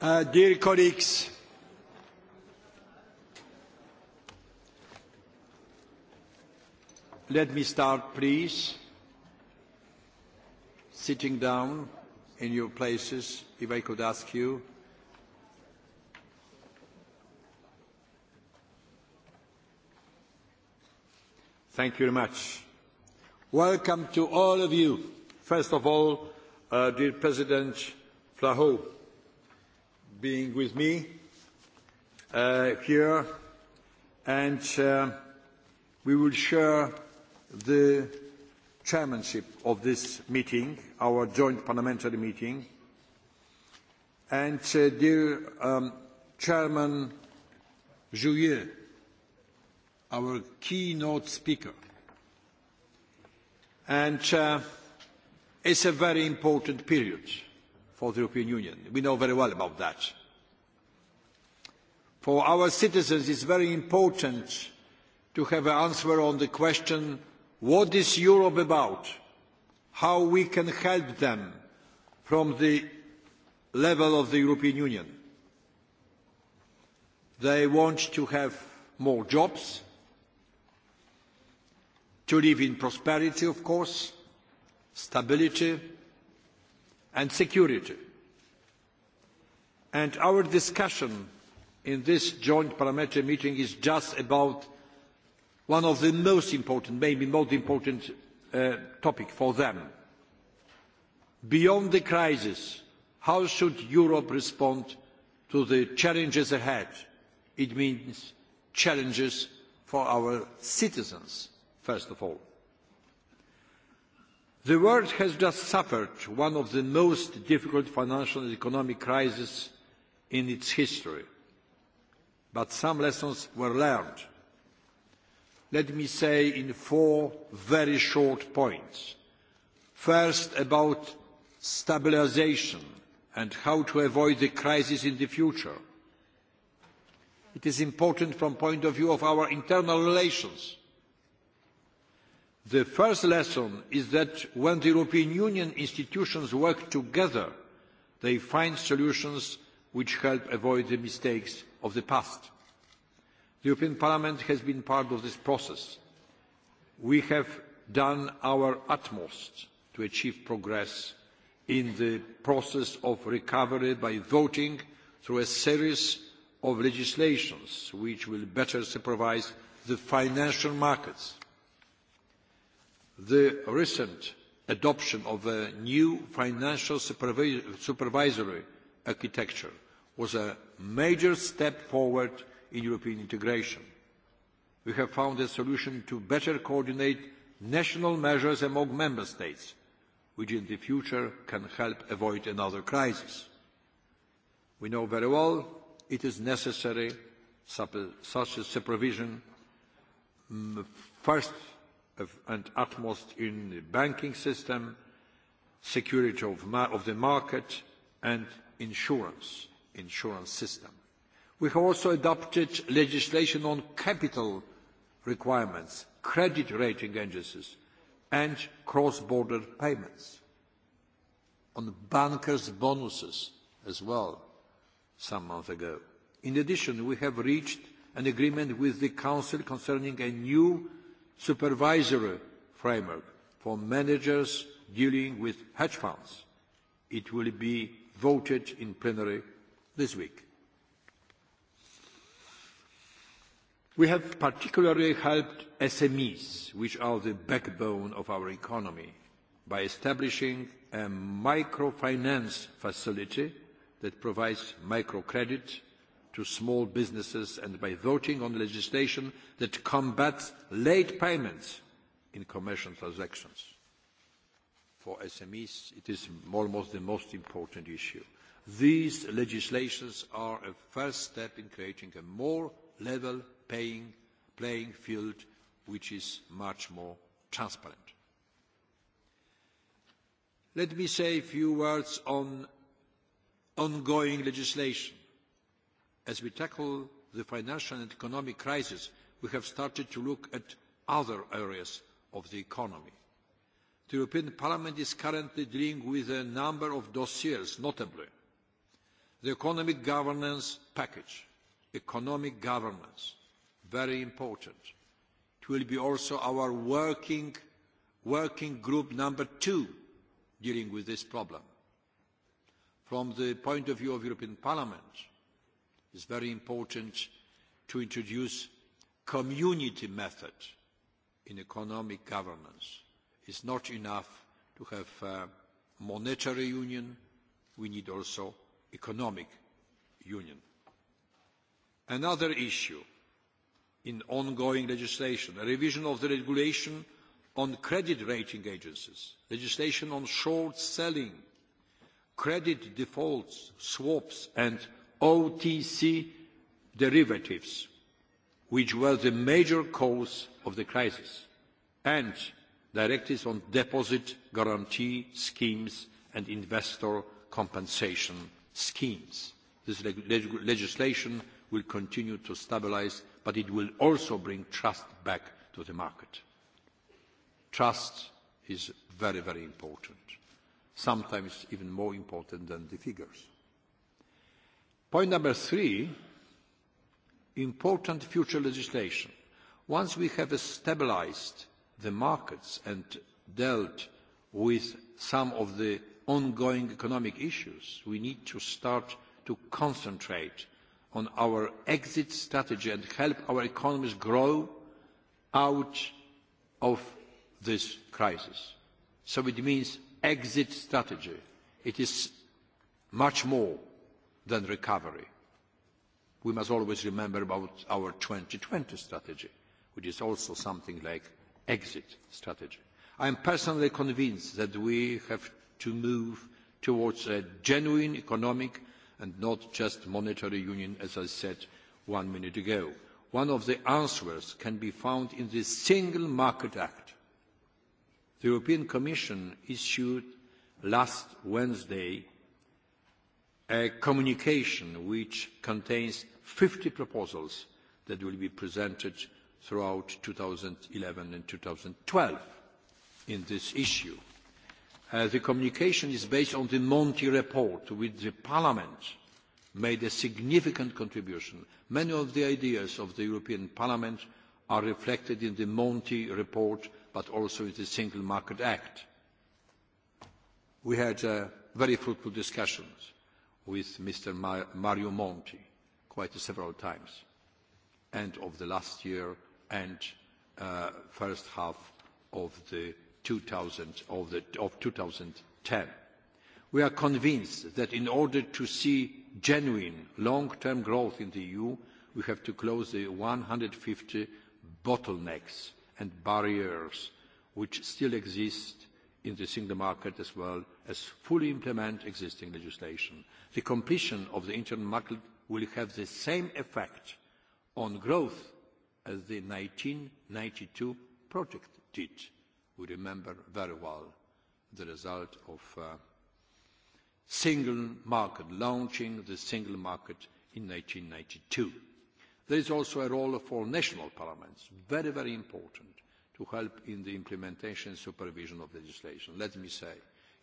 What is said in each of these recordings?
Uh, dear colleagues, let me start, please, sitting down in your places, if I could ask you. Thank you very much. Welcome to all of you. First of all, uh, dear President Flahoe being with me uh, here and uh, we will share the chairmanship of this meeting, our joint parliamentary meeting. And uh, dear um, Chairman Jouyer, our keynote speaker, and uh, it's a very important period for the European Union. We know very well about that. For our citizens, it is very important to have an answer on the question, what is Europe about? How we can help them from the level of the European Union. They want to have more jobs, to live in prosperity, of course, stability, and security. And our discussion in this joint parliamentary meeting is just about one of the most important, maybe most important uh, topic for them. Beyond the crisis, how should Europe respond to the challenges ahead? It means challenges for our citizens, first of all. The world has just suffered one of the most difficult financial and economic crises in its history. But some lessons were learned. Let me say in four very short points. First, about stabilization and how to avoid the crisis in the future. It is important from the point of view of our internal relations The first lesson is that when the European Union institutions work together, they find solutions which help avoid the mistakes of the past. The European Parliament has been part of this process. We have done our utmost to achieve progress in the process of recovery by voting through a series of legislations which will better supervise the financial markets the recent adoption of a new financial supervisory architecture was a major step forward in European integration. We have found a solution to better coordinate national measures among member states, which in the future can help avoid another crisis. We know very well it is necessary such a supervision mm, first and utmost in the banking system, security of, of the market and insurance, insurance system. We have also adopted legislation on capital requirements, credit rating agencies and cross-border payments, on bankers' bonuses as well some months ago. In addition, we have reached an agreement with the Council concerning a new supervisory framework for managers dealing with hedge funds. It will be voted in plenary this week. We have particularly helped SMEs, which are the backbone of our economy, by establishing a microfinance facility that provides microcredit to small businesses and by voting on legislation that combats late payments in commercial transactions. For SMEs, it is almost the most important issue. These legislations are a first step in creating a more level paying, playing field which is much more transparent. Let me say a few words on ongoing legislation as we tackle the financial and economic crisis, we have started to look at other areas of the economy. The European Parliament is currently dealing with a number of dossiers, notably the economic governance package, economic governance, very important. It will be also our working, working group number two dealing with this problem. From the point of view of European Parliament, is very important to introduce community method in economic governance. It's not enough to have a monetary union, we need also economic union. Another issue in ongoing legislation, a revision of the regulation on credit rating agencies, legislation on short selling, credit defaults, swaps and OTC derivatives, which was the major cause of the crisis, and directives on deposit guarantee schemes and investor compensation schemes. This leg leg legislation will continue to stabilise, but it will also bring trust back to the market. Trust is very, very important, sometimes even more important than the figures. Point number three, important future legislation. Once we have stabilized the markets and dealt with some of the ongoing economic issues, we need to start to concentrate on our exit strategy and help our economies grow out of this crisis. So it means exit strategy. It is much more than recovery. We must always remember about our 2020 strategy, which is also something like exit strategy. I am personally convinced that we have to move towards a genuine economic and not just monetary union, as I said one minute ago. One of the answers can be found in the Single Market Act. The European Commission issued last Wednesday a communication which contains 50 proposals that will be presented throughout 2011 and 2012 in this issue. Uh, the communication is based on the Monti report, with which the Parliament made a significant contribution. Many of the ideas of the European Parliament are reflected in the Monti report, but also in the Single Market Act. We had uh, very fruitful discussions with Mr. Mario Monti quite several times, and of the last year and uh, first half of the 2000, of the, of 2010. We are convinced that in order to see genuine long-term growth in the EU, we have to close the 150 bottlenecks and barriers which still exist in the single market as well as fully implement existing legislation. The completion of the internal market will have the same effect on growth as the ninety two project did. We remember very well the result of uh, single market, launching the single market in ninety two. There is also a role for national parliaments, very, very important, to help in the implementation and supervision of legislation. Let me say,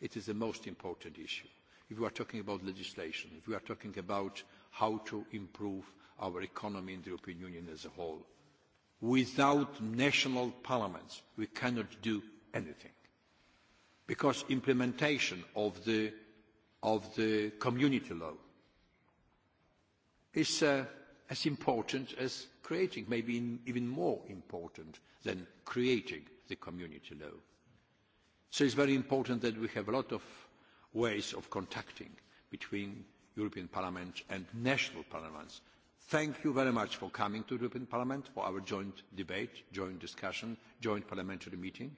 it is the most important issue. If we are talking about legislation, if we are talking about how to improve our economy in the European Union as a whole, without national parliaments, we cannot do anything. Because implementation of the, of the community law is uh, as important as creating, maybe in, even more important than creating the community law. So it's very important that we have a lot of ways of contacting between European Parliament and national parliaments. Thank you very much for coming to the European Parliament for our joint debate, joint discussion, joint parliamentary meeting.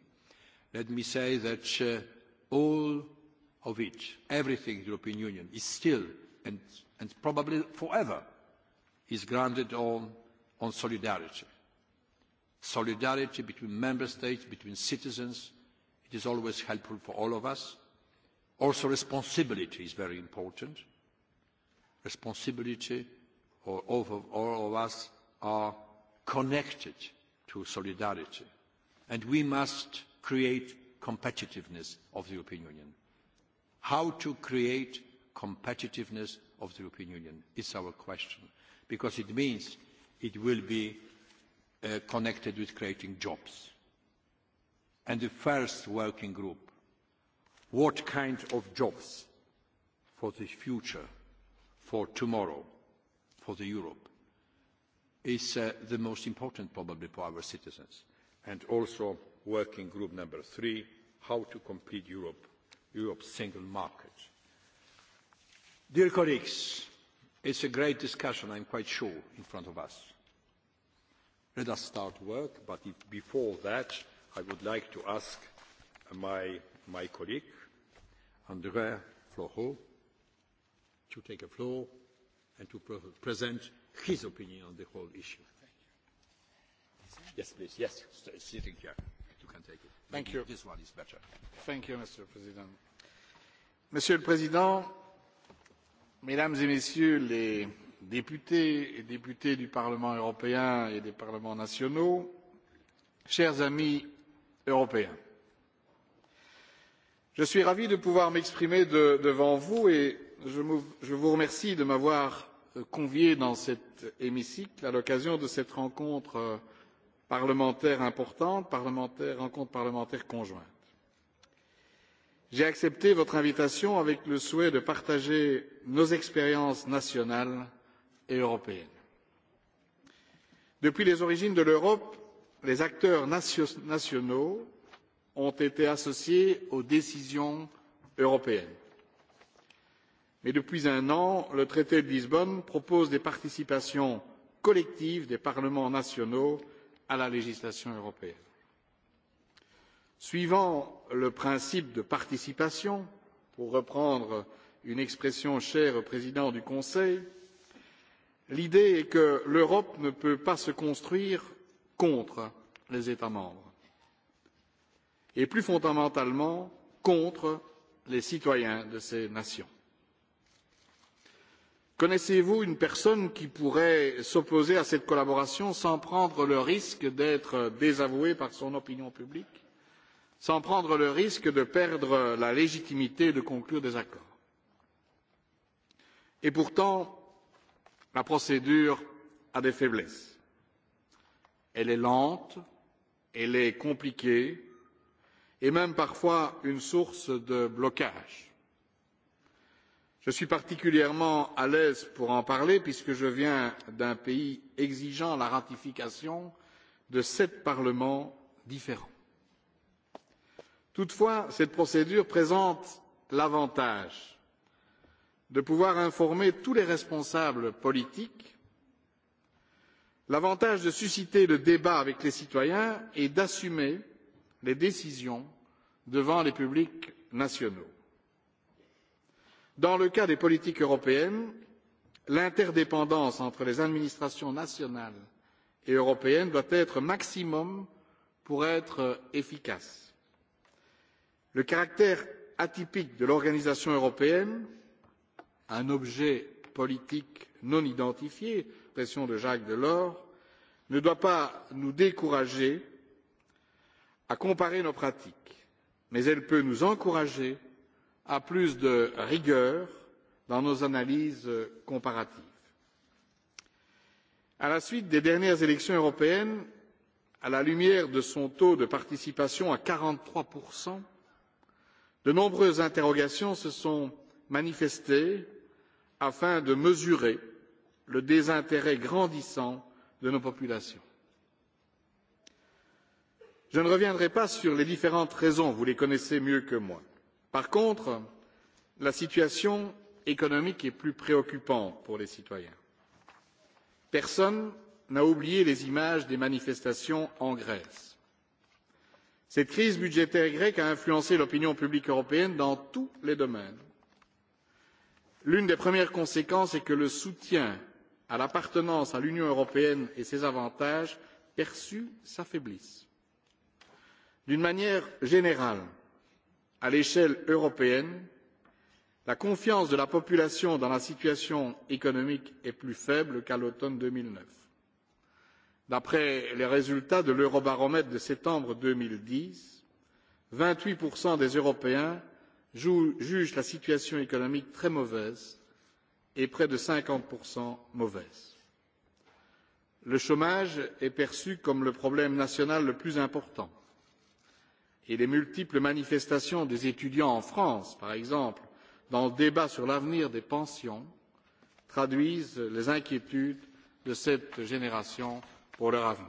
Let me say that uh, all of it, everything in the European Union is still and, and probably forever is grounded on, on solidarity. Solidarity between member states, between citizens, It is always helpful for all of us. Also responsibility is very important. Responsibility or all, all of us are connected to solidarity. And we must create competitiveness of the European Union. How to create competitiveness of the European Union is our question, because it means it will be uh, connected with creating jobs and the first working group what kind of jobs for the future, for tomorrow, for the Europe is uh, the most important probably for our citizens. And also working group number three, how to complete Europe, Europe's single market. Dear colleagues, it's a great discussion, I'm quite sure, in front of us. Let us start work, but if before that, I would like to ask my, my colleague, André Floreau, to take a floor and to pre present his opinion on the whole issue. Yes, please. Yes, sitting here. You can take it. Thank Maybe you. This one is better. Thank you, Mr. President. Monsieur le Président, Mesdames et Messieurs les députés et députés du Parlement européen et des parlements nationaux, chers amis européen. Je suis ravi de pouvoir m'exprimer de, devant vous et je, je vous remercie de m'avoir euh, convié dans cet hémicycle à l'occasion de cette rencontre euh, parlementaire importante, parlementaire, rencontre parlementaire conjointe. J'ai accepté votre invitation avec le souhait de partager nos expériences nationales et européennes. Depuis les origines de l'Europe, les acteurs nationaux ont été associés aux décisions européennes. Mais depuis un an, le traité de Lisbonne propose des participations collectives des parlements nationaux à la législation européenne. Suivant le principe de participation, pour reprendre une expression chère au président du Conseil, l'idée est que l'Europe ne peut pas se construire contre les États membres et plus fondamentalement contre les citoyens de ces nations. Connaissez-vous une personne qui pourrait s'opposer à cette collaboration sans prendre le risque d'être désavouée par son opinion publique, sans prendre le risque de perdre la légitimité de conclure des accords Et pourtant, la procédure a des faiblesses Elle est lente, elle est compliquée et même parfois une source de blocage. Je suis particulièrement à l'aise pour en parler puisque je viens d'un pays exigeant la ratification de sept parlements différents. Toutefois, cette procédure présente l'avantage de pouvoir informer tous les responsables politiques L'avantage de susciter le débat avec les citoyens est d'assumer les décisions devant les publics nationaux. Dans le cas des politiques européennes, l'interdépendance entre les administrations nationales et européennes doit être maximum pour être efficace. Le caractère atypique de l'organisation européenne, un objet politique non identifié, l'expression de Jacques Delors, ne doit pas nous décourager à comparer nos pratiques, mais elle peut nous encourager à plus de rigueur dans nos analyses comparatives. À la suite des dernières élections européennes, à la lumière de son taux de participation à quarante trois, de nombreuses interrogations se sont manifestées afin de mesurer le désintérêt grandissant de nos populations. Je ne reviendrai pas sur les différentes raisons, vous les connaissez mieux que moi. Par contre, la situation économique est plus préoccupante pour les citoyens. Personne n'a oublié les images des manifestations en Grèce. Cette crise budgétaire grecque a influencé l'opinion publique européenne dans tous les domaines. L'une des premières conséquences est que le soutien à l'appartenance à l'Union européenne et ses avantages perçus s'affaiblissent. D'une manière générale, à l'échelle européenne, la confiance de la population dans la situation économique est plus faible qu'à l'automne deux mille neuf. D'après les résultats de l'Eurobaromètre de septembre deux mille dix, vingt huit des Européens jugent la situation économique très mauvaise et près de cinquante mauvaises. Le chômage est perçu comme le problème national le plus important et les multiples manifestations des étudiants en France, par exemple, dans le débat sur l'avenir des pensions, traduisent les inquiétudes de cette génération pour leur avenir.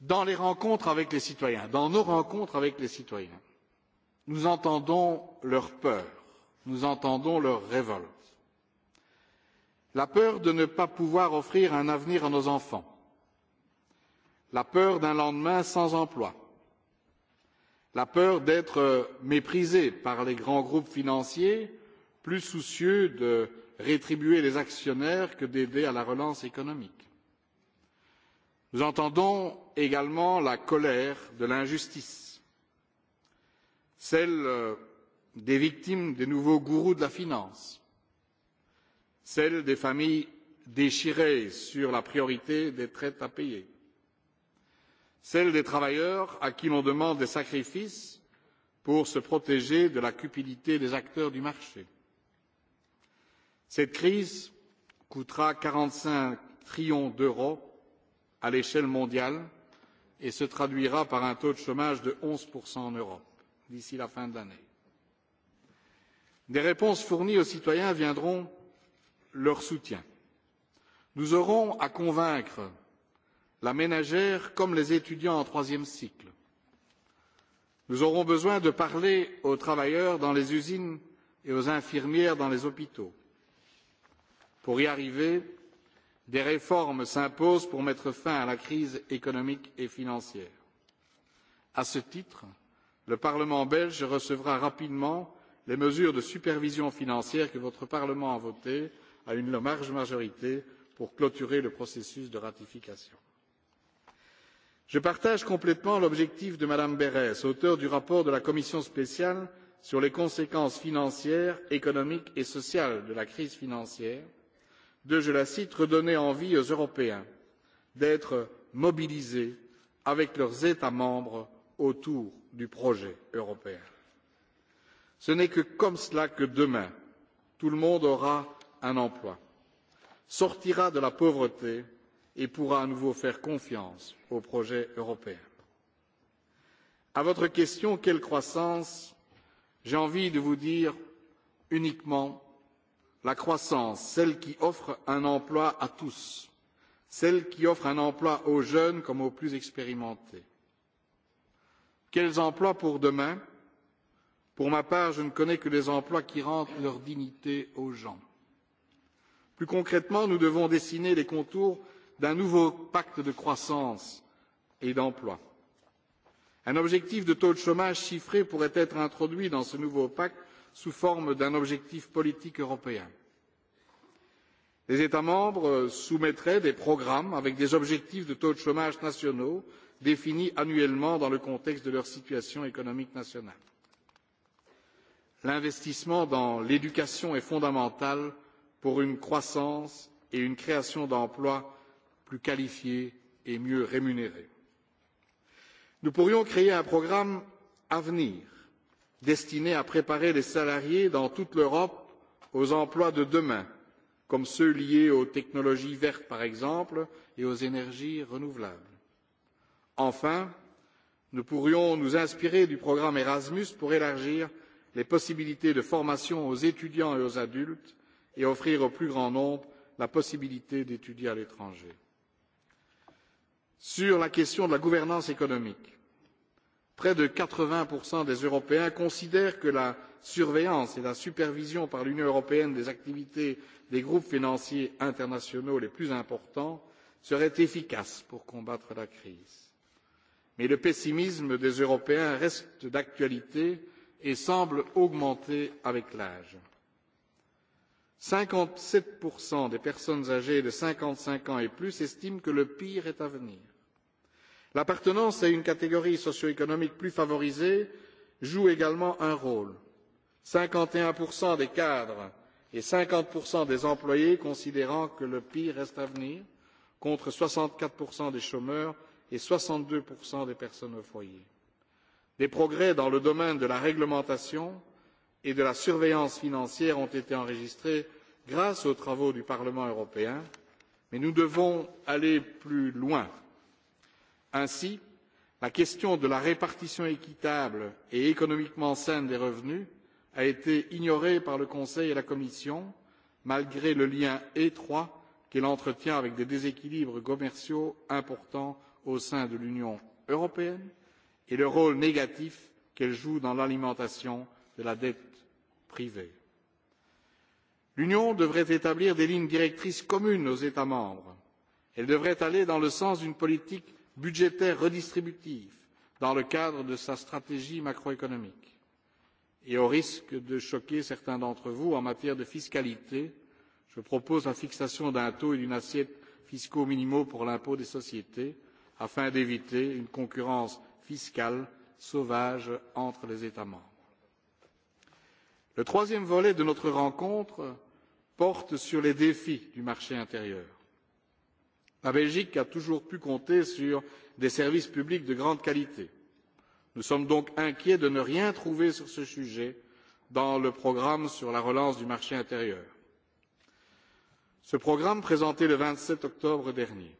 Dans les rencontres avec les citoyens, dans nos rencontres avec les citoyens, nous entendons leur peur nous entendons leur révolte. La peur de ne pas pouvoir offrir un avenir à nos enfants, la peur d'un lendemain sans emploi, la peur d'être méprisé par les grands groupes financiers plus soucieux de rétribuer les actionnaires que d'aider à la relance économique. Nous entendons également la colère de l'injustice, celle des victimes des nouveaux gourous de la finance, celle des familles déchirées sur la priorité des traites à payer, celle des travailleurs à qui l'on demande des sacrifices pour se protéger de la cupidité des acteurs du marché. Cette crise coûtera quarante cinq trillions d'euros à l'échelle mondiale et se traduira par un taux de chômage de onze en Europe d'ici la fin de l'année des réponses fournies aux citoyens viendront leur soutien. Nous aurons à convaincre la ménagère comme les étudiants en troisième cycle. Nous aurons besoin de parler aux travailleurs dans les usines et aux infirmières dans les hôpitaux. Pour y arriver, des réformes s'imposent pour mettre fin à la crise économique et financière. À ce titre, le Parlement belge recevra rapidement les mesures de supervision financière que votre Parlement a votées à une large majorité pour clôturer le processus de ratification. Je partage complètement l'objectif de Mme Berès, auteure du rapport de la Commission spéciale sur les conséquences financières, économiques et sociales de la crise financière, de, je la cite, redonner envie aux Européens d'être mobilisés avec leurs États membres autour du projet européen. Ce n'est que comme cela que demain, tout le monde aura un emploi, sortira de la pauvreté et pourra à nouveau faire confiance au projet européen. À votre question, quelle croissance J'ai envie de vous dire uniquement la croissance, celle qui offre un emploi à tous, celle qui offre un emploi aux jeunes comme aux plus expérimentés. Quels emplois pour demain Pour ma part, je ne connais que les emplois qui rendent leur dignité aux gens. Plus concrètement, nous devons dessiner les contours d'un nouveau pacte de croissance et d'emploi. Un objectif de taux de chômage chiffré pourrait être introduit dans ce nouveau pacte sous forme d'un objectif politique européen. Les États membres soumettraient des programmes avec des objectifs de taux de chômage nationaux définis annuellement dans le contexte de leur situation économique nationale l'investissement dans l'éducation est fondamental pour une croissance et une création d'emplois plus qualifiés et mieux rémunérés. Nous pourrions créer un programme Avenir destiné à préparer les salariés dans toute l'Europe aux emplois de demain, comme ceux liés aux technologies vertes par exemple et aux énergies renouvelables. Enfin, nous pourrions nous inspirer du programme Erasmus pour élargir les possibilités de formation aux étudiants et aux adultes et offrir au plus grand nombre la possibilité d'étudier à l'étranger. Sur la question de la gouvernance économique, près de quatre 80% des Européens considèrent que la surveillance et la supervision par l'Union européenne des activités des groupes financiers internationaux les plus importants seraient efficaces pour combattre la crise. Mais le pessimisme des Européens reste d'actualité et semble augmenter avec l'âge. Cinquante sept des personnes âgées de cinquante cinq ans et plus estiment que le pire est à venir. L'appartenance à une catégorie socio-économique plus favorisée joue également un rôle. Cinquante et un des cadres et cinquante des employés considérant que le pire reste à venir, contre soixante quatre des chômeurs et soixante deux des personnes au foyer. Des progrès dans le domaine de la réglementation et de la surveillance financière ont été enregistrés grâce aux travaux du Parlement européen, mais nous devons aller plus loin. Ainsi, la question de la répartition équitable et économiquement saine des revenus a été ignorée par le Conseil et la Commission, malgré le lien étroit qu'il entretient avec des déséquilibres commerciaux importants au sein de l'Union européenne et le rôle négatif qu'elle joue dans l'alimentation de la dette privée. L'Union devrait établir des lignes directrices communes aux États membres. Elle devrait aller dans le sens d'une politique budgétaire redistributive dans le cadre de sa stratégie macroéconomique. Et au risque de choquer certains d'entre vous en matière de fiscalité, je propose la fixation d'un taux et d'une assiette fiscaux minimaux pour l'impôt des sociétés afin d'éviter une concurrence fiscale sauvage entre les États membres. Le troisième volet de notre rencontre porte sur les défis du marché intérieur. La Belgique a toujours pu compter sur des services publics de grande qualité. Nous sommes donc inquiets de ne rien trouver sur ce sujet dans le programme sur la relance du marché intérieur. Ce programme présenté le vingt sept octobre dernier.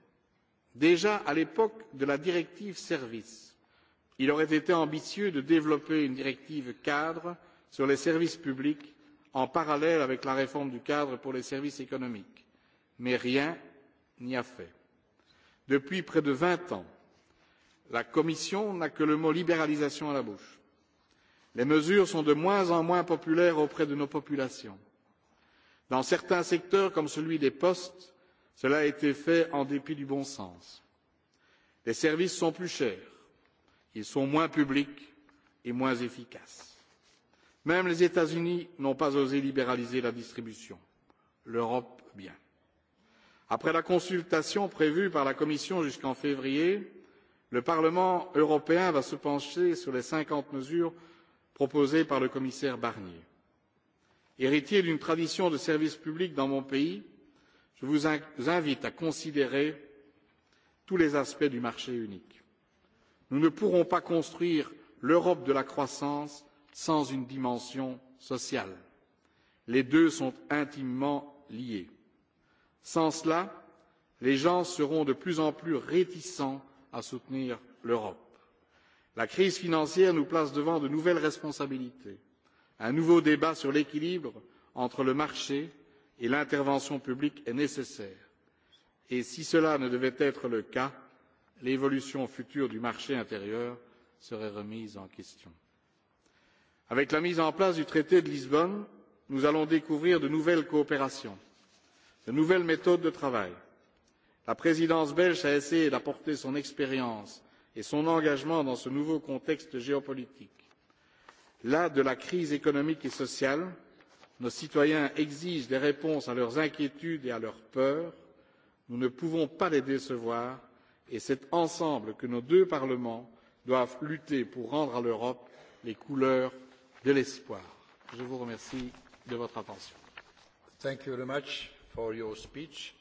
Déjà à l'époque de la directive services, il aurait été ambitieux de développer une directive cadre sur les services publics en parallèle avec la réforme du cadre pour les services économiques mais rien n'y a fait. depuis près de vingt ans la commission n'a que le mot libéralisation à la bouche. les mesures sont de moins en moins populaires auprès de nos populations. dans certains secteurs comme celui des postes cela a été fait en dépit du bon sens. les services sont plus chers Ils sont moins publics et moins efficaces. Même les États-Unis n'ont pas osé libéraliser la distribution. L'Europe, bien. Après la consultation prévue par la Commission jusqu'en février, le Parlement européen va se pencher sur les cinquante mesures proposées par le commissaire Barnier. Héritier d'une tradition de service public dans mon pays, je vous invite à considérer tous les aspects du marché unique. Nous ne pourrons pas construire l'Europe de la croissance sans une dimension sociale. Les deux sont intimement liés. Sans cela, les gens seront de plus en plus réticents à soutenir l'Europe. La crise financière nous place devant de nouvelles responsabilités. Un nouveau débat sur l'équilibre entre le marché et l'intervention publique est nécessaire. Et si cela ne devait être le cas, l'évolution future du marché intérieur serait remise en question. Avec la mise en place du traité de Lisbonne, nous allons découvrir de nouvelles coopérations, de nouvelles méthodes de travail. La présidence belge a essayé d'apporter son expérience et son engagement dans ce nouveau contexte géopolitique. Là de la crise économique et sociale, nos citoyens exigent des réponses à leurs inquiétudes et à leurs peurs. Nous ne pouvons pas les décevoir et c'est ensemble que nos deux parlements doivent lutter pour rendre à l'europe les couleurs de l'espoir. je vous remercie de votre attention. Thank you very much for your speech.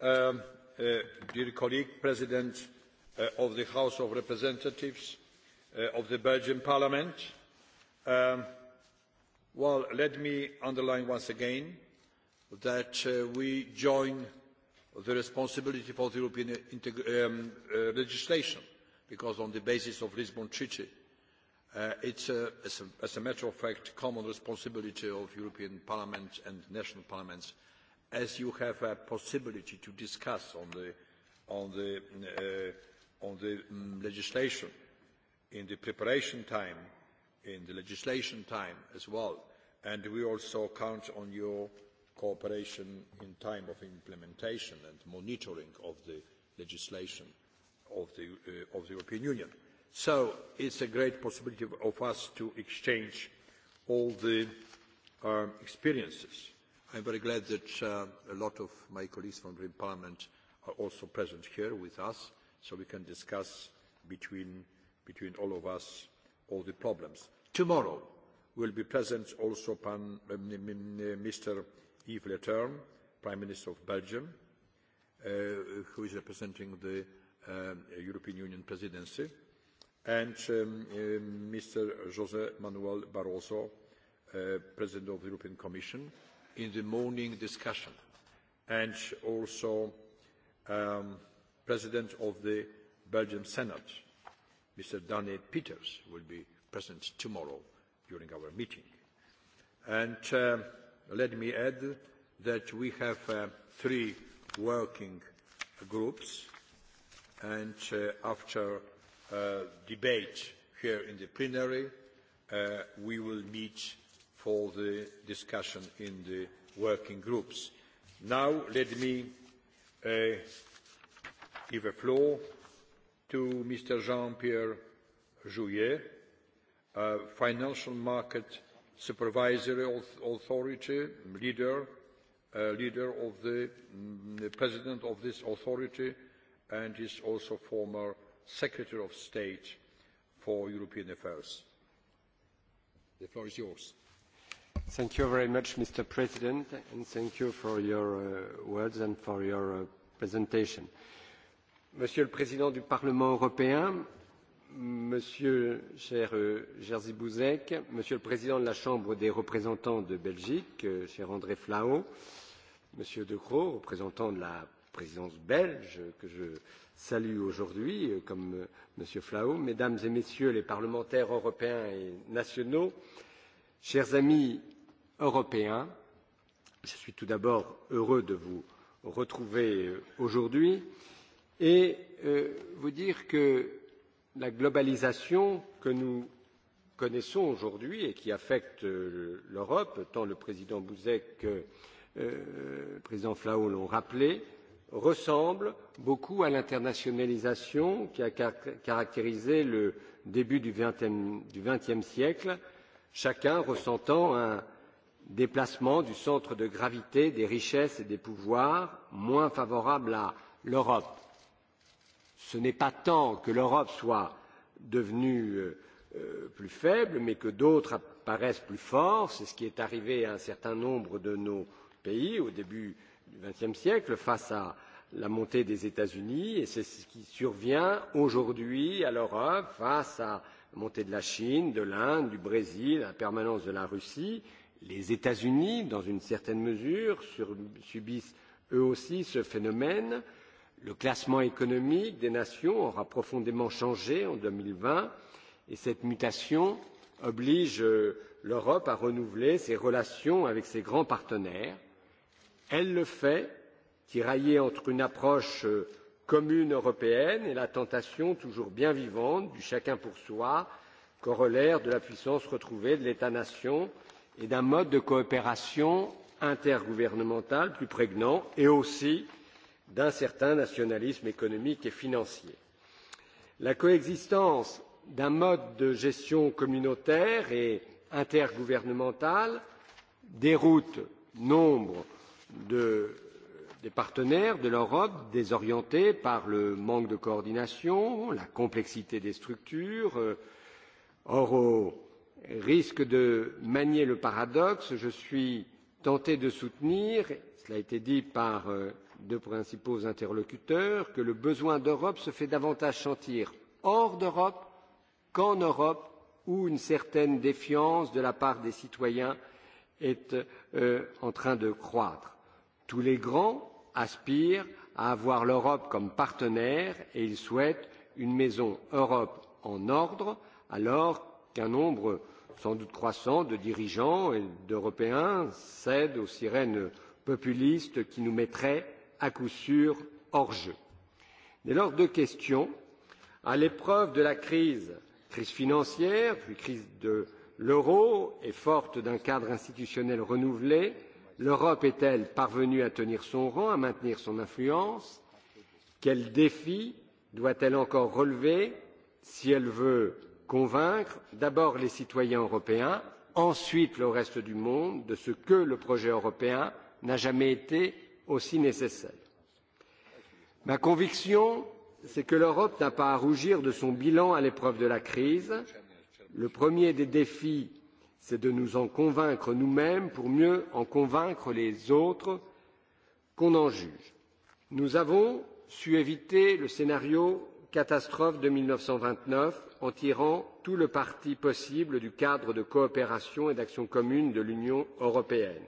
Um, uh, dear colleague, President uh, of the House of Representatives uh, of the Belgian Parliament, um, well, let me underline once again that uh, we join the responsibility for the European um, uh, legislation, because on the basis of Lisbon Treaty, uh, it's, a, as, a, as a matter of fact, common responsibility of European Parliament and national parliaments, as you have a possibility to discuss on the, on the, uh, on the um, legislation in the preparation time, in the legislation time as well, and we also count on your cooperation in time of implementation and monitoring of the legislation of the, uh, of the European Union. So it's a great possibility of us to exchange all the uh, experiences. I'm very glad that uh, a lot of my colleagues from the Parliament are also present here with us, so we can discuss between, between all of us all the problems. Tomorrow will be present also pan, uh, Mr. Yves Leterme, Prime Minister of Belgium, uh, who is representing the uh, European Union presidency, and um, uh, um, Mr. José Manuel Barroso, uh, President of the European Commission, in the morning discussion, and also um, President of the Belgian Senate, Mr. Danny Peters, will be present tomorrow during our meeting. And uh, let me add that we have uh, three working groups and uh, after uh, debate here in the plenary uh, we will meet for the discussion in the working groups. Now let me uh, give a floor to Mr. Jean-Pierre Jouyet, uh, Financial Market supervisory authority, leader, uh, leader of the, um, the president of this authority, and is also former Secretary of State for European Affairs. The floor is yours. Thank you very much, Mr. President, and thank you for your uh, words and for your uh, presentation. Monsieur le Président du Parlement européen, Monsieur, cher euh, Jerzy Bouzek, Monsieur le Président de la Chambre des représentants de Belgique, euh, cher André Flao, Monsieur De Croo, représentant de la présidence belge, que je salue aujourd'hui, euh, comme Monsieur Flao, Mesdames et Messieurs les parlementaires européens et nationaux, chers amis européens, je suis tout d'abord heureux de vous retrouver aujourd'hui et euh, vous dire que la globalisation que nous connaissons aujourd'hui et qui affecte euh, l'Europe, tant le président Bouzek que le euh, président Flao l'ont rappelé, ressemble beaucoup à l'internationalisation qui a caractérisé le début du XXe siècle, chacun ressentant un déplacement du centre de gravité des richesses et des pouvoirs moins favorable à l'Europe ce n'est pas tant que l'Europe soit devenue euh, euh, plus faible, mais que d'autres apparaissent plus forts. C'est ce qui est arrivé à un certain nombre de nos pays au début du XXe siècle face à la montée des États-Unis, et c'est ce qui survient aujourd'hui à l'Europe face à la montée de la Chine, de l'Inde, du Brésil, à la permanence de la Russie. Les États-Unis, dans une certaine mesure, sur, subissent eux aussi ce phénomène. Euh, Le classement économique des nations aura profondément changé en deux mille vingt et cette mutation oblige euh, l'Europe à renouveler ses relations avec ses grands partenaires. Elle le fait, tiraillée entre une approche euh, commune européenne et la tentation toujours bien vivante du chacun pour soi, corollaire de la puissance retrouvée de l'État-nation et d'un mode de coopération intergouvernementale plus prégnant et aussi d'un certain nationalisme économique et financier. La coexistence d'un mode de gestion communautaire et intergouvernementale déroute nombre de, des partenaires de l'Europe désorientés par le manque de coordination, la complexité des structures. Euh, or, au risque de manier le paradoxe, je suis tenté de soutenir, cela a été dit par euh, deux principaux interlocuteurs, que le besoin d'Europe se fait davantage sentir hors d'Europe qu'en Europe, où une certaine défiance de la part des citoyens est euh, en train de croître. Tous les grands aspirent à avoir l'Europe comme partenaire et ils souhaitent une maison Europe en ordre, alors qu'un nombre sans doute croissant de dirigeants et d'Européens cèdent aux sirènes populistes qui nous mettraient à coup sûr hors jeu. Dès lors, deux questions. À l'épreuve de la crise, crise financière, puis crise de l'euro, et forte d'un cadre institutionnel renouvelé, l'Europe est-elle parvenue à tenir son rang, à maintenir son influence Quels défis doit-elle encore relever si elle veut convaincre d'abord les citoyens européens, ensuite le reste du monde de ce que le projet européen n'a jamais été aussi nécessaire. Ma conviction, c'est que l'Europe n'a pas à rougir de son bilan à l'épreuve de la crise. Le premier des défis, c'est de nous en convaincre nous-mêmes pour mieux en convaincre les autres qu'on en juge. Nous avons su éviter le scénario catastrophe de mille neuf cent vingt neuf en tirant tout le parti possible du cadre de coopération et d'action commune de l'Union européenne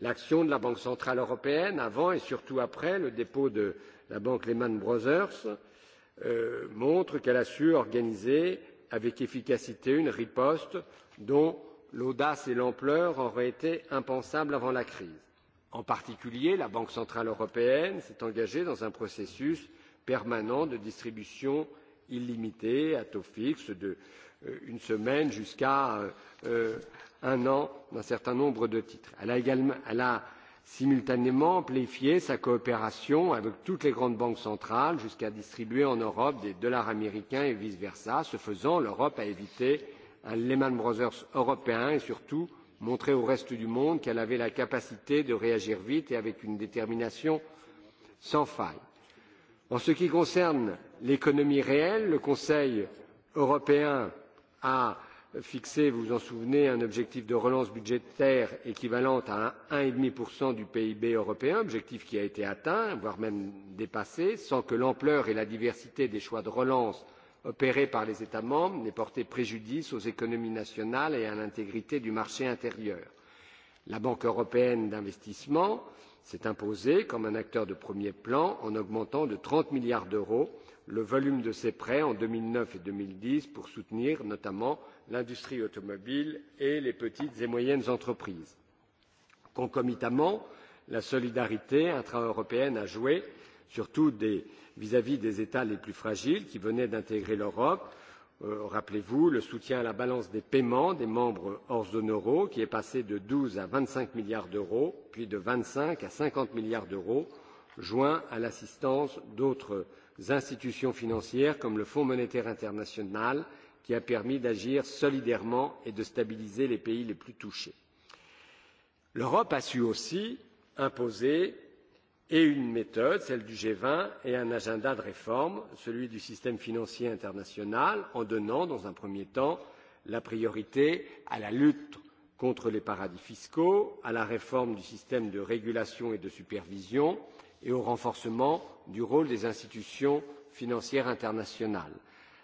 l'action de la Banque centrale européenne avant et surtout après le dépôt de la banque Lehman Brothers euh, montre qu'elle a su organiser avec efficacité une riposte dont l'audace et l'ampleur auraient été impensables avant la crise. En particulier, la Banque centrale européenne s'est engagée dans un processus permanent de distribution illimitée à taux fixe de Euh, une semaine jusqu'à euh, euh, un an d'un certain nombre de titres. Elle a, également, elle a simultanément amplifié sa coopération avec toutes les grandes banques centrales jusqu'à distribuer en Europe des dollars américains et vice-versa. Ce faisant, l'Europe a évité un Lehman Brothers européen et surtout montré au reste du monde qu'elle avait la capacité de réagir vite et avec une détermination sans faille. En ce qui concerne l'économie réelle, le Conseil européen a fixé, vous vous en souvenez, un objectif de relance budgétaire équivalent à un 1,5% du PIB européen, objectif qui a été atteint, voire même dépassé, sans que l'ampleur et la diversité des choix de relance opérés par les États membres n'aient porté préjudice aux économies nationales et à l'intégrité du marché intérieur. La Banque européenne d'investissement s'est imposée comme un acteur de premier plan en augmentant de 30 milliards d'euros le volume de ces prêts en deux mille neuf et deux mille dix pour soutenir notamment l'industrie automobile et les petites et moyennes entreprises. Concomitamment, la solidarité intraeuropéenne a joué, surtout vis-à-vis -vis des États les plus fragiles qui venaient d'intégrer l'Europe. Euh, Rappelez-vous le soutien à la balance des paiements des membres hors zone euro qui est passé de douze à vingt cinq milliards d'euros, puis de vingt cinq à cinquante milliards d'euros, joint à l'assistance d'autres institutions financières comme le Fonds monétaire international qui a permis d'agir solidairement et de stabiliser les pays les plus touchés. L'Europe a su aussi imposer et une méthode, celle du g vingt, et un agenda de réforme, celui du système financier international, en donnant, dans un premier temps, la priorité à la lutte contre les paradis fiscaux, à la réforme du système de régulation et de supervision, et au renforcement du rôle des institutions financières internationales.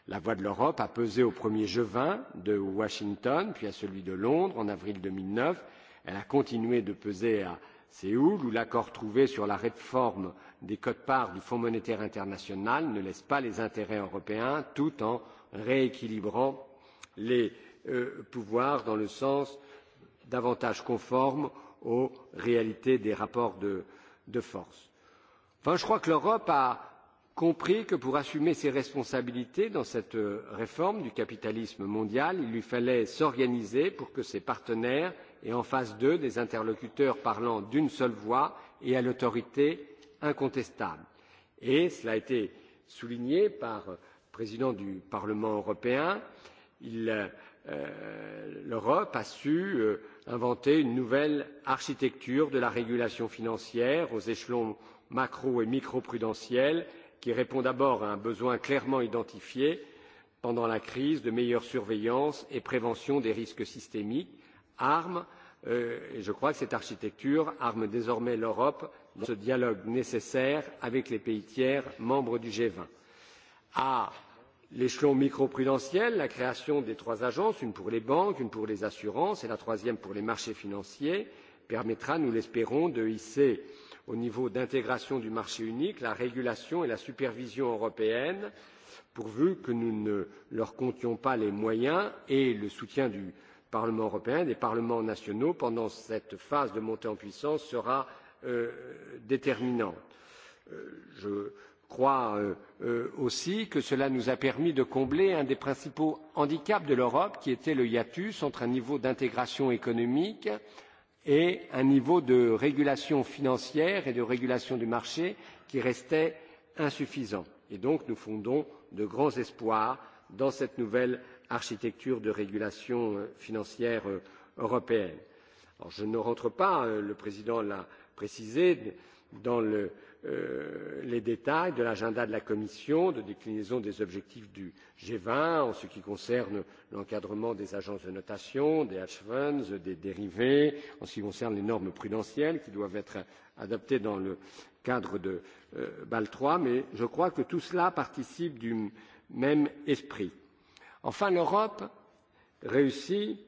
La voix de l'Europe a pesé au premier g 20 de Washington, puis à celui de Londres en avril deux mille neuf. Elle a continué de peser à Séoul, où l'accord trouvé sur la réforme des codes-parts du Fonds monétaire international ne laisse pas les intérêts européens tout en rééquilibrant les euh, pouvoirs dans le sens davantage conforme aux réalités des rapports de, de force. Enfin, je crois que l'Europe a compris que pour assumer ses responsabilités dans cette euh, réforme du capitalisme mondial, il lui fallait s'organiser pour que ses partenaires aient en face d'eux des interlocuteurs parlant d'une seule voix et à l'autorité incontestable. Et cela a été souligné par le euh, président du Parlement européen, euh, l'Europe euh, a su euh, inventer une nouvelle architecture de la régulation financière aux échelons macro et microprudentielles qui répond d'abord à un besoin clairement identifié pendant la crise de meilleure surveillance et prévention des risques systémiques, arme, euh, et je crois que cette architecture arme désormais l'Europe dans ce dialogue nécessaire avec les pays tiers membres du G20. À l'échelon microprudentiel, la création des trois agences, une pour les banques, une pour les assurances et la troisième pour les marchés financiers, permettra, nous l'espérons, de hisser au niveau d'intégration du marché unique, la régulation et la supervision européenne, pourvu que nous ne leur comptions pas les moyens et le soutien du Parlement européen, des parlements nationaux pendant cette phase de montée en puissance sera euh, Euh, je crois euh, euh, aussi que cela nous a permis de combler un des principaux handicaps de l'Europe, qui était le hiatus entre un niveau d'intégration économique et un niveau de régulation financière et de régulation du marché qui restait insuffisant. Et donc nous fondons de grands espoirs dans cette nouvelle architecture de régulation euh, financière euh, européenne. Alors, je ne rentre pas, euh, le président l'a précisé, dans le, Euh, les détails de l'agenda de la Commission de déclinaison des objectifs du G20 en ce qui concerne l'encadrement des agences de notation, des hedge funds, des dérivés, en ce qui concerne les normes prudentielles qui doivent être adoptées dans le cadre de euh, BAL 3, mais je crois que tout cela participe du même esprit. Enfin, l'Europe réussit,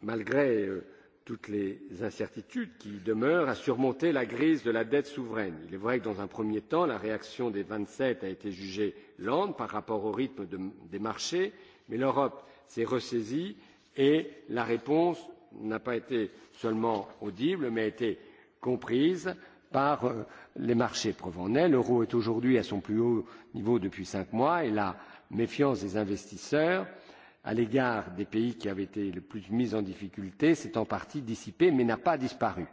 malgré euh, toutes les incertitudes qui demeurent à surmonter la crise de la dette souveraine. Il est vrai que dans un premier temps, la réaction des vingt sept a été jugée lente par rapport au rythme de, des marchés, mais l'Europe s'est ressaisie et la réponse n'a pas été seulement audible, mais a été comprise par euh, les marchés provenais. L'euro est aujourd'hui à son plus haut niveau depuis cinq mois et la méfiance des investisseurs à l'égard des pays qui avaient été le plus mis en difficulté s'est en partie dissipée mais n'a pas disparu.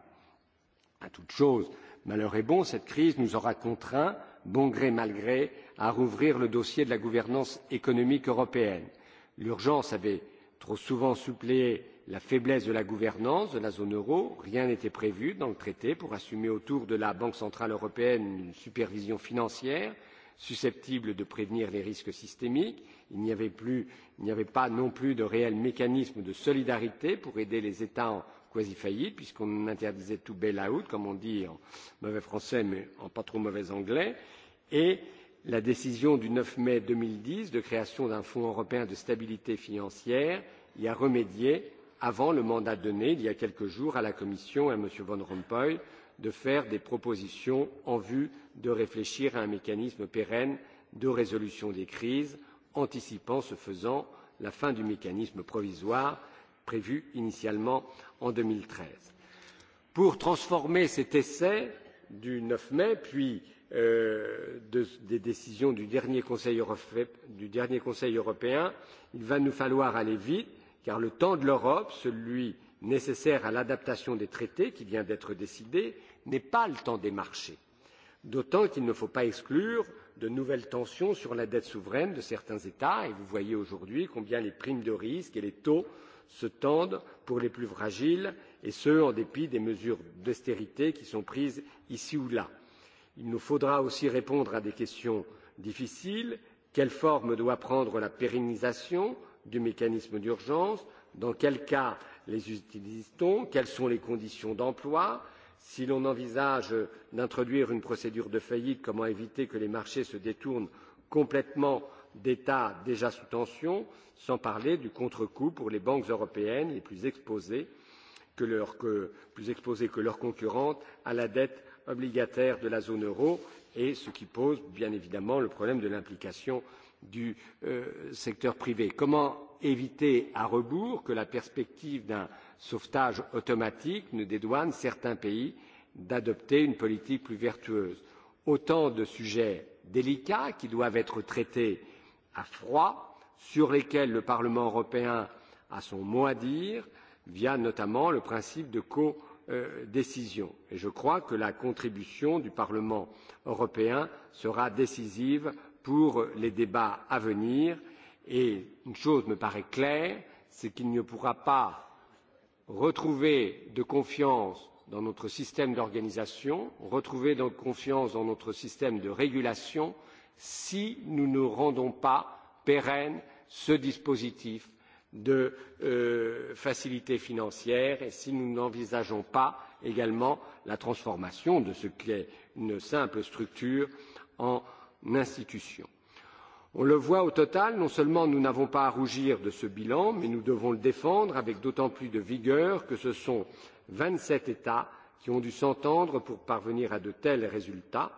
À toute chose, malheur est bon, cette crise nous aura contraints, bon gré mal gré, à rouvrir le dossier de la gouvernance économique européenne. L'urgence avait trop souvent suppléé la faiblesse de la gouvernance de la zone euro, rien n'était prévu dans le traité pour assumer autour de la Banque centrale européenne une supervision financière susceptible de prévenir les risques systémiques il n'y avait, plus, il n'y avait pas non plus de réel mécanisme de solidarité pour aider les États en quasi faillite, puisqu'on interdisait tout bail-out, comme on dit en mauvais français, mais en pas trop mauvais anglais, et la décision du 9 mai 2010 de création d'un fonds européen de stabilité financière y a remédié avant le mandat donné, il y a quelques jours, à la Commission et à M. Van Rompuy de faire des propositions en vue de réfléchir à un mécanisme pérenne de résolution des crises anticipant ce faisant la fin du mécanisme provisoire prévu initialement en deux mille treize. Pour transformer cet essai du neuf mai, puis euh, de, des décisions du dernier, du dernier, Conseil européen, il va nous falloir aller vite, car le temps de l'Europe, celui nécessaire à l'adaptation des traités qui vient d'être décidé, n'est pas le temps des marchés. D'autant qu'il ne faut pas exclure de nouvelles tensions sur la dette souveraine de certains États, et vous voyez aujourd'hui combien les primes de risque et les taux se tendent pour les plus fragiles, et ce, en dépit des mesures d'austérité qui sont prises ici ou là. Il nous faudra aussi répondre à des questions difficiles. Quelle forme doit prendre la pérennisation du mécanisme d'urgence Dans quel cas les utilise-t-on Quelles sont les conditions d'emploi Si l'on envisage d'introduire une procédure de faillite, comment éviter que les marchés se détournent complètement d'États déjà sous tension, sans parler du contre-coup pour les banques européennes les plus exposées que, leur, que, plus exposées que leurs concurrentes à la dette obligataire de la zone euro, et ce qui pose bien évidemment le problème de l'implication du euh, secteur privé. Comment éviter à rebours que la perspective d'un sauvetage automatique ne dédouane certains pays d'adopter une politique plus vertueuse. Autant de sujets délicats qui doivent être traités à froid, sur lesquels le Parlement européen a son mot à dire, via notamment le principe de codécision. Et je crois que la contribution du Parlement européen sera décisive pour les débats à venir Et une chose me paraît claire, c'est qu'il ne pourra pas retrouver de confiance dans notre système d'organisation, retrouver de confiance dans notre système de régulation, si nous ne rendons pas pérenne ce dispositif de euh, facilité financière et si nous n'envisageons pas également la transformation de ce qu'est une simple structure en institution. On le voit au total, non seulement nous n'avons pas à rougir de ce bilan, mais nous devons le défendre avec d'autant plus de vigueur que ce sont vingt sept États qui ont dû s'entendre pour parvenir à de tels résultats.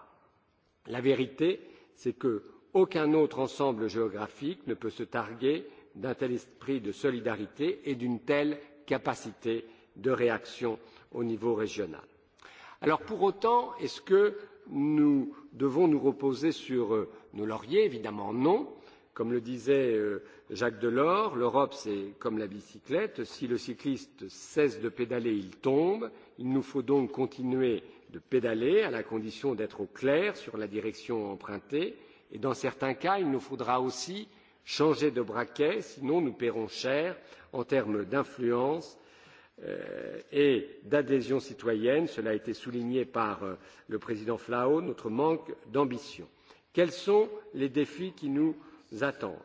La vérité, c'est qu'aucun autre ensemble géographique ne peut se targuer d'un tel esprit de solidarité et d'une telle capacité de réaction au niveau régional. Alors pour autant, est-ce que nous devons nous reposer sur euh, nos lauriers Évidemment non. Comme le disait euh, Jacques Delors, l'Europe c'est comme la bicyclette. Si le cycliste cesse de pédaler, il tombe. Il nous faut donc continuer de pédaler à la condition d'être au clair sur la direction empruntée. Et dans certains cas, il nous faudra aussi changer de braquet, sinon nous paierons cher en termes d'influence euh, et d'adhésion citoyenne. Cela a été souligné par euh, le président Flao, notre manque d'ambition. Quels sont les défis qui nous attendent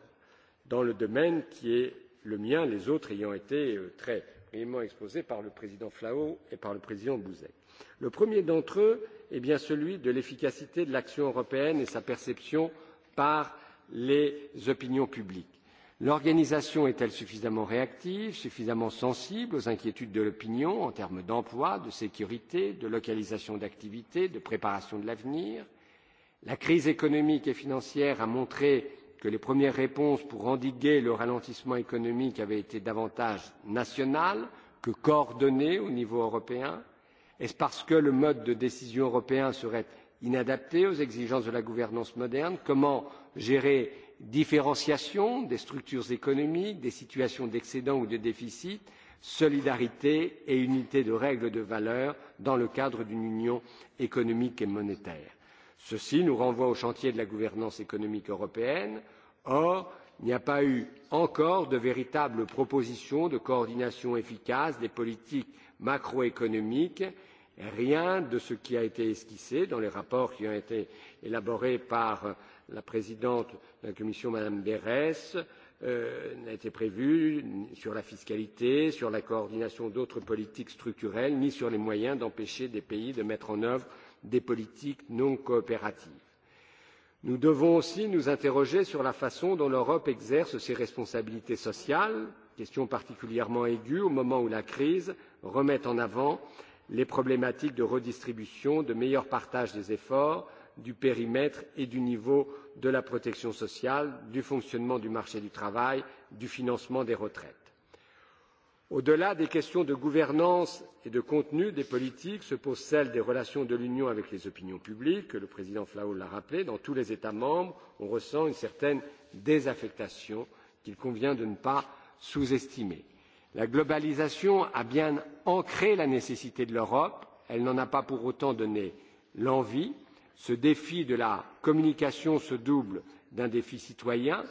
dans le domaine qui est le mien, les autres ayant été euh, très brièvement exposés par le président Flao et par le président Bouzek. Le premier d'entre eux est bien celui de l'efficacité de l'action européenne et sa perception par les opinions publiques. L'organisation est-elle suffisamment réactive, suffisamment sensible aux inquiétudes de l'opinion en termes d'emploi, de sécurité, de localisation d'activités, de préparation de l'avenir La crise économique et financière a montré que les premières réponses pour endiguer le ralentissement économique avaient été davantage nationales que coordonnées au niveau européen. Est-ce parce que le mode de décision européen serait inadapté aux exigences de la gouvernance moderne Comment gérer différenciation des structures économiques, des situations d'excédent ou de déficit, solidarité et unité de règles de valeur dans le cadre d'une union économique et monétaire Ceci nous renvoie au chantier de la gouvernance économique européenne. Or, il n'y a pas eu encore de véritables propositions de coordination efficace des politiques macroéconomiques. Rien de ce qui a été esquissé dans les rapports qui ont été élaborés par la présidente de la Commission, Madame Berès, euh, n'a été prévu sur la fiscalité, sur la coordination d'autres politiques structurelles, ni sur les moyens d'empêcher des pays de mettre en œuvre des politiques non coopératives. Nous devons aussi nous interroger sur la façon dont l'Europe exerce ses responsabilités sociales, question particulièrement aiguë au moment où la crise remet en avant les problématiques de redistribution, de meilleur partage des efforts, du périmètre et du niveau de la protection sociale, du fonctionnement du marché du travail, du financement des retraites. Au-delà des questions de gouvernance et de contenu des politiques se pose celle des relations de l'Union avec les opinions publiques. Le président Flao l'a rappelé, dans tous les États membres, on ressent une certaine désaffectation qu'il convient de ne pas sous-estimer. La globalisation a bien ancré la nécessité de l'Europe, elle n'en a pas pour autant donné l'envie. Ce défi de la communication se double d'un défi citoyen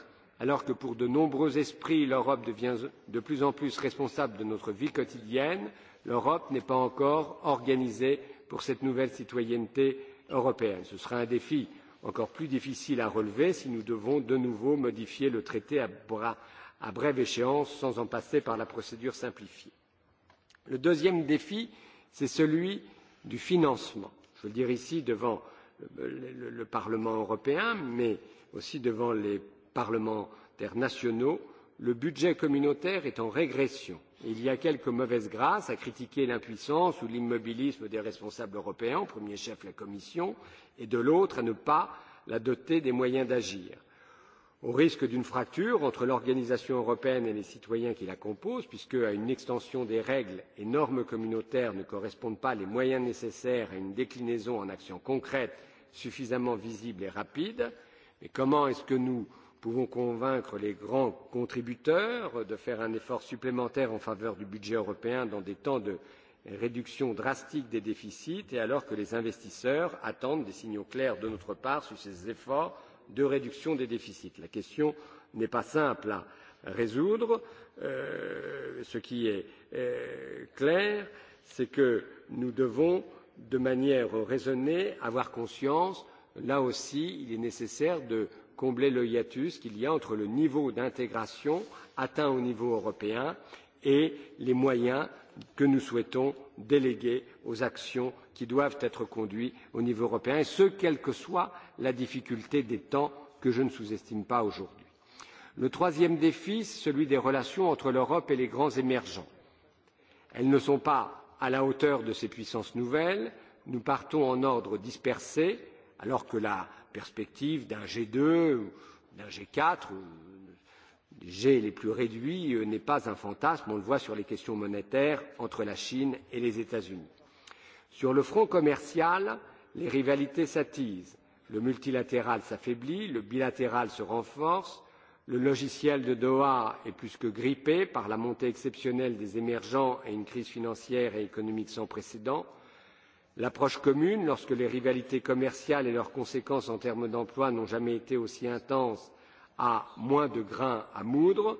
Alors que pour de nombreux esprits, l'Europe devient de plus en plus responsable de notre vie quotidienne, l'Europe n'est pas encore organisée pour cette nouvelle citoyenneté européenne. Ce sera un défi encore plus difficile à relever si nous devons de nouveau modifier le traité à, bras, à brève échéance sans en passer par la procédure simplifiée. Le deuxième défi, c'est celui du financement. Je veux le dire ici devant le, le, le Parlement européen, mais aussi devant les parlementaires nationaux, le budget communautaire est en régression. Il y a quelques mauvaises grâces à critiquer l'impuissance ou l'immobilisme des responsables européens, au premier chef la Commission, et de l'autre à ne pas la doter des moyens d'agir. Au risque d'une fracture entre l'organisation européenne et les citoyens qui la composent, puisque à une extension des règles et normes communautaires ne correspondent pas les moyens nécessaires à une déclinaison en actions concrètes suffisamment visible et rapide, mais comment est-ce que nous pouvons convaincre les grands contributeurs de faire un effort supplémentaire en faveur du budget européen dans des temps de réduction drastique des déficits et alors que les investisseurs attendent des signaux clairs de notre part sur ces efforts de réduction des déficits. La question n'est pas simple à résoudre. Euh, ce qui est euh, clair, c'est que nous devons, de manière raisonnée, avoir conscience, là aussi, il est nécessaire de combler le hiatus qu'il y a entre le niveau d'intégration atteint au niveau européen et les moyens que nous souhaitons déléguer aux actions qui doivent être conduites au niveau européen, et ce, quelle que soit la difficulté des temps que je ne sous-estime pas aujourd'hui. Le troisième défi, c'est celui des relations entre l'Europe et les grands émergents. Elles ne sont pas à la hauteur de ces puissances nouvelles, nous partons en ordre dispersé, alors que la perspective d'un G2, d'un G4, des G les plus réduits, euh, n'est pas un fantasme. On le voit sur les questions monétaires entre la Chine et les États-Unis. Sur le front commercial, les rivalités s'attisent. Le multilatéral s'affaiblit, le bilatéral se renforce, le logiciel de Doha est plus que grippé par la montée exceptionnelle des émergents et une crise financière et économique sans précédent. L'approche commune, lorsque les rivalités commerciales et leurs conséquences en termes d'emploi n'ont jamais été aussi intenses, a moins de grains à moudre.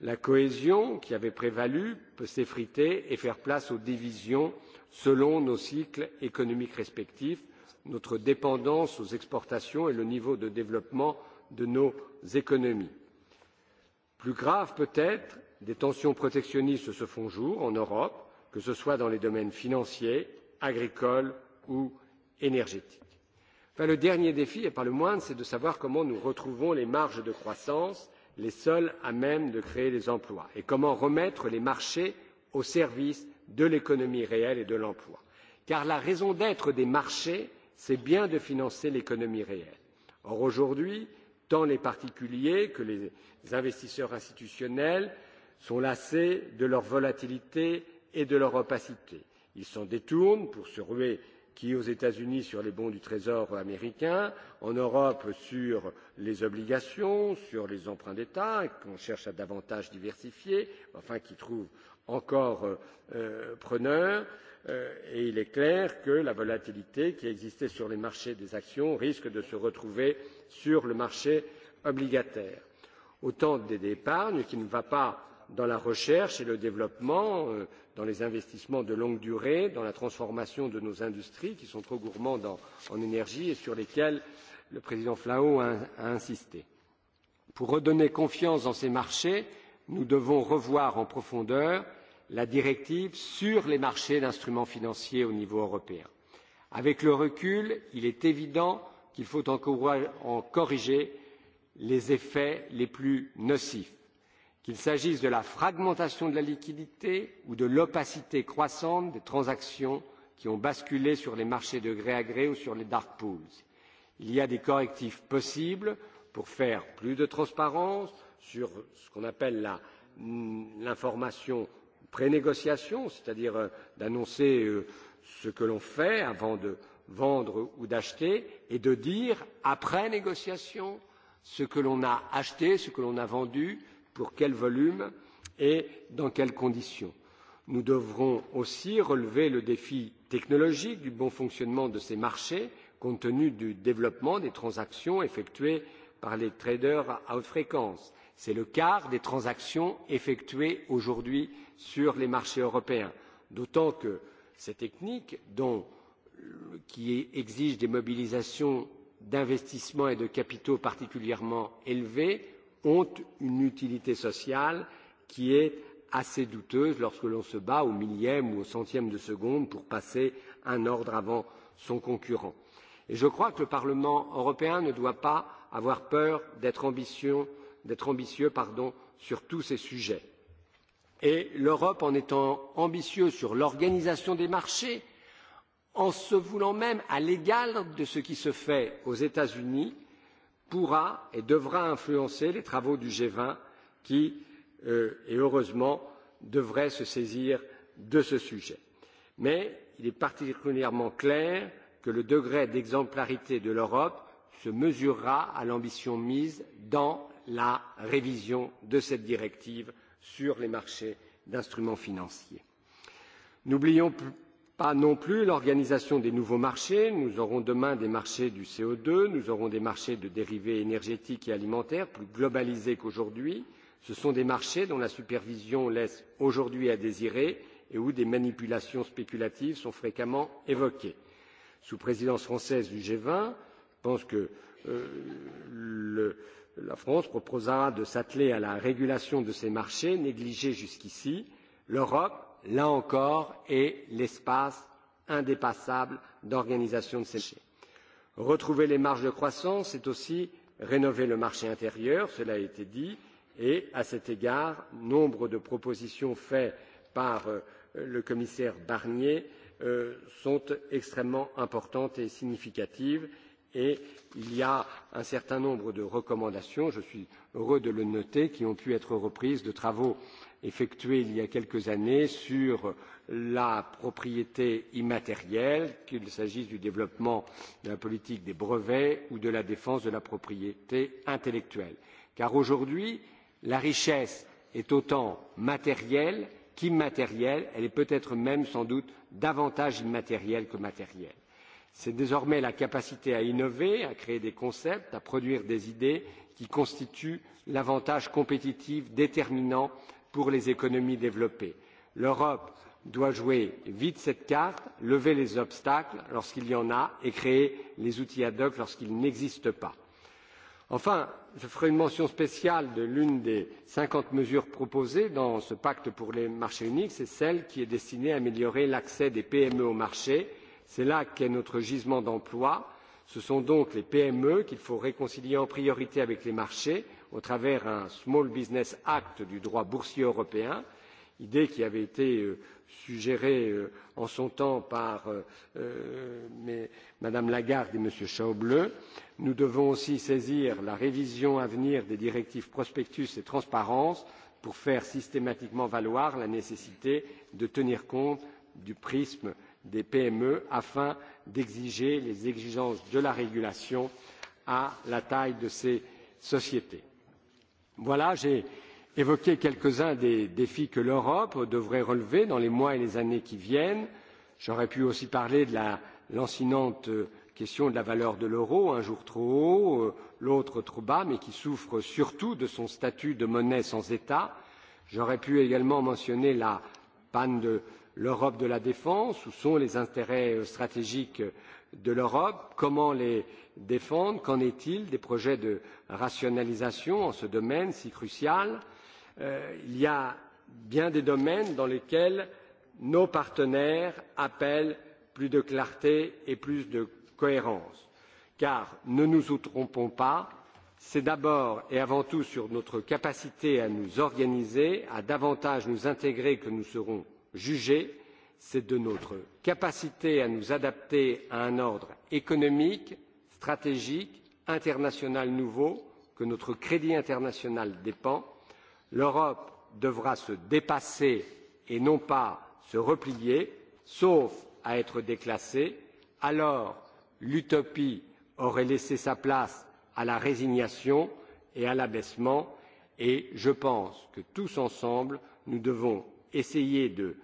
La cohésion qui avait prévalu peut s'effriter et faire place aux divisions selon nos cycles économiques respectifs, notre dépendance aux exportations et le niveau de développement de nos économies. Plus grave peut-être, des tensions protectionnistes se font jour en Europe, que ce soit dans les domaines financiers, agricole ou énergétique. Enfin, le dernier défi, et pas le moindre, c'est de savoir comment nous retrouvons les marges de croissance, les seules à même de créer des emplois, et comment remettre les marchés au service de l'économie réelle et de l'emploi. Car la raison d'être des marchés, c'est bien de financer l'économie réelle. Or, aujourd'hui, tant les particuliers que les investisseurs institutionnels sont lassés de leur volatilité et de leur opacité. Ils s'en détournent pour se ruer qui aux États-Unis sur les bons du Trésor américain, en Europe sur les obligations, sur les emprunts d'État, qu'on cherche à davantage diversifier, enfin qui trouvent encore euh, euh preneur. Euh, et il est clair que la volatilité qui existait sur les marchés des actions risque de se retrouver sur le marché obligataire. Autant d'épargne qui ne va pas dans la recherche et le développement, euh, dans les investissements de longue durée, dans la transformation de nos industries qui sont trop gourmandes en, énergie et sur lesquelles le président Flao a, a insisté. Pour redonner confiance dans ces marchés, nous devons revoir en profondeur la directive sur les marchés d'instruments financiers au niveau européen. Avec le recul, il est évident qu'il faut en corriger les effets les plus nocifs qu'il s'agisse de la fragmentation de la liquidité ou de l'opacité croissante des transactions qui ont basculé sur les marchés de gré à gré ou sur les dark pools. Il y a des correctifs possibles pour faire plus de transparence sur ce qu'on appelle mm, l'information pré-négociation, c'est-à-dire euh, d'annoncer euh, ce que l'on fait avant de vendre ou d'acheter et de dire après négociation ce que l'on a acheté, ce que l'on a vendu, pour quel volume et dans quelles conditions. Nous devrons aussi relever le défi technologique du bon fonctionnement de ces marchés compte tenu du développement des transactions effectuées par les traders à haute fréquence. C'est le quart des transactions effectuées aujourd'hui sur les marchés européens, d'autant que ces techniques dont, qui exigent des mobilisations d'investissements et de capitaux particulièrement élevés ont une utilité sociale qui est assez douteuse lorsque l'on se bat au millième ou au centième de seconde pour passer un ordre avant son concurrent. Et je crois que le Parlement européen ne doit pas avoir peur d'être ambitieux, ambitieux pardon, sur tous ces sujets. Et l'Europe, en étant ambitieuse sur l'organisation des marchés, en se voulant même à l'égal de ce qui se fait aux États-Unis, pourra et devra influencer les travaux du g vingt qui, euh, et heureusement, devrait se saisir de ce sujet. Mais il est particulièrement clair que le degré d'exemplarité de l'Europe se mesurera à l'ambition mise dans la révision de cette directive sur les marchés d'instruments financiers. N'oublions pas non plus l'organisation des nouveaux marchés. Nous aurons demain des marchés du co deux, nous aurons des marchés de dérivés énergétiques et alimentaires plus globalisés qu'aujourd'hui. Ce sont des marchés dont la supervision laisse aujourd'hui à désirer et où des manipulations spéculatives sont fréquemment évoquées. Sous présidence française du g vingt, je pense que euh, le, la France proposera de s'atteler à la régulation de ces marchés négligés jusqu'ici. L'Europe là encore, est l'espace indépassable d'organisation de ces marchés. Retrouver les marges de croissance, c'est aussi rénover le marché intérieur, cela a été dit, et à cet égard, nombre de propositions faites par euh, le commissaire Barnier euh, sont extrêmement importantes et significatives et il y a un certain nombre de recommandations, je suis heureux de le noter, qui ont pu être reprises de travaux euh, effectué il y a quelques années sur la propriété immatérielle, qu'il s'agisse du développement de la politique des brevets ou de la défense de la propriété intellectuelle. Car aujourd'hui, la richesse est autant matérielle qu'immatérielle, elle est peut-être même sans doute davantage immatérielle que matérielle. C'est désormais la capacité à innover, à créer des concepts, à produire des idées qui constitue l'avantage compétitif déterminant pour les économies développées. L'Europe doit jouer vite cette carte, lever les obstacles lorsqu'il y en a et créer les outils ad hoc lorsqu'ils n'existent pas. Enfin, je ferai une mention spéciale de l'une des cinquante mesures proposées dans ce pacte pour les marchés uniques, c'est celle qui est destinée à améliorer l'accès des PME au marché. C'est là qu'est notre gisement d'emploi. Ce sont donc les PME qu'il faut réconcilier en priorité avec les marchés au travers d'un Small Business Act du droit boursier européen, idée qui avait été euh, suggérée euh, en son temps par euh, euh Madame Lagarde et M. Schauble. Nous devons aussi saisir la révision à venir des directives prospectus et transparence pour faire systématiquement valoir la nécessité de tenir compte du prisme des PME afin d'exiger les exigences de la régulation à la taille de ces sociétés. Voilà, j'ai évoqué quelques-uns des défis que l'Europe devrait relever dans les mois et les années qui viennent. J'aurais pu aussi parler de la lancinante question de la valeur de l'euro, un jour trop haut, euh, l'autre trop bas, mais qui souffre surtout de son statut de monnaie sans État. J'aurais pu également mentionner la panne de l'Europe de la défense, où sont les intérêts euh, stratégiques de l'Europe, comment les, défendre Qu'en est-il des projets de rationalisation en ce domaine si crucial euh, Il y a bien des domaines dans lesquels nos partenaires appellent plus de clarté et plus de cohérence. Car, ne nous y trompons pas, c'est d'abord et avant tout sur notre capacité à nous organiser, à davantage nous intégrer que nous serons jugés, c'est de notre capacité à nous adapter à un ordre économique, stratégique international nouveau que notre crédit international dépend, l'Europe devra se dépasser et non pas se replier, sauf à être déclassée, alors l'utopie aurait laissé sa place à la résignation et à l'abaissement, et je pense que tous ensemble, nous devons essayer de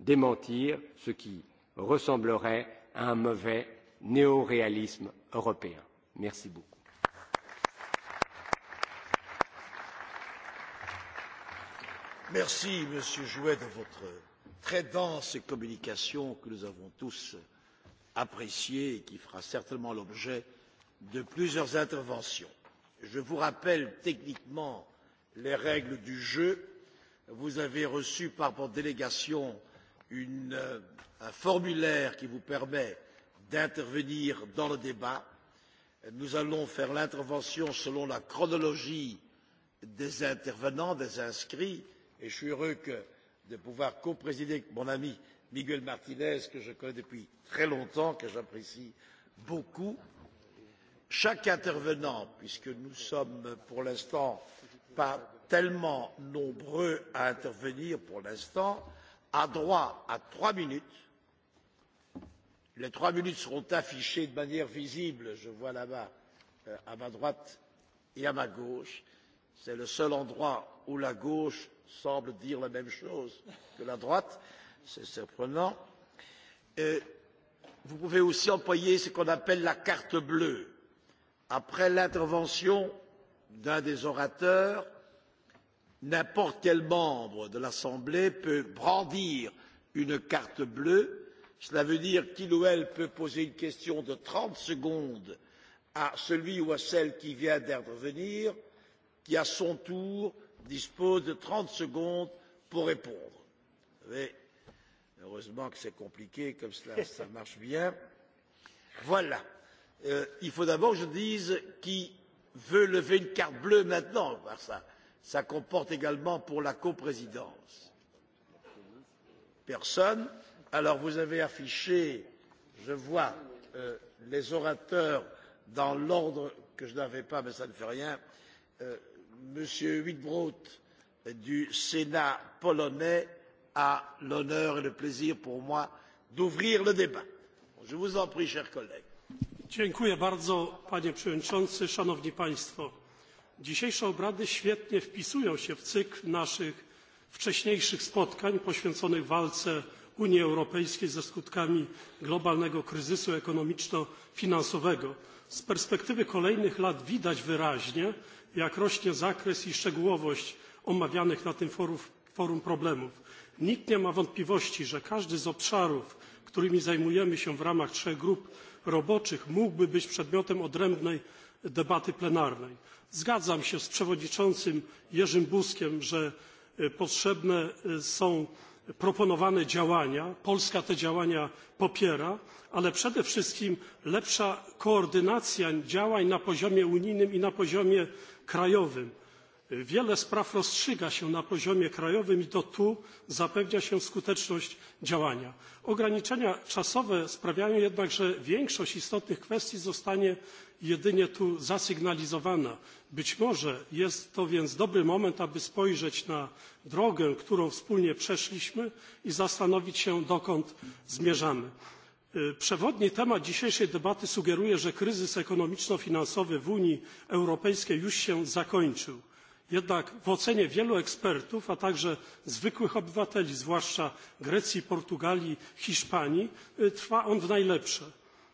démentir ce qui ressemblerait à un mauvais néoréalisme européen. Merci beaucoup. Merci, Monsieur Jouet, de votre très dense communication que nous avons tous appréciée et qui fera certainement l'objet de plusieurs interventions. Je vous rappelle techniquement les règles du jeu. Vous avez reçu par votre délégation une, un formulaire qui vous permet d'intervenir dans le débat. Nous allons faire l'intervention selon la chronologie des intervenants, des inscrits, et je suis heureux que, de pouvoir coprésider avec mon ami Miguel Martinez, que je connais depuis très longtemps, que j'apprécie beaucoup. Chaque intervenant, puisque nous sommes pour l'instant pas tellement nombreux à intervenir pour l'instant, a droit à trois minutes Les trois minutes seront affichées de manière visible, je vois là-bas, euh, à ma droite et à ma gauche. C'est le seul endroit où la gauche semble dire la même chose que la droite. C'est surprenant. Et euh, vous pouvez aussi employer ce qu'on appelle la carte bleue. Après l'intervention d'un des orateurs, n'importe quel membre de l'Assemblée peut brandir une carte bleue Cela veut dire qu'il ou elle peut poser une question de 30 secondes à celui ou à celle qui vient d'intervenir, qui à son tour dispose de 30 secondes pour répondre. Mais heureusement que c'est compliqué, comme cela ça marche bien. Voilà. Euh, il faut d'abord que je dise qui veut lever une carte bleue maintenant, par ça. Ça comporte également pour la coprésidence. Personne. Alors vous avez affiché, je vois, euh, les orateurs dans l'ordre que je n'avais pas, mais ça ne fait rien. Euh, Monsieur Huitbrot du Sénat polonais a l'honneur et le plaisir pour moi d'ouvrir le débat. Je vous en prie, chers collègues. Dziękuję bardzo, panie przewodniczący, szanowni państwo. Dzisiejsze obrady świetnie wpisują się w cykl naszych wcześniejszych spotkań poświęconych walce Unii Europejskiej ze skutkami globalnego kryzysu ekonomiczno-finansowego. Z perspektywy kolejnych lat widać wyraźnie, jak rośnie zakres i szczegółowość omawianych na tym forum, forum problemów. Nikt nie ma wątpliwości, że każdy z obszarów, którymi zajmujemy się w ramach trzech grup roboczych, mógłby być przedmiotem odrębnej debaty plenarnej. Zgadzam się z przewodniczącym Jerzym Buzkiem, że e, potrzebne e, są proponowane działania polska te działania popiera ale przede wszystkim lepsza koordynacja działań na poziomie unijnym i na poziomie krajowym Wiele spraw rozstrzyga się na poziomie krajowym i to tu zapewnia się skuteczność działania. Ograniczenia czasowe sprawiają jednak, że większość istotnych kwestii zostanie jedynie tu zasygnalizowana. Być może jest to więc dobry moment, aby spojrzeć na drogę, którą wspólnie przeszliśmy i zastanowić się, dokąd zmierzamy. Przewodni temat dzisiejszej debaty sugeruje, że kryzys ekonomiczno-finansowy w Unii Europejskiej już się zakończył. Jednak w ocenie wielu ekspertów, a także zwykłych obywateli, zwłaszcza Grecji, Portugalii, Hiszpanii, trwa on w najlepsze.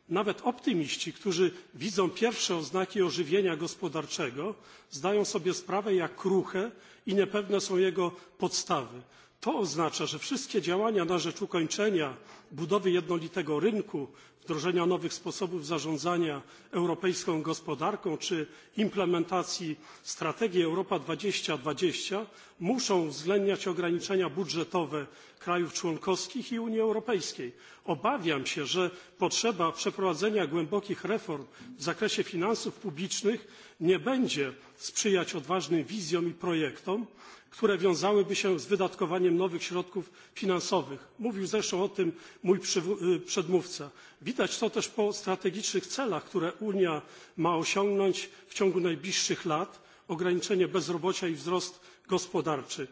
Nawet optymiści, którzy widzą pierwsze oznaki ożywienia gospodarczego, zdają sobie sprawę, jak kruche i niepewne są jego podstawy. To oznacza, że wszystkie działania na rzecz ukończenia budowy jednolitego rynku, wdrożenia nowych sposobów zarządzania europejską gospodarką czy implementacji strategii Europa 2020 muszą uwzględniać ograniczenia budżetowe krajów członkowskich i Unii Europejskiej. Obawiam się, że potrzeba przeprowadzenia głębokich reform w zakresie finansów publicznych nie będzie sprzyjać odważnym wizjom i projektom, które wiązałyby się z wydatkowaniem nowych środków finansowych. Mówił zresztą o tym mój przedmówca. Widać to też po strategicznych celach, które Unia ma osiągnąć w ciągu najbliższych lat ograniczenie bezrobocia i wzrost gospodarczy.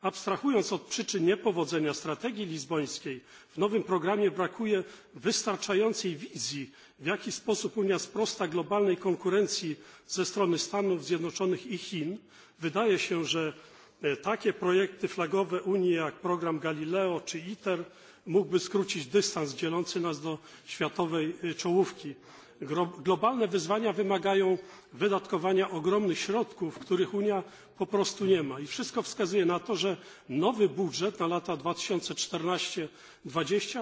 Abstrahując od przyczyn niepowodzenia strategii lizbońskiej, w nowym programie brakuje wystarczającej wizji, w jaki sposób Unia sprosta globalnej konkurencji ze strony Stanów Zjednoczonych i Chin. Wydaje się, że E, takie projekty flagowe Unii jak program Galileo czy ITER mógłby skrócić dystans dzielący nas do światowej e, czołówki. Globalne wyzwania wymagają wydatkowania ogromnych środków, których Unia po prostu nie ma. I wszystko wskazuje na to, że nowy budżet na lata 2014-2020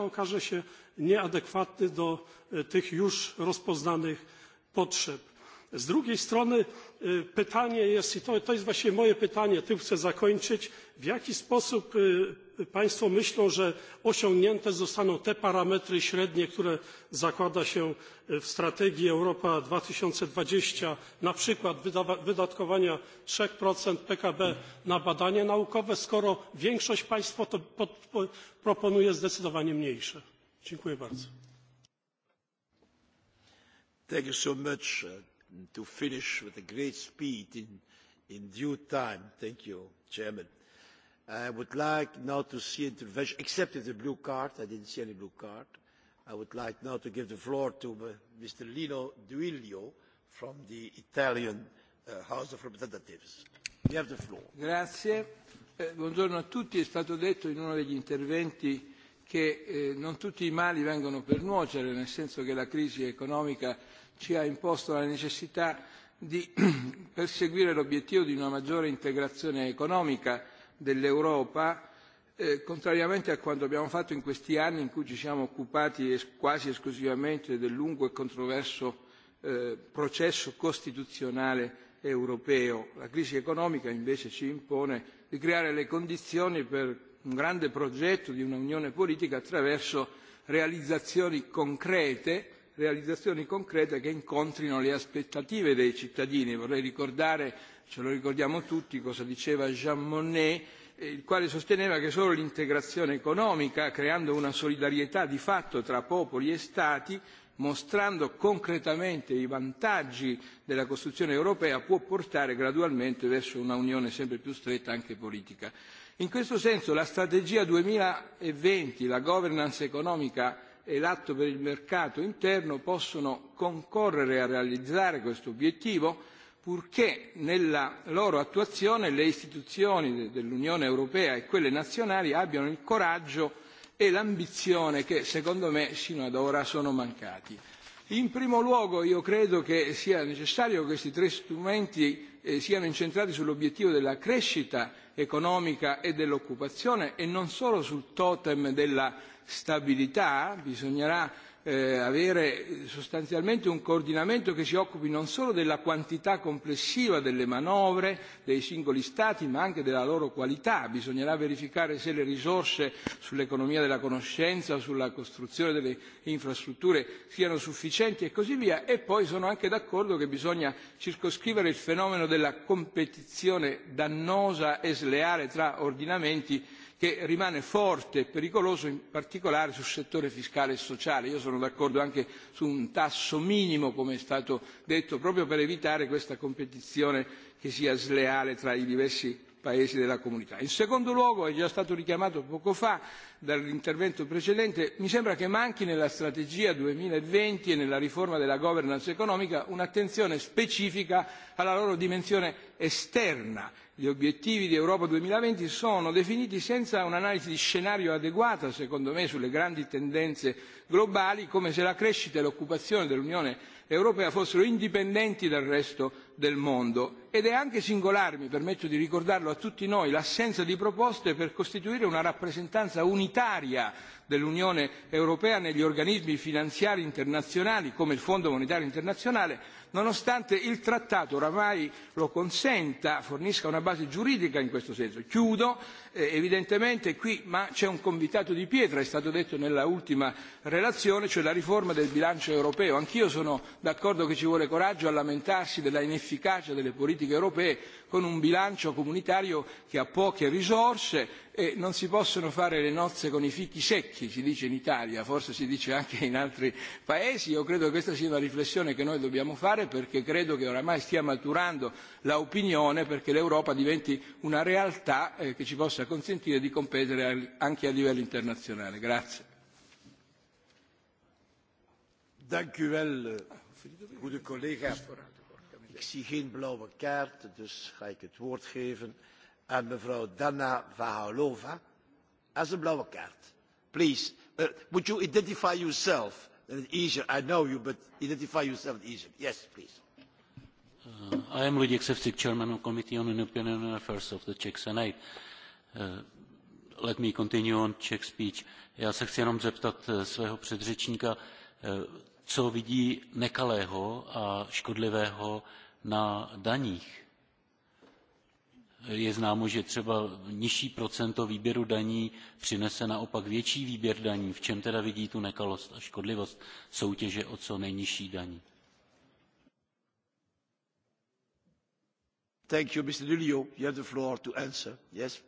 okaże się nieadekwatny do e, tych już rozpoznanych potrzeb. Z drugiej strony pytanie jest, i to, to jest właśnie moje pytanie, tym chcę zakończyć, w jaki sposób Państwo myślą, że osiągnięte zostaną te parametry średnie, które zakłada się w strategii Europa dwa tysiące dwadzieścia, na przykład wydatkowania 3% PKB na badania naukowe, skoro większość państwo to proponuje zdecydowanie mniejsze. Dziękuję bardzo. Thank you so much, uh, to finish with a great speed in, in due time. Thank you, Chairman. I would like now to see intervention, except the blue card. I didn't see any blue card. I would like now to give the floor to uh, Mr. Lino Duilio from the Italian uh, House of Representatives. You have the floor. Grazie. Eh, buongiorno a tutti. È stato detto in uno degli interventi che eh, non tutti i mali vengono per nuocere, nel senso che la crisi economica ci ha imposto la necessità di perseguire l'obiettivo di una maggiore integrazione economica dell'Europa, eh, contrariamente a quanto abbiamo fatto in questi anni in cui ci siamo occupati es quasi esclusivamente del lungo e controverso eh, processo costituzionale europeo. La crisi economica invece ci impone di creare le condizioni per un grande progetto di un'unione politica attraverso realizzazioni concrete realizzazioni concrete che incontrino le aspettative dei cittadini. Vorrei ricordare, ce lo ricordiamo tutti, cosa diceva Jean Monnet, eh, il quale sosteneva che solo l'integrazione economica, creando una solidarietà di fatto tra popoli e Stati, mostrando concretamente i vantaggi della costruzione europea, può portare gradualmente verso una unione sempre più stretta anche politica. In questo senso la strategia duemilaventi, la governance economica e l'atto per il mercato interno possono concorrere a realizzare questo obiettivo purché nella loro attuazione le istituzioni dell'Unione Europea e quelle nazionali abbiano il coraggio e l'ambizione che secondo me sino ad ora sono mancati. In primo luogo io credo che sia necessario che questi tre strumenti eh, siano incentrati sull'obiettivo della crescita economica e dell'occupazione e non solo sul totem della stabilità, bisognerà eh, avere sostanzialmente un coordinamento che si occupi non solo della quantità complessiva delle manovre dei singoli Stati, ma anche della loro qualità. Bisognerà verificare se le risorse sull'economia della conoscenza, sulla costruzione delle infrastrutture siano sufficienti e così via. E poi sono anche d'accordo che bisogna circoscrivere il fenomeno della competizione dannosa e sleale tra ordinamenti che rimane forte e pericoloso in particolare sul settore fiscale e sociale. Io sono d'accordo anche su un tasso minimo, come è stato detto, proprio per evitare questa competizione che sia sleale tra i diversi paesi della comunità. In secondo luogo, è già stato richiamato poco fa dall'intervento precedente, mi sembra che manchi nella strategia 2020 e nella riforma della governance economica un'attenzione specifica alla loro dimensione esterna Gli obiettivi di Europa 2020 sono definiti senza un'analisi di scenario adeguata, secondo me, sulle grandi tendenze globali, come se la crescita e l'occupazione dell'Unione Europea fossero indipendenti dal resto del mondo. Ed è anche singolare, mi permetto di ricordarlo a tutti noi, l'assenza di proposte per costituire una rappresentanza unitaria dell'Unione Europea negli organismi finanziari internazionali, come il Fondo Monetario Internazionale, nonostante il trattato oramai lo consenta, fornisca una base giuridica in questo senso. Chiudo, eh, evidentemente qui ma c'è un convitato di pietra, è stato detto nella ultima relazione, cioè la riforma del bilancio europeo. Anch'io sono d'accordo che ci vuole coraggio a lamentarsi della inefficacia delle politiche europee con un bilancio comunitario che ha poche risorse E non si possono fare le nozze con i fichi secchi, si dice in Italia, forse si dice anche in altri paesi. Io credo che questa sia una riflessione che noi dobbiamo fare perché credo che oramai stia maturando l'opinione perché l'Europa diventi una realtà eh, che ci possa consentire di competere anche a livello internazionale. Grazie. Dank u wel, eh, goede collega. Ik zie geen blauwe kaart, dus ga ik het woord geven and Mevrouw Dana Vahalova as a blue cat. Please, uh, would you identify yourself? Easier, I know you, but identify yourself easier. Yes, please. Uh, I am Ludic Sevcik, Chairman of Committee on European Affairs of the Czech Senate. Uh, let me continue on Czech speech. Já se chci jenom zeptat uh, svého předřečníka, uh, co vidí nekalého a škodlivého na daních je známo, že třeba nižší procento výběru daní přinese naopak větší výběr daní. V čem teda vidí tu nekalost a škodlivost soutěže o co nejnižší daní? Thank you, Mr. Lilio. You have the floor to answer. Yes?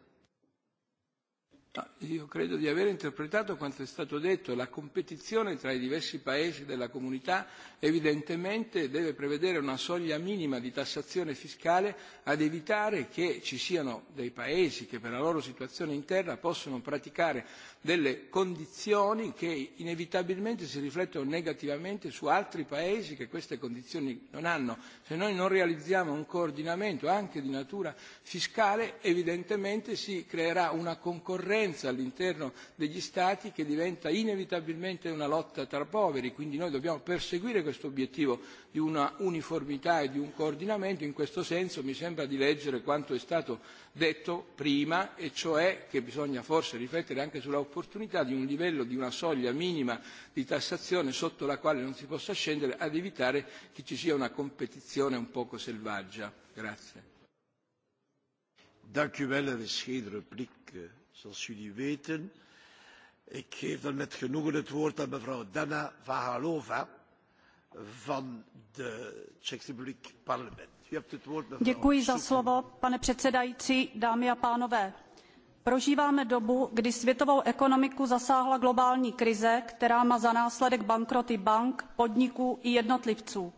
Ah, io credo di aver interpretato quanto è stato detto, la competizione tra i diversi paesi della comunità evidentemente deve prevedere una soglia minima di tassazione fiscale ad evitare che ci siano dei paesi che per la loro situazione interna possono praticare delle condizioni che inevitabilmente si riflettono negativamente su altri paesi che queste condizioni non hanno. Se noi non realizziamo un coordinamento anche di natura fiscale evidentemente si creerà una concorrenza differenza all'interno degli Stati che diventa inevitabilmente una lotta tra poveri, quindi noi dobbiamo perseguire questo obiettivo di una uniformità e di un coordinamento, in questo senso mi sembra di leggere quanto è stato detto prima, e cioè che bisogna forse riflettere anche sull'opportunità di un livello, di una soglia minima di tassazione sotto la quale non si possa scendere ad evitare che ci sia una competizione un poco selvaggia. Grazie. Dank u wel. Er is geen repliek zoals jullie weten. Ik geef dan met genoegen het woord aan mevrouw Dana Vahalova van de Czech Republic Parlement. U hebt het woord, mevrouw. Děkuji za slovo, pane předsedající, dámy a pánové. Prožíváme dobu, kdy světovou ekonomiku zasáhla globální krize, která má za následek bankroty bank, podniků i jednotlivců.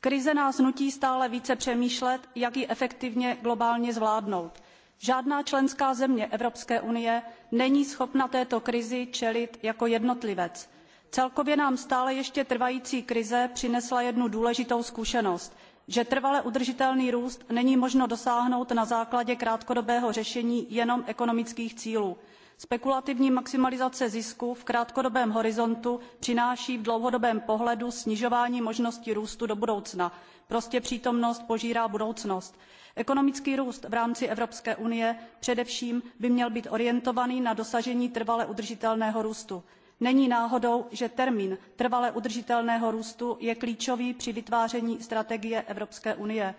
Krize nás nutí stále více přemýšlet, jak ji efektivně globálně zvládnout. Žádná členská země Evropské unie není schopna této krizi čelit jako jednotlivec. Celkově nám stále ještě trvající krize přinesla jednu důležitou zkušenost, že trvale udržitelný růst není možno dosáhnout na základě krátkodobého řešení jenom ekonomických cílů. Spekulativní maximalizace zisku v krátkodobém horizontu přináší v dlouhodobém pohledu snižování možností růstu do budoucna. Prostě přítomnost požírá budoucnost. Ekonomický růst v rámci Evropské unie především by měl být orientovaný na dosažení trvale udržitelného růstu. Není náhodou, že termín trvale udržitelného růstu je klíčový při vytváření strategie Evropské unie.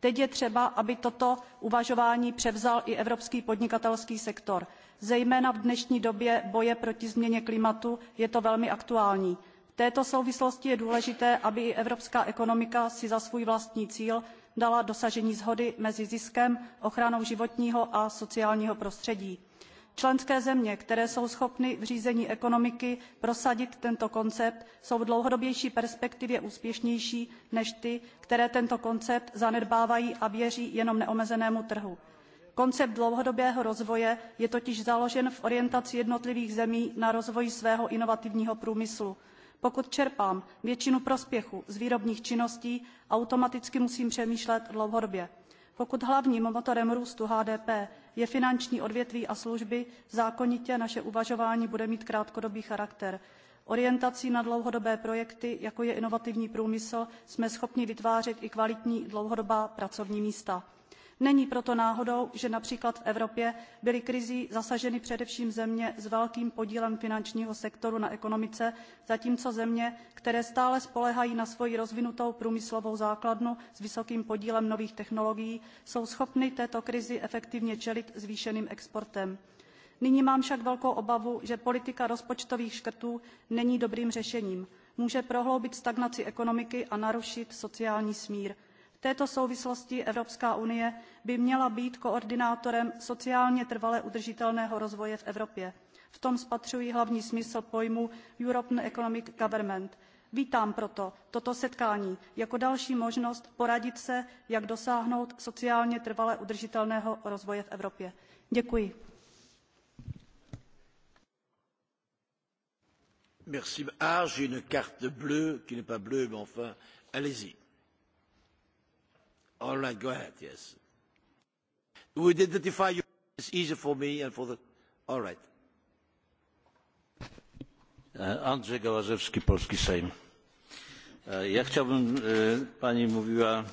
Teď je třeba, aby toto uvažování převzal i evropský podnikatelský sektor. Zejména v dnešní době boje proti změně klimatu je to velmi aktuální. V této souvislosti je důležité, aby i evropská ekonomika si za svůj vlastní cíl dala dosažení shody mezi ziskem, ochranou životního a sociálního prostředí. Členské země, které jsou schopny v řízení ekonomiky prosadit tento koncept, jsou v dlouhodobější perspektivě úspěšnější než ty, které tento koncept zanedbávají a věří jenom neomezenému trhu. Koncept dlouhodobého rozvoje je totiž založen v orientaci jednotlivých zemí na rozvoji svého inovativního průmyslu. Pokud čerpám většinu prospěchu z výrobních činností, automaticky musím přemýšlet dlouhodobě. Pokud hlavním motorem růstu HDP je finanční odvětví a služby, zákonitě naše uvažování bude mít krátkodobý charakter. Orientací na dlouhodobé projekty, jako je inovativní průmysl, jsme schopni vytvářet i kvalitní dlouhodobá pracovní místa. Není proto náhodou, že například v Evropě byly krizí zasaženy především země s velkým podílem finančního sektoru na ekonomice, zatímco země, které stále spolehají na svoji rozvinutou průmyslovou základnu s vysokým podílem nových technologií, jsou schopny této krizi efektivně čelit zvýšeným exportem. Nyní mám však velkou obavu, že politika rozpočtových škrtů není dobrým řešením. Může prohloubit stagnaci ekonomiky a narušit sociální smír této souvislosti Evropská unie by měla být koordinátorem sociálně trvale udržitelného rozvoje v Evropě. V tom spatřuji hlavní smysl pojmu European Economic Government. Vítám proto toto setkání jako další možnost poradit se, jak dosáhnout sociálně trvale udržitelného rozvoje v Evropě. Děkuji. Merci. Ah, j'ai une carte bleue qui n'est pas bleue, mais enfin, allez-y. All right, go ahead, yes. We identify you. It's easy for me and for the... All right. E, Andrzej Gałazewski, Polski Sejm. E, ja chciałbym, e, pani mówiła,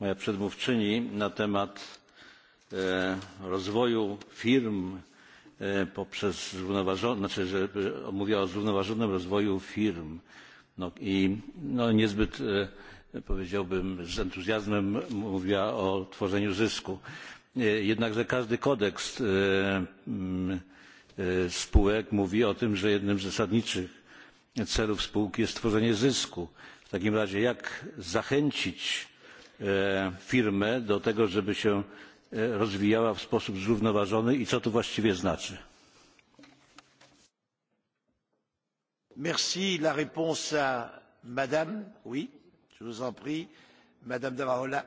moja przedmówczyni, na temat rozwoju firm poprzez zrównoważony, znaczy, że mówiła o zrównoważonym rozwoju firm. No i no, niezbyt powiedziałbym z entuzjazmem mówiła o tworzeniu zysku. E, Jednakże każdy kodeks e, mm, e, spółek mówi o tym, że jednym z zasadniczych celów spółki jest tworzenie zysku. W takim razie jak zachęcić firmę do tego, żeby się rozwijała w sposób zrównoważony i co to właściwie znaczy? Merci. La réponse à Madame, oui. Je vous en prie, Madame Davarola,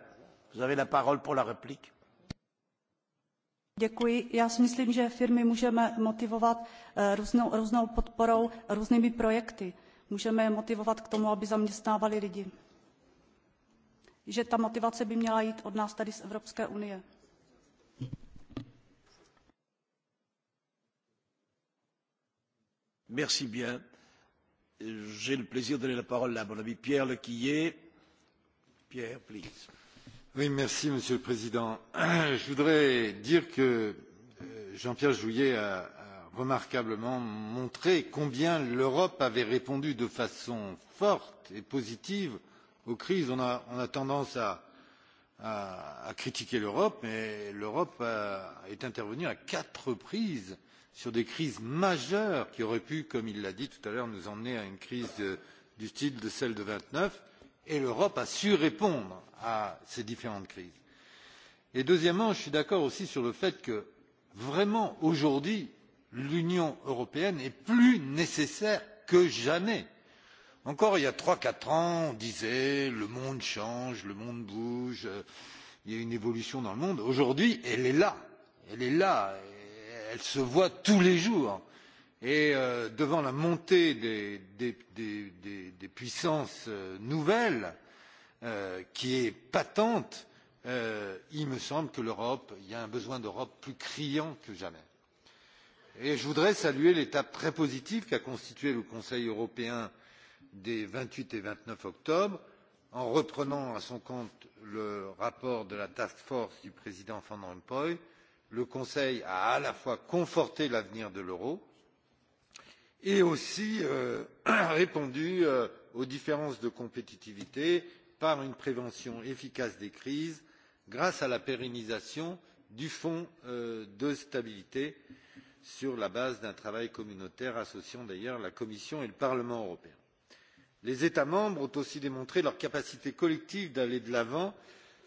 vous avez la parole pour la réplique. Děkuji. Já si myslím, že firmy můžeme motivovat eh, různou, různou podporou různými projekty. Můžeme je motivovat k tomu, aby zaměstnávali lidi. Že ta motivace by měla jít od nás tady z Evropské unie. Merci bien. J'ai le plaisir de donner la parole à mon ami Pierre Lequillet Pierre, please. Oui, merci, Monsieur le Président. Je voudrais dire que euh, Jean-Pierre Jouyet a, remarquablement montré combien l'Europe avait répondu de façon forte et positive aux crises. On a, on a tendance à, à, à critiquer l'Europe, mais l'Europe est intervenue à quatre reprises sur des crises majeures qui auraient pu, comme il l'a dit tout à l'heure, nous emmener à une crise de, du style de celle de neuf et l'Europe a su répondre à ces différentes crises. Et deuxièmement, je suis d'accord aussi sur le fait que vraiment aujourd'hui, l'Union européenne est plus nécessaire que jamais. Encore il y a trois quatre ans, on disait le monde change, le monde bouge, il y a une évolution dans le monde. Aujourd'hui, elle est là, elle est là, elle se voit tous les jours. Et euh, devant la montée des, des, des, des, des puissances euh, nouvelles, euh, qui est patente, euh, il me semble que l'Europe, il y a un besoin d'Europe plus criant que jamais. Et je voudrais saluer l'étape très positive qu'a constituée le Conseil européen des 28 et 29 octobre, en reprenant à son compte le rapport de la task force du président Van Rompuy. Le Conseil a à la fois conforté l'avenir de l'euro, et aussi euh, répondu euh, aux différences de compétitivité par une prévention efficace des crises grâce à la pérennisation du fonds euh, de stabilité sur la base d'un travail communautaire associant d'ailleurs la Commission et le Parlement européen. Les États membres ont aussi démontré leur capacité collective d'aller de l'avant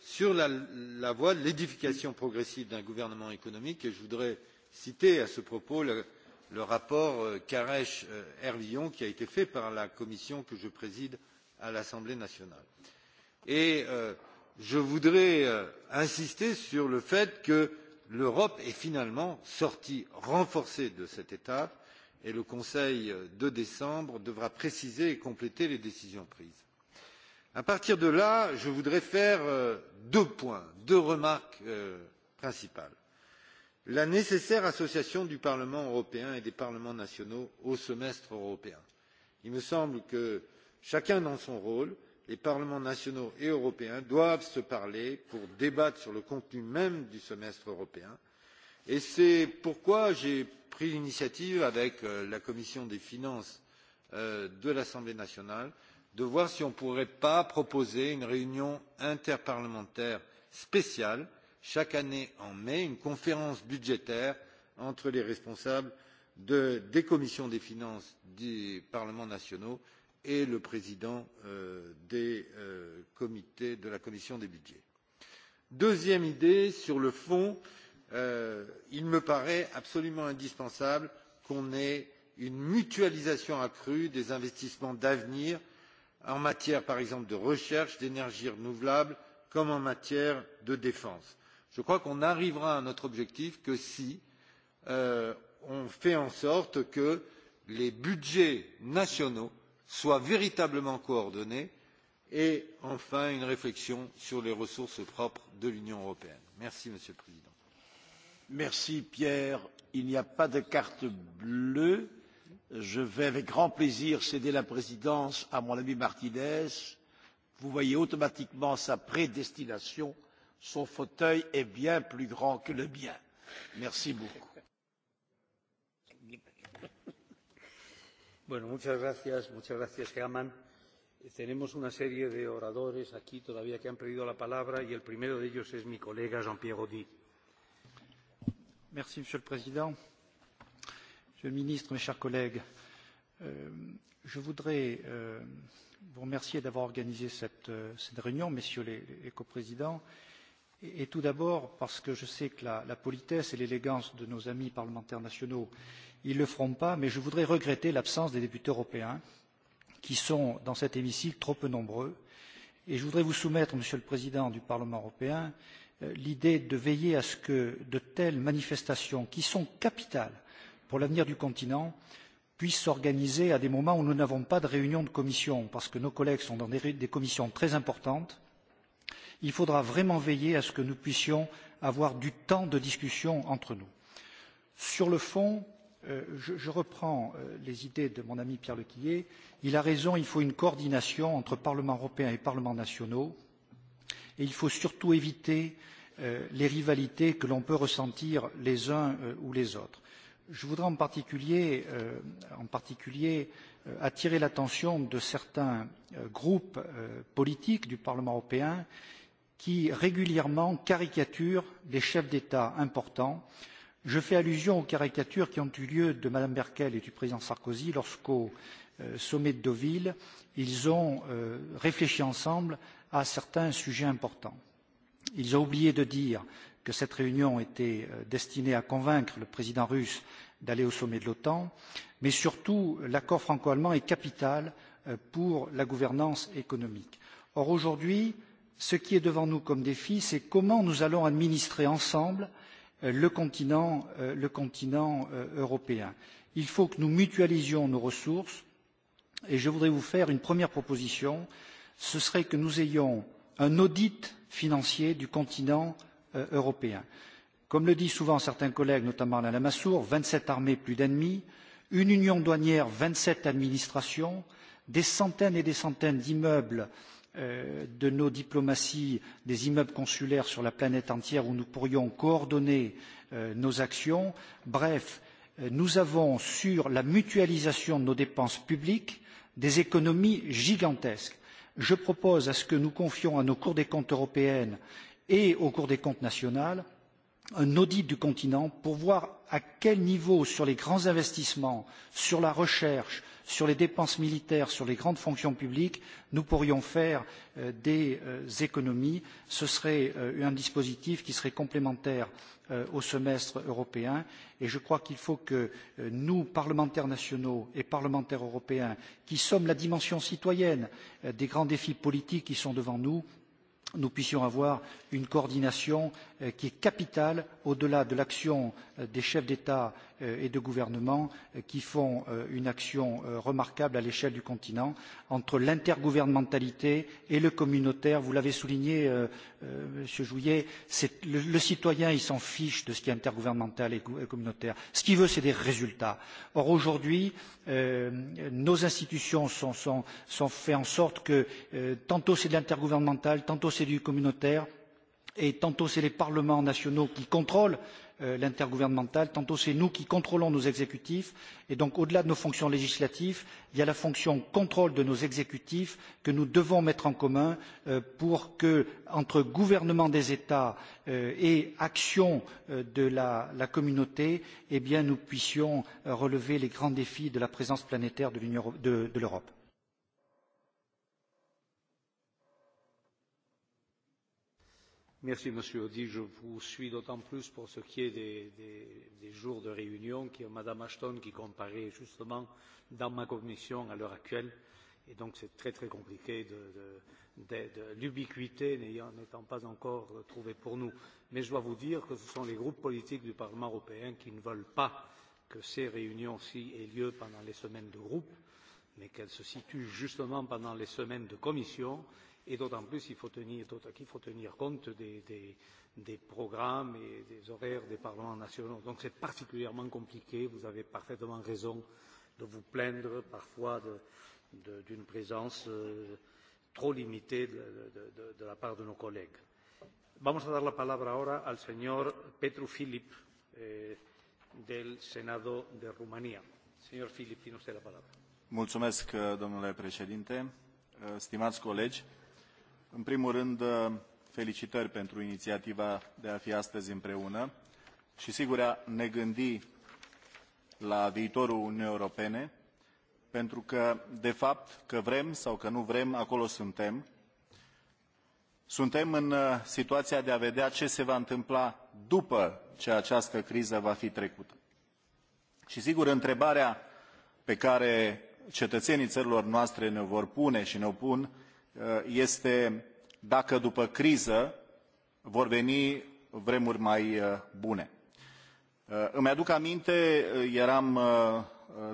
sur la, la voie de l'édification progressive d'un gouvernement économique et je voudrais citer à ce propos le, le rapport Carèche euh, euh, Hervillon qui a été fait par la commission que je préside à l'Assemblée nationale. Et euh, je voudrais insister sur le fait que l'Europe est finalement sortie renforcée de cette étape et le Conseil de décembre devra préciser et compléter les décisions prises. À partir de là, je voudrais faire deux points, deux remarques principales la nécessaire association du Parlement européen et des parlements nationaux au semestre européen. Il me semble que chacun dans son rôle, les parlements nationaux et européens doivent se parler pour débattre sur le contenu même du semestre européen. Et c'est pourquoi j'ai pris l'initiative avec euh, la commission des finances euh, de l'Assemblée nationale de voir si on ne pourrait pas proposer une réunion interparlementaire spéciale chaque année en mai une conférence budgétaire entre les responsables de, des commissions des finances des parlements nationaux et le président euh, des, euh, comités, de la commission des budgets. Deuxième idée, sur le fond, euh, il me paraît absolument indispensable qu'on ait une mutualisation accrue des investissements d'avenir en matière par exemple de recherche d'énergies renouvelables comme en matière de défense. Je crois qu'on n'arrivera à notre objectif que si euh, on fait en sorte que les budgets nationaux soient véritablement coordonnés et enfin une réflexion sur les ressources propres de l'Union européenne. Merci Monsieur le Président. Merci Pierre. Il n'y a pas de carte bleue. Je vais avec grand plaisir céder la présidence à mon ami Martinez. Vous voyez automatiquement sa prédestination son fauteuil est bien plus grand que le mien. Merci beaucoup. Bueno, muchas gracias, muchas gracias, Gaman. Eh, tenemos una serie de oradores aquí todavía que han pedido la palabra y el primero de ellos es mi colega Jean-Pierre Audi. Merci, Monsieur le Président. Monsieur le Ministre, mes chers collègues, euh, je voudrais euh, vous remercier d'avoir organisé cette, euh, cette réunion, messieurs les, les coprésidents. Et, et tout d'abord, parce que je sais que la, la politesse et l'élégance de nos amis parlementaires nationaux, ils ne le feront pas, mais je voudrais regretter l'absence des députés européens, qui sont dans cet hémicycle trop peu nombreux. Et je voudrais vous soumettre, Monsieur le Président du Parlement européen, euh, l'idée de veiller à ce que de telles manifestations, qui sont capitales pour l'avenir du continent, puissent s'organiser à des moments où nous n'avons pas de réunion de commission, parce que nos collègues sont dans des, des commissions très importantes il faudra vraiment veiller à ce que nous puissions avoir du temps de discussion entre nous. Sur le fond, euh, je, je reprends euh, les idées de mon ami Pierre Lequillet. Il a raison, il faut une coordination entre Parlement européen et Parlements nationaux et il faut surtout éviter euh, les rivalités que l'on peut ressentir les uns euh, ou les autres. Je voudrais en particulier, euh, en particulier euh, attirer l'attention de certains euh, groupes euh, politiques du Parlement européen qui régulièrement caricature des chefs d'État importants. Je fais allusion aux caricatures qui ont eu lieu de Mme Merkel et du président Sarkozy lorsqu'au euh, sommet de Deauville, ils ont euh, réfléchi ensemble à certains sujets importants. Ils ont oublié de dire que cette réunion était euh, destinée à convaincre le président russe d'aller au sommet de l'OTAN, mais surtout l'accord franco-allemand est capital pour la gouvernance économique. Or aujourd'hui, Ce qui est devant nous comme défi, c'est comment nous allons administrer ensemble euh, le continent, euh, le continent euh, européen. Il faut que nous mutualisions nos ressources et je voudrais vous faire une première proposition, ce serait que nous ayons un audit financier du continent européen. Comme le disent souvent certains collègues, notamment Alain Lamassoure, vingt sept armées, plus d'ennemis, une union douanière, vingt sept administrations, des centaines et des centaines d'immeubles Euh, de nos diplomaties des immeubles consulaires sur la planète entière où nous pourrions coordonner euh, nos actions. Bref, euh, nous avons sur la mutualisation de nos dépenses publiques des économies gigantesques. Je propose à ce que nous confions à nos cours des comptes européennes et aux cours des comptes nationales un audit du continent pour voir à quel niveau, sur les grands investissements, sur la recherche, sur les dépenses militaires, sur les grandes fonctions publiques, nous pourrions faire euh, des euh, économies. Ce serait euh, un dispositif qui serait complémentaire euh, au semestre européen et je crois qu'il faut que euh, nous, parlementaires nationaux et parlementaires européens, qui sommes la dimension citoyenne euh, des grands défis politiques qui sont devant nous, nous puissions avoir une coordination Euh, qui est capitale au-delà de l'action euh, des chefs d'État euh, et de gouvernement qui font une action remarquable à l'échelle du continent entre l'intergouvernementalité et le communautaire. Vous l'avez souligné, Monsieur Jouyet, le, le citoyen, il s'en fiche de ce qui est intergouvernemental et communautaire. Ce qu'il veut, c'est des résultats. Or, aujourd'hui, euh, nos institutions sont, sont, sont fait en sorte que euh, tantôt c'est de l'intergouvernemental, tantôt c'est du communautaire, et tantôt c'est les parlements nationaux qui contrôlent euh, l'intergouvernemental, tantôt c'est nous qui contrôlons nos exécutifs. Et donc, au-delà de nos fonctions législatives, il y a la fonction contrôle de nos exécutifs que nous devons mettre en commun euh, pour que, entre gouvernement des États euh, et action de la, la communauté, eh bien, nous puissions relever les grands défis de la présence planétaire de l'Europe. Merci, Monsieur Audi. Je vous suis d'autant plus pour ce qui est des, des, des jours de réunion qui euh, Madame Ashton qui comparait justement dans ma commission à l'heure actuelle. Et donc c'est très très compliqué de, de, de, de l'ubiquité n'étant pas encore euh, trouvée pour nous. Mais je dois vous dire que ce sont les groupes politiques du Parlement européen qui ne veulent pas que ces réunions-ci aient lieu pendant les semaines de groupe, mais qu'elles se situent justement pendant les semaines de commission Et d'autant plus, il faut tenir, il faut tenir compte des, des, des programmes et des horaires des parlements nationaux. Donc c'est particulièrement compliqué. Vous avez parfaitement raison de vous plaindre parfois d'une présence euh, trop limitée de, de, de, de la part de nos collègues. Vamos a dar la palabra ahora al señor Petru Filip eh, del Senado de Rumanía. Señor Filip, tiene usted la palabra. Mulțumesc, domnule președinte, eh, stimați colegi. În primul rând, uh, felicitări pentru inițiativa de a fi astăzi împreună și sigur a ne gândi la viitorul Uniunii Europene, pentru că, de fapt, că vrem sau că nu vrem, acolo suntem. Suntem în uh, situația de a vedea ce se va întâmpla după ce această criză va fi trecută. Și sigur, întrebarea pe care cetățenii țărilor noastre ne vor pune și ne-o pun Uh, este dacă după criză vor veni vremuri mai uh, bune. Uh, îmi aduc aminte, eram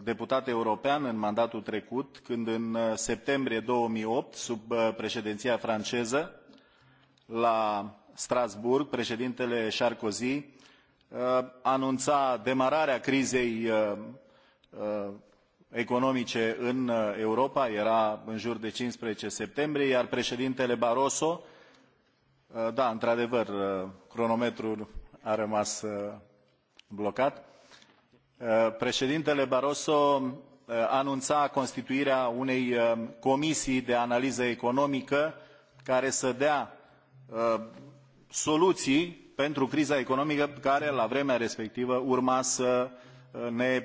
deputat european în mandatul trecut, când în septembrie 2008, sub președinția franceză, la Strasbourg, președintele Sarkozy anunța demararea crizei economice în uh, Europa, era în jur de 15 septembrie, iar președintele Barroso, uh, da, într-adevăr, uh, cronometrul a rămas blocat, președintele Barroso anunța constituirea unei comisii de analiză economică care să dea soluții pentru criza economică care la vremea respectivă urma să ne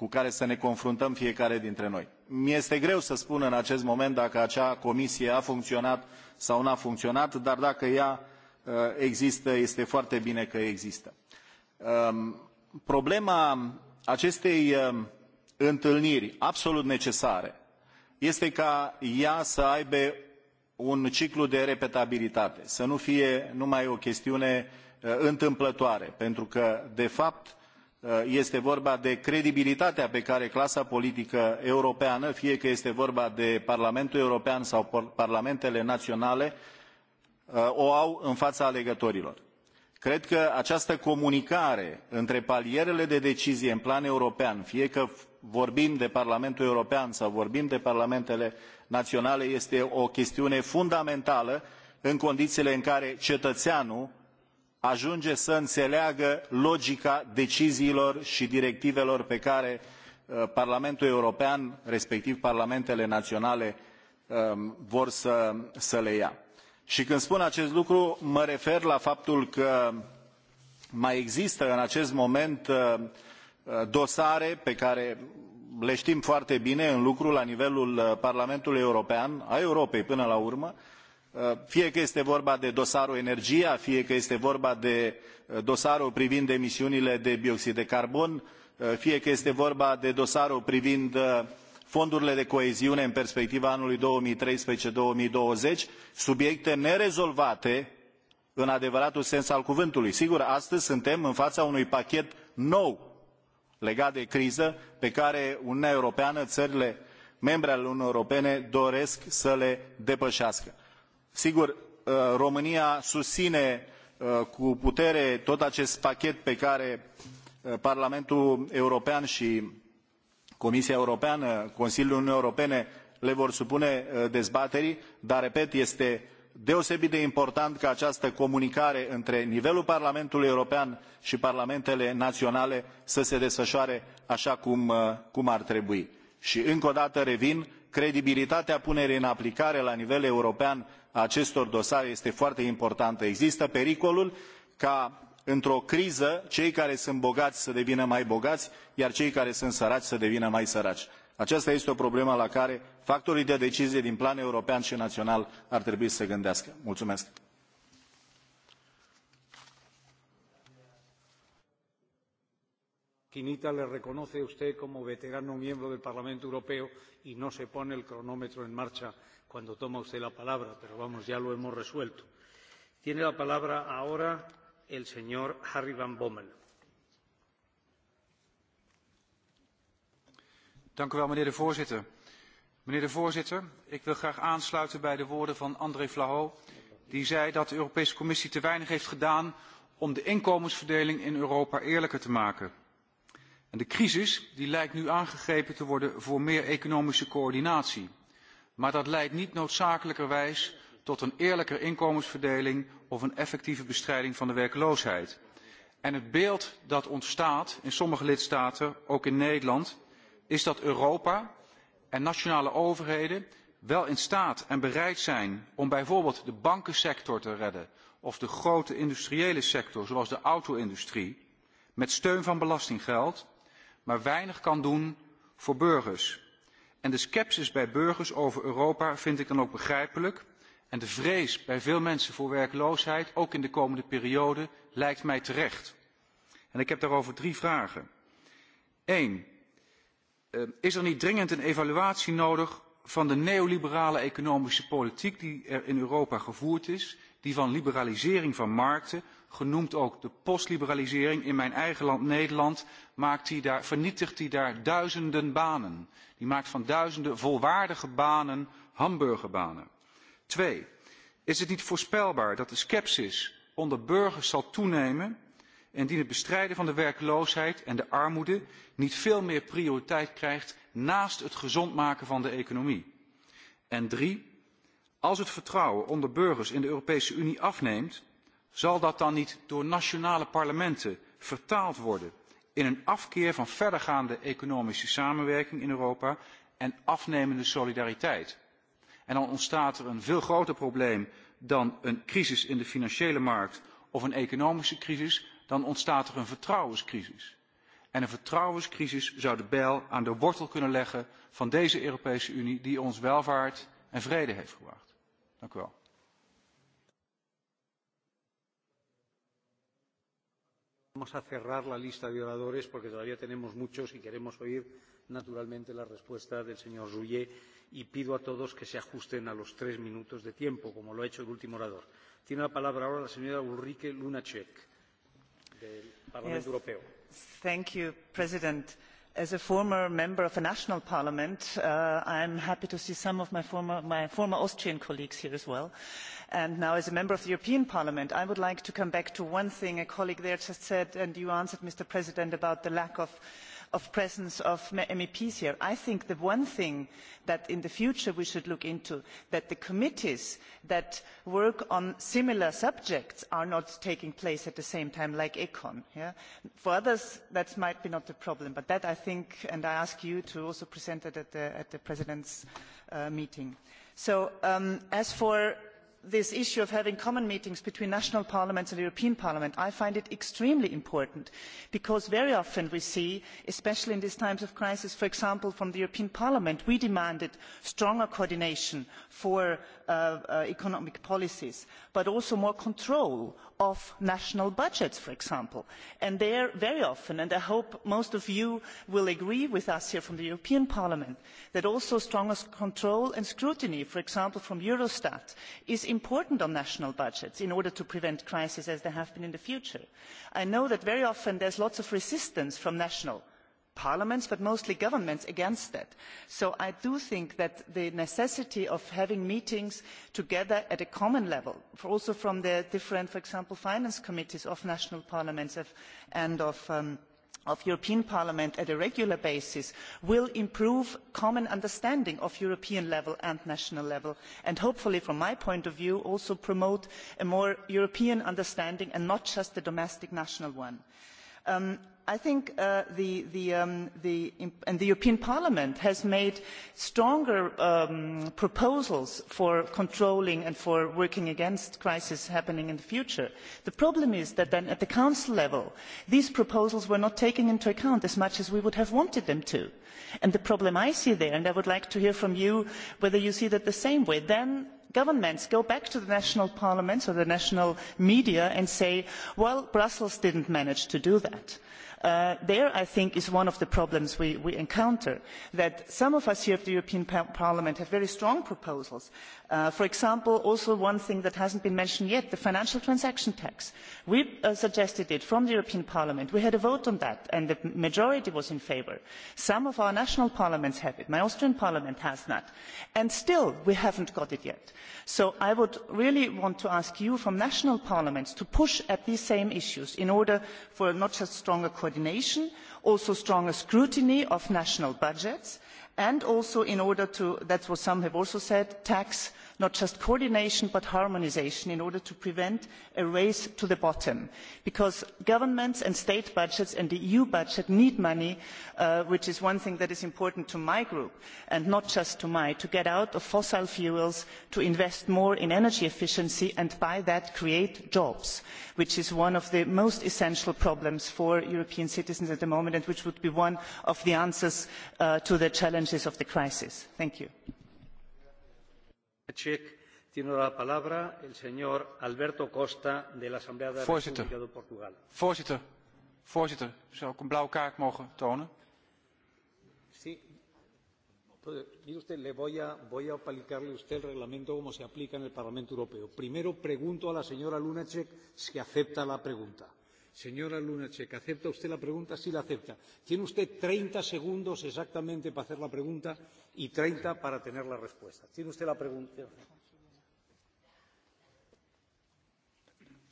cu care să ne confruntăm fiecare dintre noi. Mi-este greu să spun în acest moment dacă acea comisie a funcționat sau nu a funcționat, dar dacă ea uh, există, este foarte bine că există. Um, problema acestei um, întâlniri absolut necesare este ca ea să aibă un ciclu de repetabilitate, să nu fie numai o chestiune uh, întâmplătoare, pentru că, de fapt, Uh, este vorba de credibilitatea pe care clasa politică europeană, fie că este vorba de Parlamentul European sau Parlamentele Naționale, uh, o au în fața alegătorilor. Cred că această comunicare între palierele de decizie în plan european, fie că vorbim de Parlamentul European sau vorbim de Parlamentele Naționale, este o chestiune fundamentală în condițiile în care cetățeanul ajunge să înțeleagă logica deciziilor și directivelor pe care uh, Parlamentul European, respectiv Parlamentele Naționale, um, vor să, să le ia. Și când spun acest lucru, mă refer la faptul că mai există în acest moment uh, uh, dosare pe care le știm foarte bine în lucru la nivelul Parlamentului European, a Europei până la urmă, Uh, fie că este vorba de dosarul energia, fie că este vorba de uh, dosarul privind emisiunile de bioxid de carbon, uh, fie că este vorba de dosarul privind fondurile de coeziune în perspectiva anului 2013-2020, subiecte nerezolvate în adevăratul sens al cuvântului. Sigur, astăzi suntem în fața unui pachet nou legat de criză pe care Uniunea Europeană, țările membre ale Uniunii Europene doresc să le depășească. Sigur, uh, România susține uh, cu putere tot acest pachet pe care uh, Parlamentul European și Comisia Europeană, Consiliul Uniunii Europene le vor supune dezbaterii, dar, repet, este deosebit de important ca această comunicare între nivelul Parlamentului European și Parlamentele Naționale să se desfășoare așa cum, cum ar trebui. Și încă o dată revin, credibilitatea punerii în aplicare la nivel european acestor dosare este foarte importantă. Există pericolul ca într-o criză cei care sunt bogați să devină mai bogați, iar cei care sunt săraci să devină mai săraci. Aceasta este o problemă la care factorii de decizie din plan european și național ar trebui să se gândească. Mulțumesc! Quinita le reconoce usted como veterano miembro del Parlamento Europeo y no se pone el cronómetro en marcha cuando toma usted la palabra, pero vamos, ya lo hemos resuelto. Tiene la palabra ahora el señor Harry Van Bommel. Dank u wel, meneer de voorzitter. Meneer de voorzitter, ik wil graag aansluiten bij de woorden van André Vlaho, die zei dat de Europese Commissie te weinig heeft gedaan om de inkomensverdeling in Europa eerlijker te maken. En de crisis die lijkt nu aangegrepen te worden voor meer economische coördinatie maar dat leidt niet noodzakelijkerwijs tot een eerlijke inkomensverdeling of een effectieve bestrijding van de werkloosheid. En het beeld dat ontstaat in sommige lidstaten, ook in Nederland, is dat Europa en nationale overheden wel in staat en bereid zijn om bijvoorbeeld de bankensector te redden of de grote industriële sector zoals de auto-industrie met steun van belastinggeld, maar weinig kan doen voor burgers. En de scepticis bij burgers over Europa vind ik dan ook begrijpelijk. En de vrees bij veel mensen voor werkloosheid, ook in de komende periode, lijkt mij terecht. En ik heb daarover drie vragen. Eén. Eh, is er niet dringend een evaluatie nodig van de neoliberale economische politiek die er in Europa gevoerd is, die van liberalisering van markten genoemd ook de postliberalisering. In mijn eigen land Nederland maakt die daar, vernietigt hij daar duizenden banen. Die maakt van duizenden volwaardige banen hamburgerbanen. Twee, is het niet voorspelbaar dat de scepsis onder burgers zal toenemen indien het bestrijden van de werkloosheid en de armoede niet veel meer prioriteit krijgt naast het gezond maken van de economie? En drie, als het vertrouwen onder burgers in de Europese Unie afneemt, Zal dat dan niet door nationale parlementen vertaald worden in een afkeer van verdergaande economische samenwerking in Europa en afnemende solidariteit? En dan ontstaat er een veel groter probleem dan een crisis in de financiële markt of een economische crisis, dan ontstaat er een vertrouwenscrisis. En een vertrouwenscrisis zou de bijl aan de wortel kunnen leggen van deze Europese Unie die ons welvaart en vrede heeft gebracht. Dank u wel. Vamos a cerrar la lista de oradores porque todavía tenemos muchos y queremos oír naturalmente la respuesta del señor Rouillet y pido a todos que se ajusten a los tres minutos de tiempo, como lo ha hecho el último orador. Tiene la palabra ahora la señora Ulrike Lunacek del Parlamento yes. Europeo. Thank you, President as a former member of a national parliament, uh, I'm happy to see some of my former, my former Austrian colleagues here as well. And now as a member of the European Parliament, I would like to come back to one thing a colleague there just said, and you answered, Mr. President, about the lack of of presence of MEPs here. I think the one thing that in the future we should look into, that the committees that work on similar subjects are not taking place at the same time like ECON. Yeah? For others, that might be not the problem, but that I think, and I ask you to also present it at the, at the President's uh, meeting. So um, as for this issue of having common meetings between national parliaments and the European Parliament, I find it extremely important because very often we see, especially in these times of crisis, for example, from the European Parliament, we demanded stronger coordination for Uh, uh, economic policies, but also more control of national budgets, for example. And there, very often, and I hope most of you will agree with us here from the European Parliament, that also stronger control and scrutiny, for example, from Eurostat, is important on national budgets in order to prevent crises as there have been in the future. I know that very often there is lots of resistance from national parliaments but mostly governments against that. So I do think that the necessity of having meetings together at a common level, also from the different, for example, finance committees of national parliaments of, and of um, of European Parliament at a regular basis will improve common understanding of European level and national level and hopefully from my point of view also promote a more European understanding and not just the domestic national one. Um, I think uh, the, the, um, the, and the European Parliament has made stronger um, proposals for controlling and for working against crises happening in the future. The problem is that then at the Council level, these proposals were not taken into account as much as we would have wanted them to. And the problem I see there, and I would like to hear from you whether you see that the same way, then governments go back to the national parliaments or the national media and say, well, Brussels did not manage to do that. Uh, there, I think, is one of the problems we, we encounter, that some of us here at the European Parliament have very strong proposals. Uh, for example, also one thing that hasn't been mentioned yet, the financial transaction tax. We uh, suggested it from the European Parliament. We had a vote on that, and the majority was in favour. Some of our national parliaments have it. My Austrian parliament has that. And still, we haven't got it yet. So I would really want to ask you from national parliaments to push at these same issues in order for not just stronger coordination, also stronger scrutiny of national budgets, and also in order to, that is what some have also said, tax not just coordination but harmonisation in order to prevent a race to the bottom because governments and state budgets and the eu budget need money uh, which is one thing that is important to my group and not just to mine to get out of fossil fuels to invest more in energy efficiency and by that create jobs which is one of the most essential problems for european citizens at the moment and which would be one of the answers uh, to the challenges of the crisis. Thank you. Voorzitter. Voorzitter. Voorzitter, zou ik een blauwe kaart mogen tonen? Sí. Mire usted, Primero pregunto a la señora Lunacek si acepta la pregunta. Señora Lunacek, ¿acepta usted la pregunta? Sí, la acepta. Tiene usted 30 segundos exactamente para hacer la pregunta y 30 para tener la respuesta. Tiene usted la pregunta.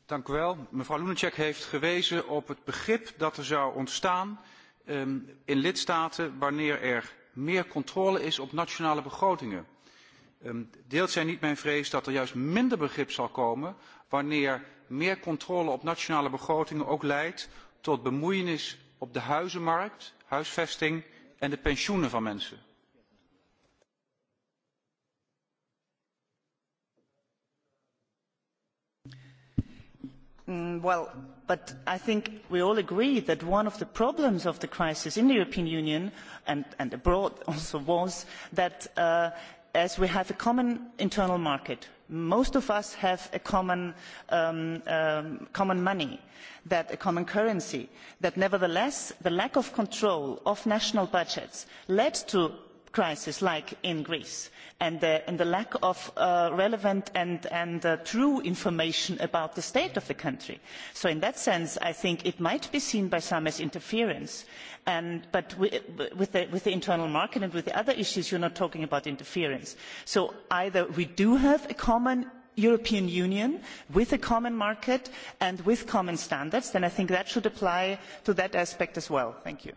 Dank u wel. Mevrouw Lunacek heeft gewezen op het begrip dat er zou ontstaan um, in lidstaten wanneer er meer controle is op nationale begrotingen. Um, deelt zij niet mijn vrees dat er juist minder begrip zal komen wanneer meer controle op nationale begrotingen ook leidt tot bemoeienis op de huizenmarkt, huisvesting en de pensioenen van mensen? Mm, well, but I think we all agree that one of the problems of the crisis in the European Union and, and abroad also was that uh, as we have a common internal market, most of us have a common, um, um, common money, that a common currency, that nevertheless the lack of control of national budgets led to crisis like in Greece and the, uh, and the lack of uh, relevant and, and uh, true information about the state of the country. So in that sense, I think it might be seen by some as interference. And, but we, with, the, with the internal market and with the other issues, you're not talking about interference. So either we do have a common European Union with a common market and with common standards, then I think that should apply to that aspect as well. Thank you.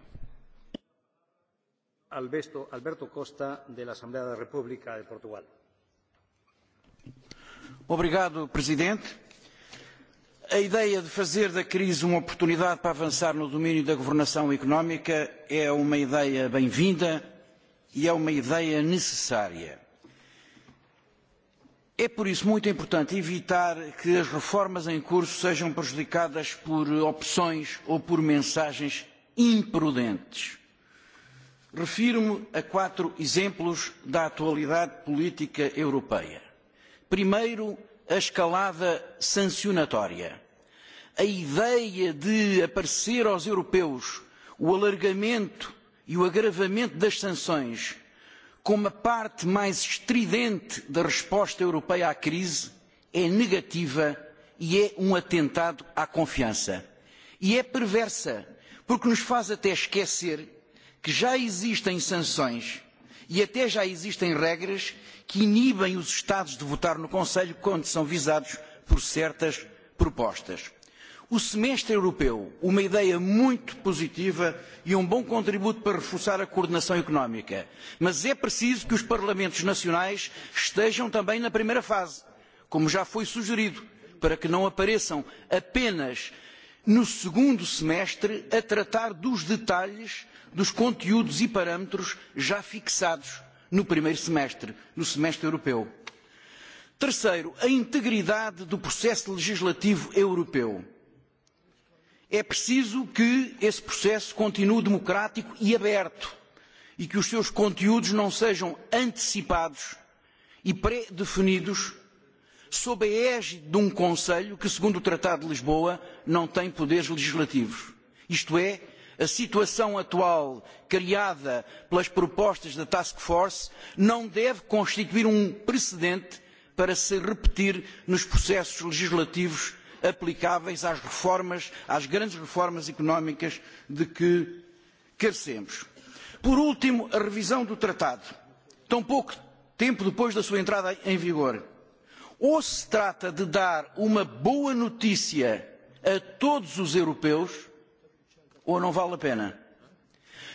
Alberto, Costa de la Asamblea da República de Portugal. Obrigado, Presidente. A ideia de fazer da crise uma oportunidade para avançar no domínio da governação económica é uma ideia bem-vinda e é uma ideia necessária. É por isso muito importante evitar que as reformas em curso sejam prejudicadas por opções ou por mensagens imprudentes. Refiro-me a quatro exemplos da atualidade política europeia. Primeiro, a escalada sancionatória. A ideia de aparecer aos europeus o alargamento e o agravamento das sanções como a parte mais estridente da resposta europeia à crise é negativa e é um atentado à confiança. E é perversa, porque nos faz até esquecer que já existem sanções e até já existem regras que inibem os Estados de votar no Conselho quando são visados por certas propostas. O semestre europeu, uma ideia muito positiva e um bom contributo para reforçar a coordenação económica. Mas é preciso que os parlamentos nacionais estejam também na primeira fase, como já foi sugerido, para que não apareçam apenas no segundo semestre a tratar dos detalhes dos conteúdos e parâmetros já fixados no primeiro semestre, no semestre europeu. Terceiro, a integridade do processo legislativo europeu. É preciso que esse processo continue democrático e aberto e que os seus conteúdos não sejam antecipados e pré-definidos sob a égide de um Conselho que, segundo o Tratado de Lisboa, não tem poderes legislativos. Isto é, A situação atual criada pelas propostas da Task Force não deve constituir um precedente para se repetir nos processos legislativos aplicáveis às reformas, às grandes reformas económicas de que carecemos. Por último, a revisão do tratado, tão pouco tempo depois da sua entrada em vigor. Ou se trata de dar uma boa notícia a todos os europeus, ou não vale a pena.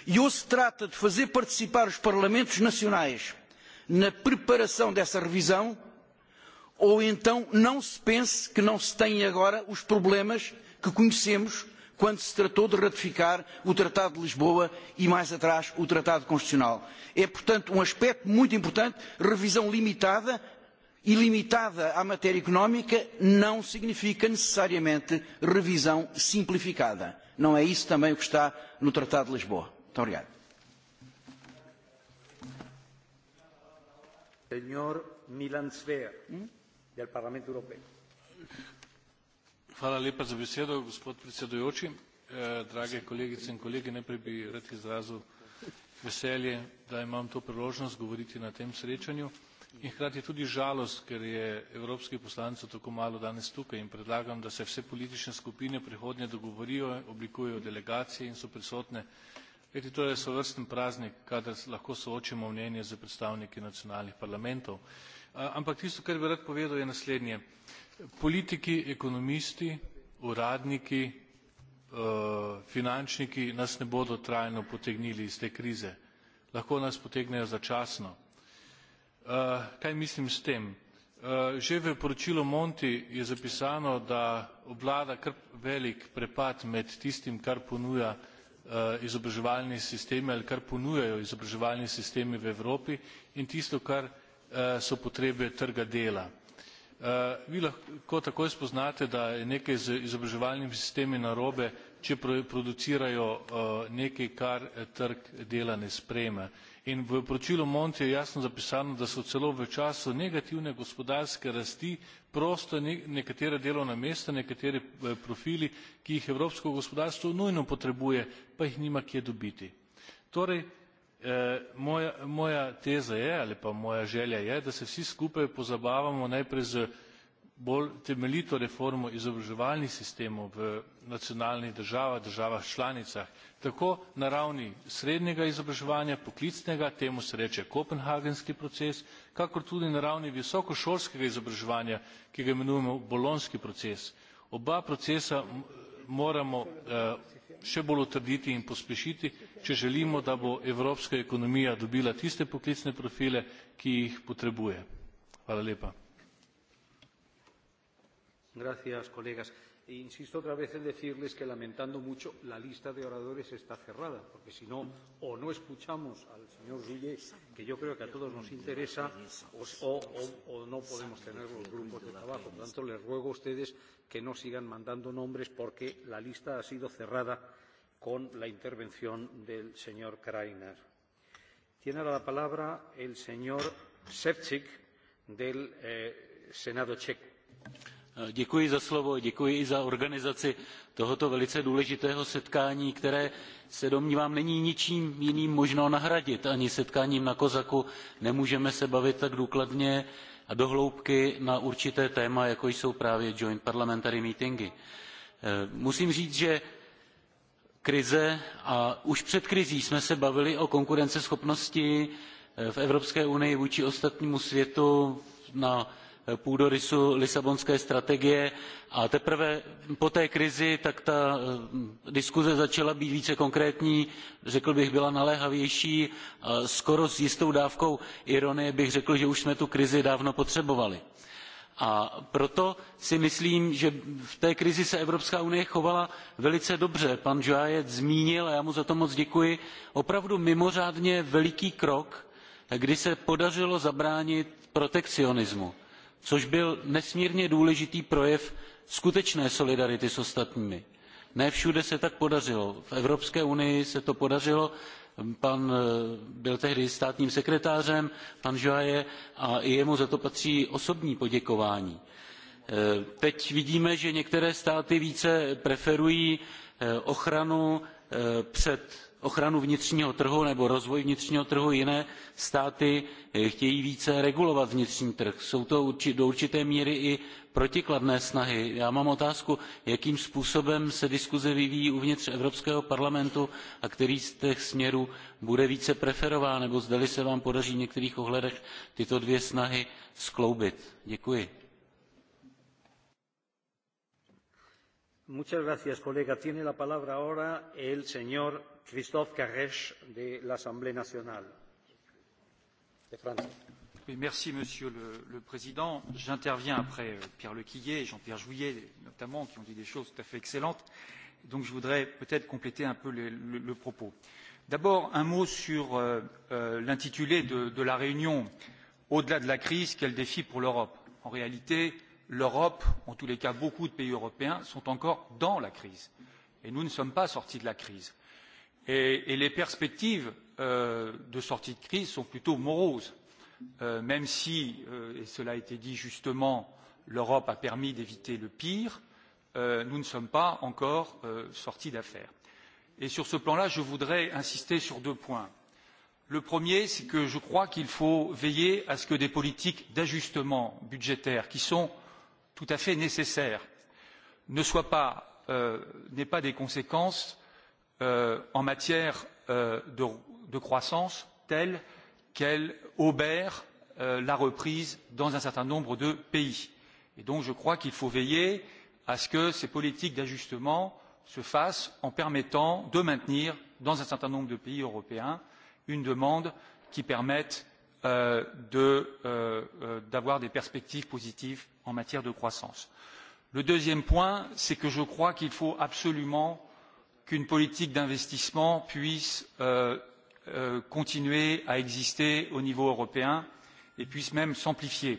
E ou se trata de fazer participar os parlamentos nacionais na preparação dessa revisão, ou então não se pense que não se têm agora os problemas que conhecemos quando se tratou de ratificar o Tratado de Lisboa e mais atrás o Tratado Constitucional. É, portanto, um aspecto muito importante, revisão limitada, ilimitada à matéria económica não significa necessariamente revisão simplificada. Não é isso também o que está no Tratado de Lisboa. Muito obrigado. Senhor Milan Sver, do Parlamento Europeu. Hvala lepa za besedo, gospod predsedujoči. Eh, drage kolegice in kolegi, najprej bi rad izrazil veselje, da imam to priložnost govoriti na tem srečanju. In hkrati tudi žalost, ker je evropskih poslancev tako malo danes tukaj in predlagam, da se vse politične skupine prihodnje dogovorijo, oblikujejo delegacije in so prisotne. Eti to je sovrsten praznik, kadar lahko soočimo mnenje z predstavniki nacionalnih parlamentov. Ampak tisto, kar bi rad povedal, je naslednje. Politiki, ekonomisti, uradniki, e, finančniki nas ne bodo trajno potegnili iz te krize. Lahko nas potegnejo začasno Eh, kaj mislim s tem? Eh, že v poročilu Monti je zapisano, da obvlada kar velik prepad med tistim, kar ponuja eh, izobraževalni sistemi ali kar ponujajo izobraževalni sistemi v Evropi in tisto, kar so potrebe trga dela. Vi lahko takoj spoznate, da je nekaj z izobraževalnimi sistemi narobe, če producirajo nekaj, kar trg dela ne sprejme. In v poročilu Monti je jasno zapisano, da so celo v času negativne gospodarske rasti prosto nekatera delovna mesta, nekateri eh, profili, ki jih evropsko gospodarstvo nujno potrebuje, pa jih nima kje dobiti. Torej, eh, moja, moja teza je ali pa moja želja je, da se vsi skupaj pozabavamo najprej z bolj temeljito reformo izobraževalnih sistemov v nacionalnih državah, državah članicah, tako na ravni srednjega izobraževanja, poklicnega, temu se reče kopenhagenski proces, kakor tudi na ravni visokošolskega izobraževanja, ki ga imenujemo bolonski proces. Oba procesa moramo eh, še bolj utrditi in pospešiti, če želimo, da bo evropska ekonomija dobila tiste poklicne profile, ki jih potrebuje. Hvala lepa. Gracias, colegas. E insisto otra vez en decirles que lamentando mucho la lista de oradores está cerrada, porque si no, o no escuchamos al señor Rulle, que yo creo que a todos nos interesa, o, o, o no podemos tener los grupos de trabajo. Por tanto, les ruego a ustedes que no sigan mandando nombres, porque la lista ha sido cerrada con la intervención del señor Kreiner. Tiene ahora la palabra el señor Sefcik del eh, Senado checo. Děkuji za slovo, děkuji i za organizaci tohoto velice důležitého setkání, které se domnívám není ničím jiným možno nahradit. Ani setkáním na Kozaku nemůžeme se bavit tak důkladně a dohloubky na určité téma, jako jsou právě joint parliamentary meetingy. E, musím říct, že krize a už před krizí jsme se bavili o konkurenceschopnosti e, v Evropské unii vůči ostatnímu světu na půdorysu Lisabonské strategie a teprve po té krizi tak ta eh, diskuze začala být více konkrétní, řekl bych, byla naléhavější, a skoro s jistou dávkou ironie bych řekl, že už jsme tu krizi dávno potřebovali. A proto si myslím, že v té krizi se Evropská unie chovala velice dobře. Pan Žájet zmínil, a já mu za to moc děkuji, opravdu mimořádně veliký krok, kdy se podařilo zabránit protekcionismu což byl nesmírně důležitý projev skutečné solidarity s ostatními. Ne všude se tak podařilo. V Evropské unii se to podařilo, pan eh, byl tehdy státním sekretářem, pan Joaje, a i jemu za to patří osobní poděkování. Eh, teď vidíme, že některé státy více preferují eh, ochranu před ochranu vnitřního trhu nebo rozvoj vnitřního trhu, jiné státy eh, chtějí více regulovat vnitřní trh. Jsou to do určité míry i protikladné snahy. Já mám otázku, jakým způsobem se diskuze vyvíjí uvnitř Evropského parlamentu a který z těch směrů bude více preferován, nebo zdali se vám podaří v některých ohledech tyto dvě snahy skloubit. Děkuji. Muchas gracias, colega. Tiene la palabra ahora el señor Christophe Carrèche de l'Assemblée nationale de France. Oui, merci Monsieur le, le Président. J'interviens après euh, Pierre Lequillet et Jean-Pierre Jouillet, notamment, qui ont dit des choses tout à fait excellentes. Donc je voudrais peut-être compléter un peu le, le, le propos. D'abord, un mot sur euh, euh, l'intitulé de, de la réunion Au-delà de la crise, quel défi pour l'Europe En réalité, l'Europe, en tous les cas beaucoup de pays européens, sont encore dans la crise. Et nous ne sommes pas sortis de la crise. Et, et les perspectives euh, de sortie de crise sont plutôt moroses, euh, même si, euh, et cela a été dit justement, l'Europe a permis d'éviter le pire, euh, nous ne sommes pas encore euh, sortis d'affaires. Et sur ce plan-là, je voudrais insister sur deux points. Le premier, c'est que je crois qu'il faut veiller à ce que des politiques d'ajustement budgétaire, qui sont tout à fait nécessaires, ne soient pas, euh, n'aient pas des conséquences euh, en matière euh, de, de croissance telle qu'elle obère euh, la reprise dans un certain nombre de pays. Et donc je crois qu'il faut veiller à ce que ces politiques d'ajustement se fassent en permettant de maintenir dans un certain nombre de pays européens une demande qui permette euh, d'avoir de, euh, euh des perspectives positives en matière de croissance. Le deuxième point, c'est que je crois qu'il faut absolument qu'une politique d'investissement puisse euh, euh, continuer à exister au niveau européen et puisse même s'amplifier.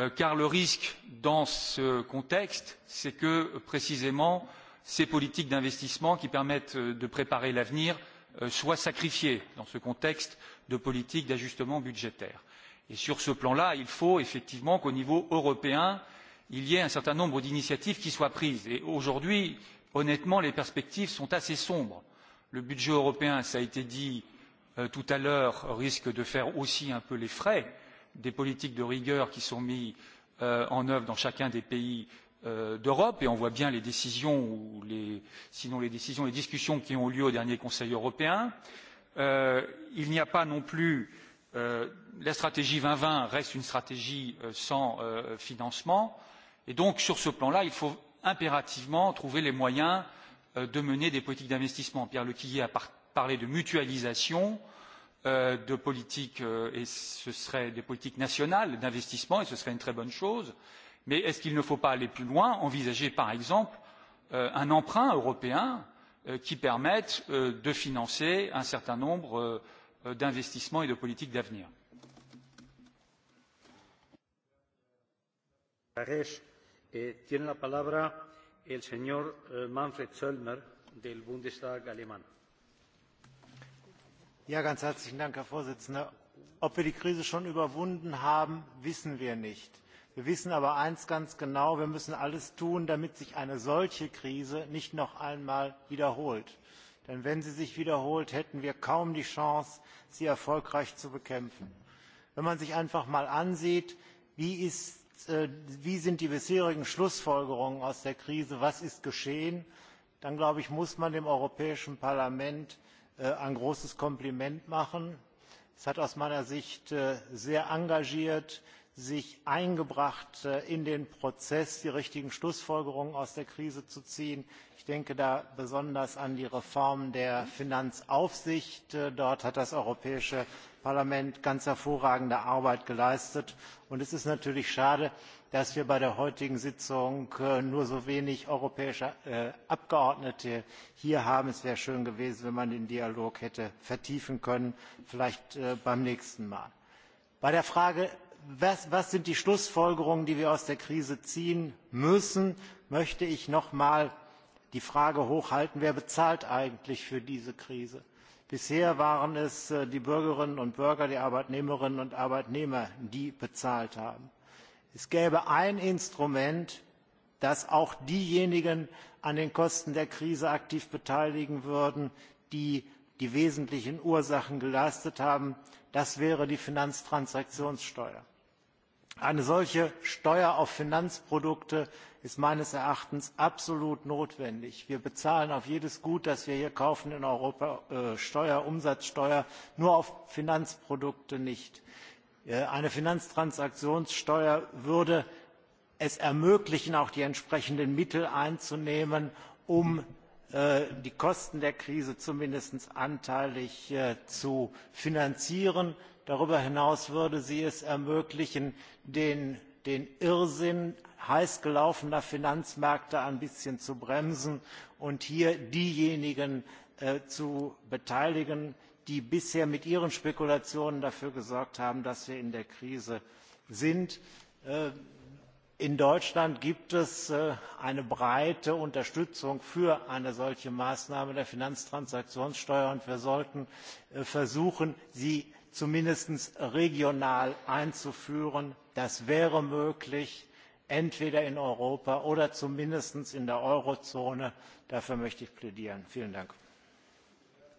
Euh, car le risque dans ce contexte, c'est que précisément ces politiques d'investissement qui permettent euh, de préparer l'avenir euh, soient sacrifiées dans ce contexte de politique d'ajustement budgétaire. Et sur ce plan-là, il faut effectivement qu'au niveau européen, il y ait un certain nombre d'initiatives qui soient prises. Et aujourd'hui, euh, honnêtement, les perspectives sont assez sombres. Le budget européen, cela a été dit euh, tout à l'heure, risque de faire aussi un peu les frais des politiques de rigueur qui sont mises euh, en œuvre dans chacun des pays euh, d'Europe, et on voit bien les décisions, ou les, sinon les décisions, les discussions qui ont eu lieu au dernier Conseil européen. Euh, il n'y a pas non plus euh, la stratégie deux mille vingt reste une stratégie euh, sans financement, et donc sur ce plan-là, il faut impérativement trouver les moyens euh, de mener des politiques d'investissement. Pierre Lequillier a par parlé de mutualisation euh, de politiques euh, et ce serait des politiques nationales d'investissement et ce serait une très bonne chose. Mais est-ce qu'il ne faut pas aller plus loin, envisager par exemple euh, un emprunt européen euh, qui permette euh, de financer un certain nombre d'investissements et de politiques d'avenir? Eh, tiene la palabra el señor eh, Manfred Zöllner del Bundestag ganz herzlichen Dank, Herr Präsident. Ob wir die Krise schon überwunden haben, wissen wir nicht. Wir wissen aber eins ganz genau, wir müssen alles tun, damit sich eine solche Krise nicht noch einmal wiederholt. Denn wenn sie sich wiederholt, hätten wir kaum die Chance, sie erfolgreich zu bekämpfen. Wenn man sich einfach mal ansieht, wie ist Äh, wie sind die bisherigen Schlussfolgerungen aus der Krise, was ist geschehen, dann glaube ich, muss man dem Europäischen Parlament äh, ein großes Kompliment machen. Es hat aus meiner Sicht äh, sehr engagiert sich eingebracht in den Prozess, die richtigen Schlussfolgerungen aus der Krise zu ziehen. Ich denke da besonders an die Reform der Finanzaufsicht. Dort hat das Europäische Parlament ganz hervorragende Arbeit geleistet. Und es ist natürlich schade, dass wir bei der heutigen Sitzung äh, nur so wenig europäische äh, Abgeordnete hier haben. Es wäre schön gewesen, wenn man den Dialog hätte vertiefen können, vielleicht äh, beim nächsten Mal. Bei der Frage, was, sind die Schlussfolgerungen, die wir aus der Krise ziehen müssen, möchte ich noch einmal die Frage hochhalten, wer bezahlt eigentlich für diese Krise? Bisher waren es äh, die Bürgerinnen und Bürger, die Arbeitnehmerinnen und Arbeitnehmer, die bezahlt haben. Es gäbe ein Instrument, das auch diejenigen an den Kosten der Krise aktiv beteiligen würden, die die wesentlichen Ursachen geleistet haben. Das wäre die Finanztransaktionssteuer. Eine solche Steuer auf Finanzprodukte ist meines Erachtens absolut notwendig. Wir bezahlen auf jedes Gut, das wir hier kaufen in Europa, äh, Steuer, Umsatzsteuer, nur auf Finanzprodukte nicht. Äh, eine Finanztransaktionssteuer würde es ermöglichen, auch die entsprechenden Mittel einzunehmen, um äh, die Kosten der Krise zumindest anteilig zu finanzieren Darüber hinaus würde sie es ermöglichen, den, den Irrsinn heiß gelaufener Finanzmärkte ein bisschen zu bremsen und hier diejenigen äh, zu beteiligen, die bisher mit ihren Spekulationen dafür gesorgt haben, dass wir in der Krise sind. Äh, in Deutschland gibt es äh, eine breite Unterstützung für eine solche Maßnahme der Finanztransaktionssteuer und wir sollten äh, versuchen, sie zumindest regional einzuführen. Das wäre möglich, entweder in Europa oder zumindest in der Eurozone. Dafür möchte ich plädieren. Vielen Dank.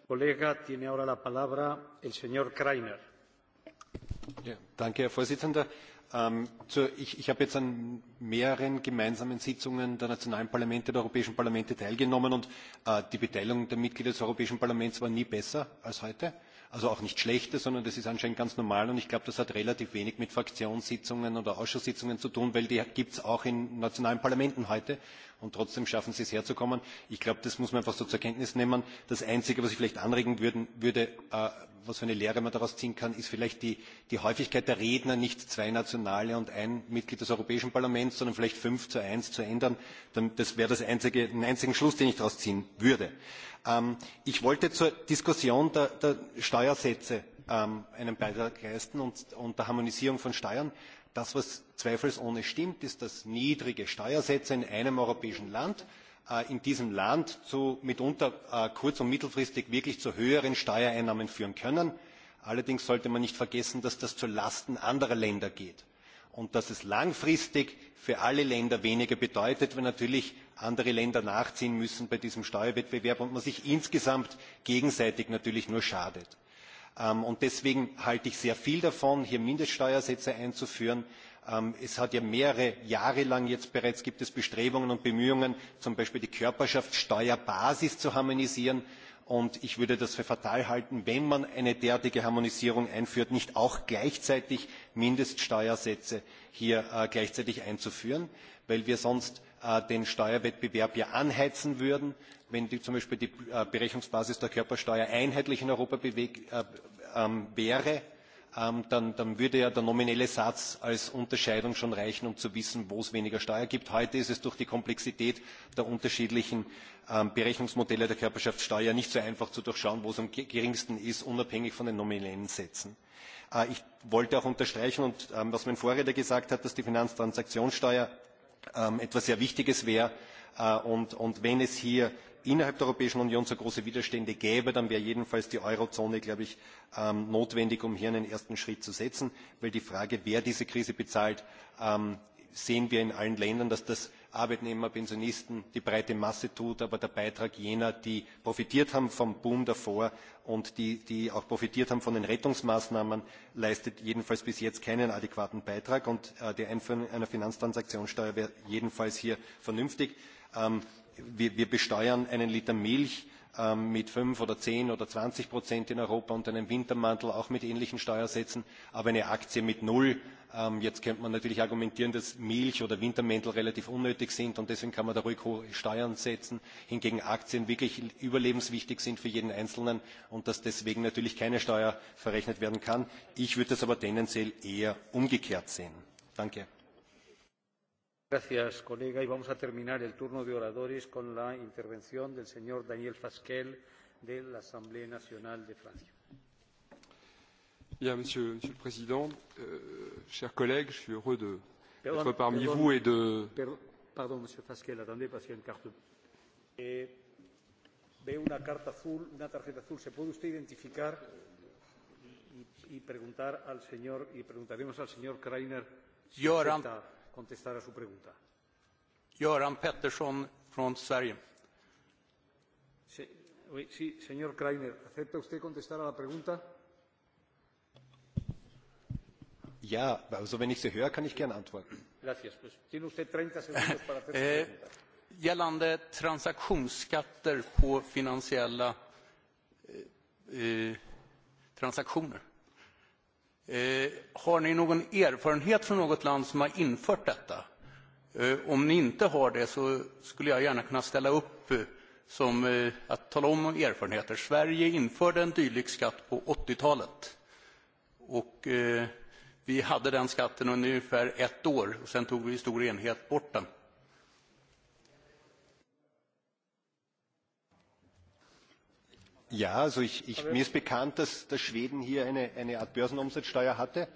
Kollege, tiene ahora la palabra el señor Kreiner. Ja, danke, Herr Vorsitzender. Ähm, zu, ich, ich habe jetzt an mehreren gemeinsamen Sitzungen der nationalen Parlamente, der Europäischen Parlamente teilgenommen und äh, die Beteiligung der Mitglieder des Europäischen Parlaments war nie besser als heute also auch nicht schlechtes, sondern das ist anscheinend ganz normal und ich glaube, das hat relativ wenig mit Fraktionssitzungen oder Ausschusssitzungen zu tun, weil die gibt es auch in nationalen Parlamenten heute und trotzdem schaffen sie es herzukommen. Ich glaube, das muss man einfach so zur Kenntnis nehmen. Das Einzige, was ich vielleicht anregen würden, würde, äh, was für eine Lehre man daraus ziehen kann, ist vielleicht die, die Häufigkeit der Redner, nicht zwei nationale und ein Mitglied des Europäischen Parlaments, sondern vielleicht fünf zu eins zu ändern. Dann, das wäre das einzige, den einzigen Schluss, den ich daraus ziehen würde. Ähm, ich wollte zur Diskussion der, der Steuersätze ähm, einen Beitrag leisten und, und der Harmonisierung von Steuern. Das, was zweifelsohne stimmt, ist, dass niedrige Steuersätze in einem europäischen Land äh, in diesem Land zu, mitunter äh, kurz- und mittelfristig wirklich zu höheren Steuereinnahmen führen können. Allerdings sollte man nicht vergessen, dass das zu Lasten anderer Länder geht und dass es langfristig für alle Länder weniger bedeutet, weil natürlich andere Länder nachziehen müssen bei diesem Steuerwettbewerb und man sich insgesamt gegenseitig natürlich nur schadet. Ähm, und deswegen halte ich sehr viel davon, hier Mindeststeuersätze einzuführen. Ähm, es hat ja mehrere Jahre lang jetzt bereits gibt es Bestrebungen und Bemühungen, zum Beispiel die Körperschaftssteuerbasis zu harmonisieren. Und ich würde das für fatal halten, wenn man eine derartige Harmonisierung einführt, nicht auch gleichzeitig Mindeststeuersätze hier äh, gleichzeitig einzuführen, weil wir sonst Äh, den Steuerwettbewerb ja anheizen würden, wenn die, zum Beispiel die äh, Berechnungsbasis der Körpersteuer einheitlich in Europa bewegt, äh, ähm, wäre, ähm, dann, dann würde ja der nominelle Satz als Unterscheidung schon reichen, um zu wissen, wo es weniger Steuer gibt. Heute ist es durch die Komplexität der unterschiedlichen ähm, Berechnungsmodelle der Körperschaftssteuer nicht so einfach zu durchschauen, wo es am geringsten ist, unabhängig von den nominellen Sätzen. Äh, ich wollte auch unterstreichen, und ähm, was mein Vorredner gesagt hat, dass die Finanztransaktionssteuer ähm, etwas sehr Wichtiges wäre. Äh, und, und wenn es hier innerhalb der Europäischen Union so große Widerstände gäbe, dann wäre jedenfalls die Eurozone, glaube ich, ähm, notwendig, um hier einen ersten Schritt zu setzen, weil die Frage, wer diese Krise bezahlt, ähm, sehen wir in allen Ländern, dass das Arbeitnehmer, Pensionisten, die breite Masse tut, aber der Beitrag jener, die profitiert haben vom Boom davor und die, die auch profitiert haben von den Rettungsmaßnahmen, leistet jedenfalls bis jetzt keinen adäquaten Beitrag und äh, die Einführung einer Finanztransaktionssteuer wäre jedenfalls hier vernünftig. Ähm, wir, wir besteuern einen Liter Milch Ähm, mit fünf oder zehn oder zwanzig Prozent in Europa und einem Wintermantel auch mit ähnlichen Steuersätzen, aber eine Aktie mit null. Ähm, jetzt könnte man natürlich argumentieren, dass Milch oder Wintermäntel relativ unnötig sind und deswegen kann man da ruhig hohe Steuern setzen, hingegen Aktien wirklich überlebenswichtig sind für jeden Einzelnen und dass deswegen natürlich keine Steuer verrechnet werden kann. Ich würde das aber tendenziell eher umgekehrt sehen. Danke. Gracias, colega. Y vamos a terminar el turno de oradores con la intervención del señor Daniel Fasquel de la Asamblea Nacional de Francia. Bien, monsieur, monsieur le Président, euh, chers collègues, je suis heureux d'être parmi perdón, vous et de. Perdón, pardon, monsieur Fasquel, attendez, parce qu'il y a une carte. Eh, ve una carte azul, una tarjeta azul. ¿Se puede usted identificar y, y preguntar al señor, y preguntaremos al señor Kreiner? Si Yo, contestare a su pregunta. Göran Pettersson från Sverige. Sí, oui, sí, señor Kreiner, ¿acepta usted contestar a la pregunta? Ja, also wenn ich sie höre, kann ich gerne antworten. Gracias. Pues tiene usted 30 segundos para hacer eh, Gällande transaktionsskatter på finansiella eh, eh transaktioner. Eh, har ni någon erfarenhet från något land som har infört detta? Eh, om ni inte har det så skulle jag gärna kunna ställa upp eh, som eh, att tala om erfarenheter. Sverige införde en dylik skatt på 80-talet. Och eh, vi hade den skatten under ungefär ett år och sen tog vi i stor enhet bort den. Ja, also ich, ich, mir ist bekannt, dass, dass Schweden hier eine, eine Art Börsenumsatzsteuer hatte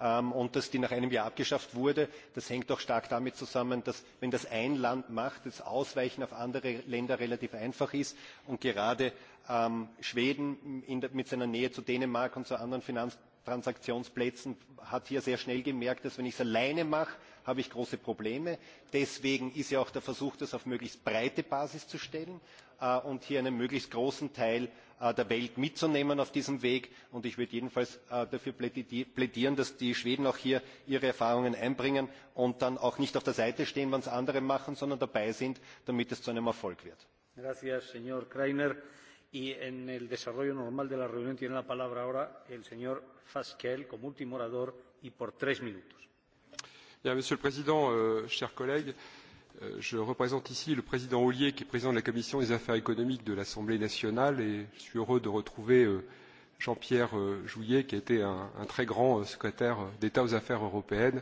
ähm, und dass die nach einem Jahr abgeschafft wurde. Das hängt auch stark damit zusammen, dass wenn das ein Land macht, das Ausweichen auf andere Länder relativ einfach ist und gerade ähm, Schweden in der, mit seiner Nähe zu Dänemark und zu anderen Finanztransaktionsplätzen hat hier sehr schnell gemerkt, dass wenn ich es alleine mache, habe ich große Probleme. Deswegen ist ja auch der Versuch, das auf möglichst breite Basis zu stellen. Äh, und hier einen möglichst großen Teil äh, der Welt mitzunehmen auf diesem Weg. Und ich würde jedenfalls äh, dafür plädieren, dass die Schweden auch hier ihre Erfahrungen einbringen und dann auch nicht auf der Seite stehen, wenn es andere machen, sondern dabei sind, damit es zu einem Erfolg wird. Gracias, señor Kreiner. Y en el desarrollo normal de la reunión tiene la palabra ahora el señor Fasquel como último orador y por tres minutos. monsieur le Président, euh, chers collègues, Euh, je représente ici le président Ollier, qui est président de la commission des affaires économiques de l'Assemblée nationale, et je suis heureux de retrouver euh, Jean-Pierre euh, Jouillet, qui été un, un très grand secrétaire d'État aux affaires européennes,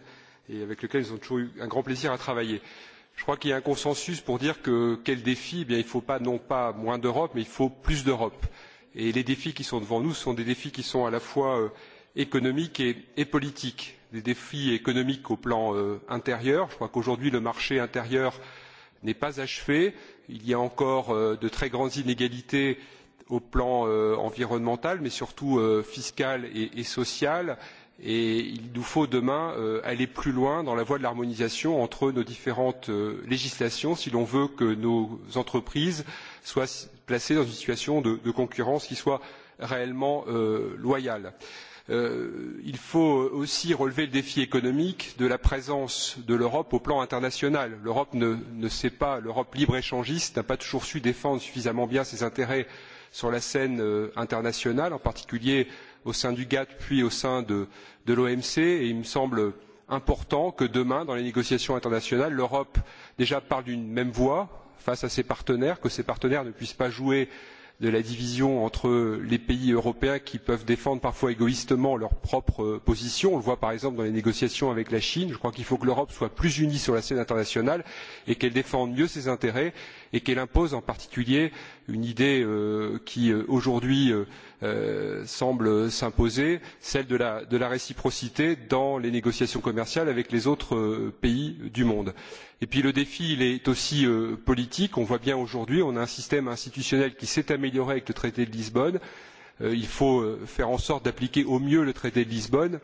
et avec lequel ils ont toujours eu un grand plaisir à travailler. Je crois qu'il y a un consensus pour dire que quel défi, eh bien, il ne faut pas non pas moins d'Europe, mais il faut plus d'Europe. Et les défis qui sont devant nous sont des défis qui sont à la fois économiques et, et politiques des défis économiques au plan euh, intérieur. Je crois qu'aujourd'hui le marché intérieur n'est pas achevé. Il y a encore euh, de très grandes inégalités au plan euh, environnemental, mais surtout euh, fiscal et, et social. Et il nous faut demain euh, aller plus loin dans la voie de l'harmonisation entre nos différentes euh, législations si l'on veut que nos entreprises soient placées dans une situation de, de concurrence qui soit réellement euh, loyale. Euh, Euh, il faut aussi relever le défi économique de la présence de l'Europe au plan international. L'Europe ne, ne sait pas, l'Europe libre-échangiste n'a pas toujours su défendre suffisamment bien ses intérêts sur la scène euh, internationale, en particulier au sein du GATT puis au sein de, de l'OMC. Et il me semble important que demain, dans les négociations internationales, l'Europe déjà parle d'une même voix face à ses partenaires, que ses partenaires ne puissent pas jouer euh, de la division entre les pays européens qui peuvent défendre parfois égoïstement leur propre position. On le voit par exemple dans les négociations avec la Chine. Je crois qu'il faut que l'Europe soit plus unie sur la scène internationale et qu'elle défende mieux ses intérêts et qu'elle impose en particulier une idée euh, qui euh, aujourd'hui euh, Euh, semble s'imposer, celle de la, de la réciprocité dans les négociations commerciales avec les autres euh, pays du monde. Et puis le défi, il est aussi euh, politique. On voit bien aujourd'hui, on a un système institutionnel qui s'est amélioré avec le traité de Lisbonne. il faut faire en sorte d'appliquer au mieux le traité de Lisbonne.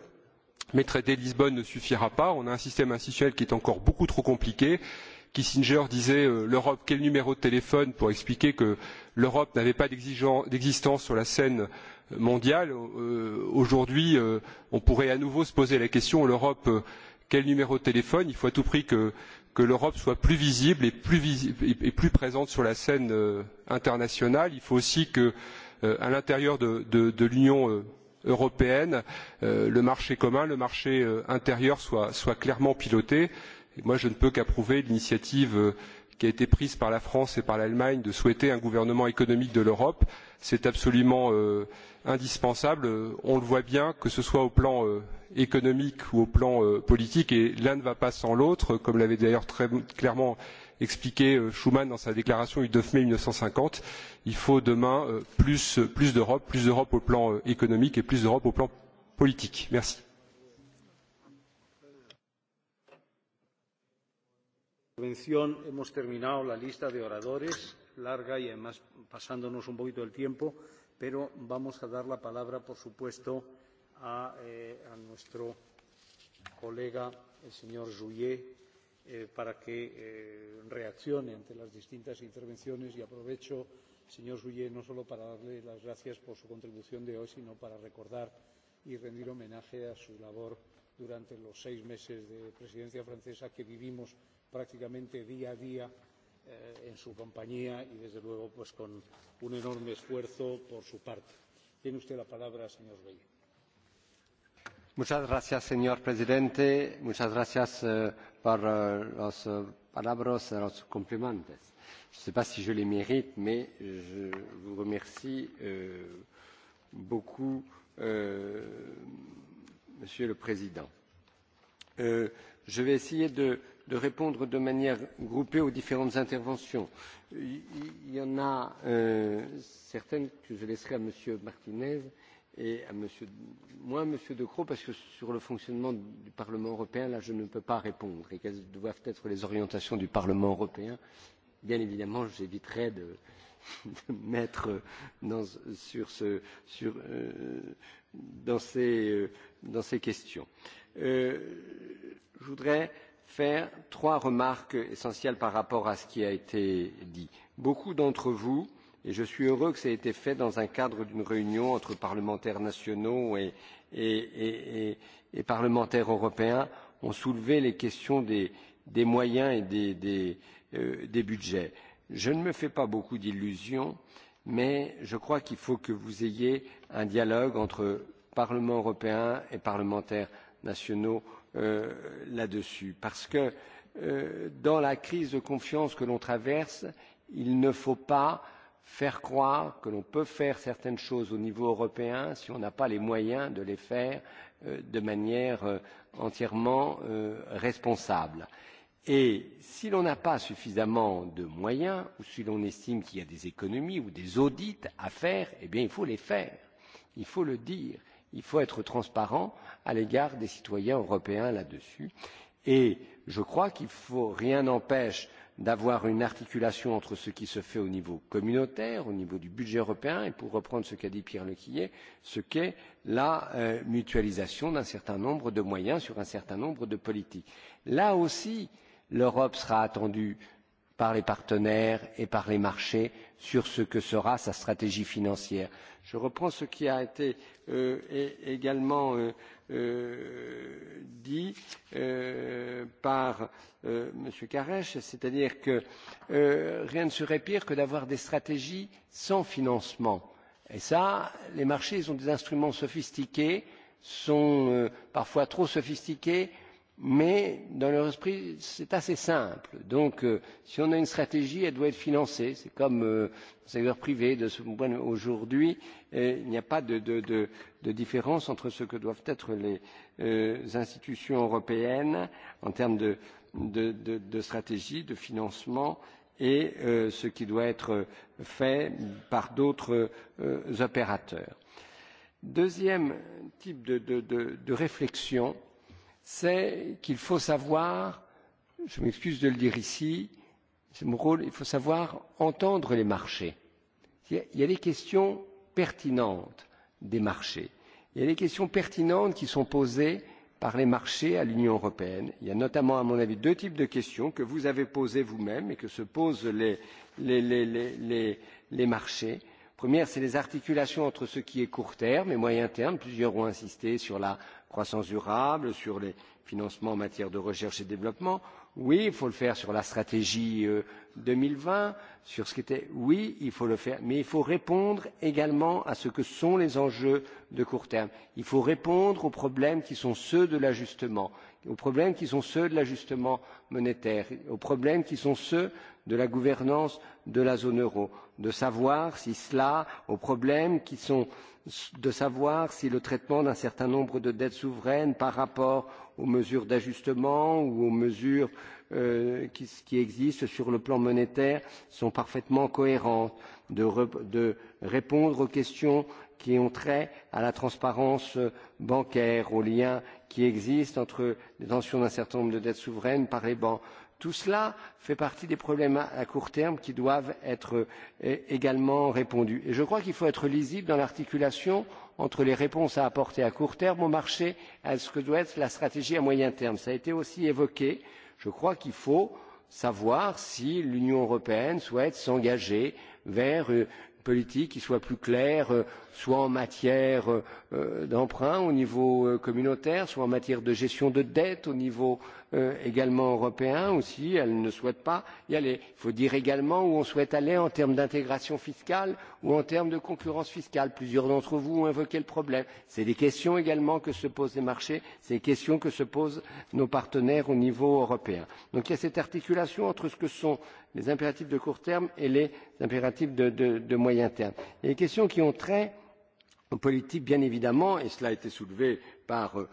Mais le traité de Lisbonne ne suffira pas. On a un système institutionnel qui est encore beaucoup trop compliqué. Kissinger disait euh, l'Europe, quel numéro de téléphone pour expliquer que l'Europe n'avait pas d'existence sur la scène euh, mondiale. Euh, Aujourd'hui, euh, on pourrait à nouveau se poser la question l'Europe, euh, quel numéro de téléphone Il faut à tout prix que, que l'Europe soit plus visible et plus, visible et plus présente sur la scène euh, internationale. Il faut aussi que, euh, à l'intérieur de, de, de l'Union euh, européenne, euh, le marché commun, le marché euh, intérieur soit, soit clairement piloté. Et moi, je ne peux qu'approuver l'initiative. Euh, qui a été prise par la France et par l'Allemagne de souhaiter un gouvernement économique de l'Europe. C'est absolument euh, indispensable. On le voit bien, que ce soit au plan euh, économique ou au plan euh, politique, et l'un ne va pas sans l'autre, comme l'avait d'ailleurs très clairement expliqué euh, Schuman dans sa déclaration du 9 mai 1950. Il faut demain euh, plus, plus d'Europe, plus d'Europe au plan euh, économique et plus d'Europe au plan politique. Merci. intervención hemos terminado la lista de oradores, larga y además pasándonos un poquito el tiempo, pero vamos a dar la palabra, por supuesto, a, eh, a nuestro colega, el señor Jouyé, eh, para que eh, reaccione ante las distintas intervenciones y aprovecho, señor Jouyé, no solo para darle las gracias por su contribución de hoy, sino para recordar y rendir homenaje a su labor durante los seis meses de presidencia francesa que vivimos prácticamente día a día eh, en su compañía y, desde luego, pues con un enorme esfuerzo por su parte. Tiene usted la palabra, señor Rey. Muchas gracias, señor presidente. Muchas gracias eh, por eh, las eh, palabras, y los cumplimientos. Je ne sais pas si je les mérite, mais je vous remercie euh, beaucoup, euh, Monsieur le Président. Euh, je vais essayer de euh, de répondre de manière groupée aux différentes interventions. Il y en a euh, certaines que je laisserai à M. Martinez et à monsieur, moi, M. De Croo, parce que sur le fonctionnement du Parlement européen, là, je ne peux pas répondre. Et quelles doivent être les orientations du Parlement européen Bien évidemment, j'éviterai de, de mettre dans, sur ce, sur, euh, dans, ces, euh, dans ces questions. Euh, je voudrais faire trois remarques essentielles par rapport à ce qui a été dit. Beaucoup d'entre vous, et je suis heureux que ça ait été fait dans un cadre d'une réunion entre parlementaires nationaux et, et, et, et, et parlementaires européens, ont soulevé les questions des, des moyens et des, des, euh, des budgets. Je ne me fais pas beaucoup d'illusions, mais je crois qu'il faut que vous ayez un dialogue entre Parlement européen et parlementaires nationaux Euh, là-dessus, parce que euh, dans la crise de confiance que l'on traverse, il ne faut pas faire croire que l'on peut faire certaines choses au niveau européen si on n'a pas les moyens de les faire euh, de manière entièrement responsable. Et si l'on n'a pas suffisamment de moyens, ou si l'on estime qu'il y a des économies ou des audits à faire, eh bien il faut les faire, il faut le dire. Il faut être transparent à l'égard des citoyens européens là-dessus. Et je crois qu'il faut, rien n'empêche d'avoir une articulation entre ce qui se fait au niveau communautaire, au niveau du budget européen, et pour reprendre ce qu'a dit Pierre Lequillet, ce qu'est la euh, mutualisation d'un certain nombre de moyens sur un certain nombre de politiques. Là aussi, l'Europe sera attendue par les partenaires et par les marchés sur ce que sera sa stratégie financière. Je reprends ce qui a été euh, également euh, euh, dit euh, par euh, M. Karesh, c'est-à-dire que euh, rien ne serait pire que d'avoir des stratégies sans financement. Et ça, les marchés ils ont des instruments sophistiqués, sont euh, parfois trop sophistiqués, mais dans leur esprit, c'est assez simple. Donc, euh, si on a une stratégie, elle doit être financée. C'est comme euh, le secteur privé, de ce point aujourd'hui, il n'y a pas de, de, de, de différence entre ce que doivent être les euh, institutions européennes en termes de, de, de, de stratégie, de financement et euh, ce qui doit être fait par d'autres euh, opérateurs. Deuxième type de, de, de, de réflexion, euh, c'est qu'il faut savoir, je m'excuse de le dire ici, c'est mon rôle, il faut savoir entendre les marchés. Il y a des questions pertinentes des marchés. Il y a des questions pertinentes qui sont posées par les marchés à l'Union européenne. Il y a notamment, à mon avis, deux types de questions que vous avez posées vous-même et que se posent les, les, les, les, les, les marchés. Première, c'est les articulations entre ce qui est court terme et moyen terme. Plusieurs ont insisté sur la croissance durable, sur les financements en matière de recherche et développement. Oui, il faut le faire sur la stratégie euh, 2020, sur ce qui était. Oui, il faut le faire, mais il faut répondre également à ce que sont les enjeux de court terme. Il faut répondre aux problèmes qui sont ceux de l'ajustement, aux problèmes qui sont ceux de l'ajustement monétaire, aux problèmes qui sont ceux de la gouvernance de la zone euro de savoir si cela aux problèmes qui sont de savoir si le traitement d'un certain nombre de dettes souveraines par rapport aux mesures d'ajustement ou aux mesures euh, qui, qui existent sur le plan monétaire sont parfaitement cohérentes, de, re, de répondre aux questions qui ont trait à la transparence euh, bancaire, aux liens qui existent entre les tensions d'un certain nombre de dettes souveraines par les banques Tout cela fait partie des problèmes à court terme qui doivent être euh, également répondus. Et je crois qu'il faut être lisible dans l'articulation entre les réponses à apporter à court terme au marché et ce que doit être la stratégie à moyen terme. Cela a été aussi évoqué. Je crois qu'il faut savoir si l'Union européenne souhaite s'engager vers euh, une politique qui soit plus claire, euh, soit en matière d'emprunt au niveau communautaire, soit en matière de gestion de dette au niveau euh, également européen aussi, elle ne souhaite pas y aller. Il faut dire également où on souhaite aller en termes d'intégration fiscale ou en termes de concurrence fiscale. Plusieurs d'entre vous ont évoqué le problème. C'est des questions également que se posent les marchés, c'est des questions que se posent nos partenaires au niveau européen. Donc il y a cette articulation entre ce que sont les impératifs de court terme et les impératifs de, de, de moyen terme. Et les questions qui ont trait aux politiques, bien évidemment, et cela a été soulevé par euh,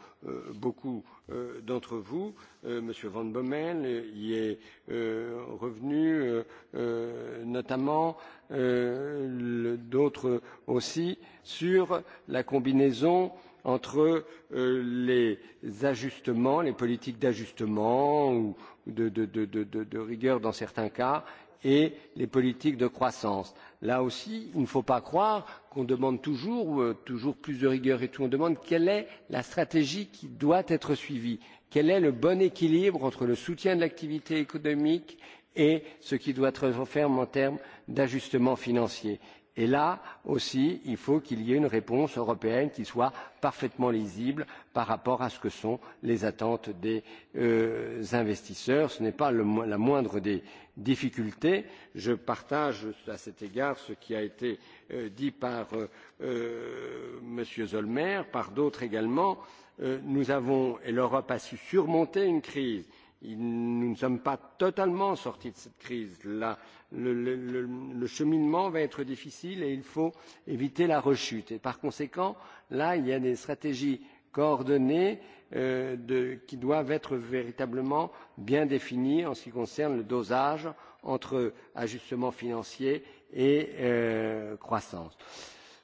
beaucoup Euh, d'entre vous, euh, M. Van Bommel, y est euh, revenu, euh, euh, notamment euh, d'autres aussi, sur la combinaison entre euh, les ajustements, les politiques d'ajustement ou de, de, de, de, de, de rigueur dans certains cas, euh, et les politiques de croissance. Là aussi, il ne faut pas croire qu'on demande toujours, euh, toujours plus de rigueur et tout. On demande quelle est la stratégie qui doit être suivie, quel est le bon équilibre entre le soutien de l'activité économique et ce qui doit être fait en termes d'ajustement financier. Et là aussi, il faut qu'il y ait une réponse européenne qui soit parfaitement lisible par rapport à ce que sont les attentes des euh, investisseurs. Ce n'est pas le, la moindre des difficultés. Je partage à cet égard ce qui a été euh, dit par euh, euh M. Zolmer, par d'autres également. Euh, nous avons, et l'Europe a su surmonter une crise nous ne sommes pas totalement sortis de cette crise. La, le, le, le, le cheminement va être difficile et il faut éviter la rechute. Et par conséquent, là, il y a des stratégies coordonnées euh, de, qui doivent être véritablement bien définies en ce qui concerne le dosage entre ajustement financier et euh, croissance.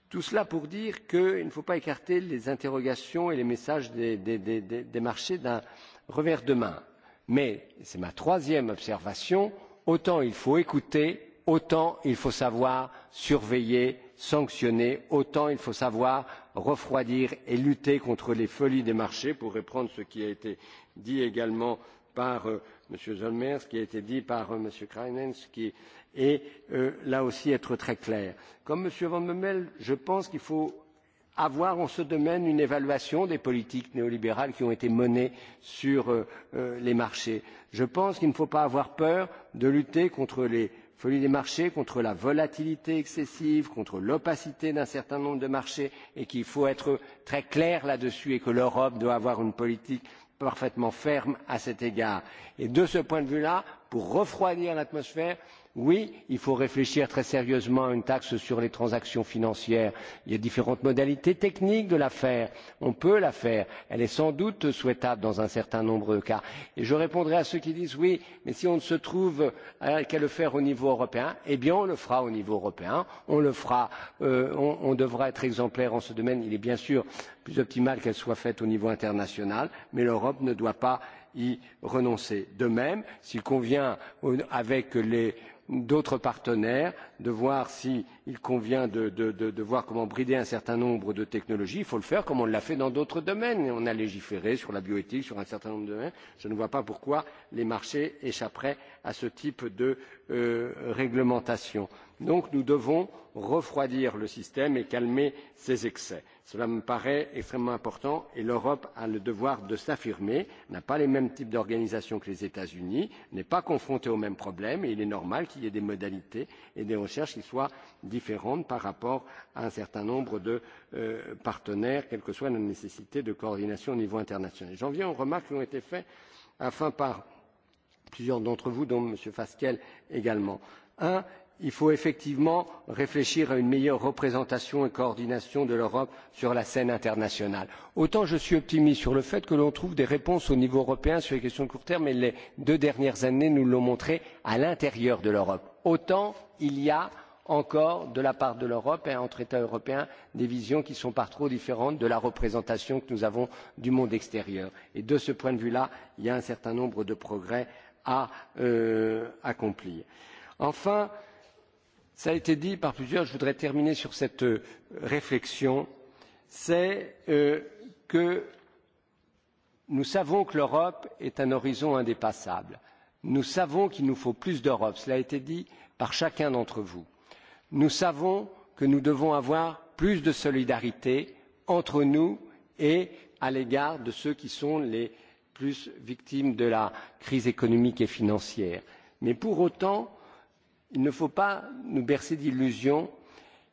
Tout cela pour dire qu'il ne faut pas écarter les interrogations et les messages des, des, des, des marchés d'un revers de main. Mais, c'est ma troisième observation, autant il faut écouter, autant il faut savoir surveiller, sanctionner, autant il faut savoir refroidir et lutter contre les folies des marchés, pour reprendre ce qui a été dit également par euh, M. Zolmer, ce qui a été dit par euh, M. Kreinens, qui est euh, là aussi être très clair. Comme M. Van Memel, je pense qu'il faut avoir en ce domaine une évaluation des politiques néolibérales qui ont été menées sur euh, euh, les marchés. Je pense qu'il ne faut pas avoir peur de lutter contre les folies des marchés, contre la volatilité excessive, contre l'opacité d'un certain nombre de marchés et qu'il faut être très clair là-dessus et que l'Europe doit avoir une politique parfaitement ferme à cet égard. Et de ce point de vue-là, pour refroidir l'atmosphère, Oui, il faut réfléchir très sérieusement à une taxe sur les transactions financières. Il y a différentes modalités techniques de la faire. On peut la faire. Elle est sans doute souhaitable dans un certain nombre de cas. Et je répondrai à ceux qui disent oui, mais si on ne se trouve euh, qu'à le faire au niveau européen, eh bien on le fera au niveau européen. On le fera. Euh, on, on devra être exemplaire en ce domaine. Il est bien sûr plus optimal qu'elle soit faite au niveau international, mais l'Europe ne doit pas y renoncer. De même, s'il convient avec les d'autres partenaires, de voir s'il si convient de, de, de, de voir comment brider un certain nombre de technologies. Il faut le faire comme on l'a fait dans d'autres domaines. On a légiféré sur la bioéthique, sur un certain nombre de domaines. Je ne vois pas pourquoi les marchés échapperaient à ce type de euh, réglementation. Donc nous devons refroidir le système et calmer ses excès. Cela me paraît extrêmement important et l'Europe a le devoir de s'affirmer, n'a pas les mêmes types d'organisations que les États-Unis, n'est pas confrontée aux mêmes problèmes et il est normal qu'il y ait des modalités et des recherches qui soient différentes par rapport à un certain nombre de euh, partenaires, quelle que soit la nécessité de coordination au niveau international. J'en viens aux remarques qui ont été faites afin par plusieurs d'entre vous, dont M. Fasquelle également. Un, il faut effectivement réfléchir à une meilleure représentation et coordination de l'Europe sur la scène internationale. Autant je suis optimiste sur le fait que l'on trouve des réponses au niveau européen sur les questions de court terme, et les deux dernières années nous l'ont montré à l'intérieur de l'Europe. Autant il y a encore de la part de l'Europe et entre États européens des visions qui sont par trop différentes de la représentation que nous avons du monde extérieur. Et de ce point de vue-là, il y a un certain nombre de progrès à euh, accomplir. Enfin, euh, Cela a été dit par plusieurs, je voudrais terminer sur cette euh, réflexion, c'est euh, que nous savons que l'Europe est un horizon indépassable. Nous savons qu'il nous faut plus d'Europe, cela a été dit par chacun d'entre vous. Nous savons que nous devons avoir plus de solidarité entre nous et à l'égard de ceux qui sont les plus victimes de la crise économique et financière. Mais pour autant, Il ne faut pas nous bercer d'illusions,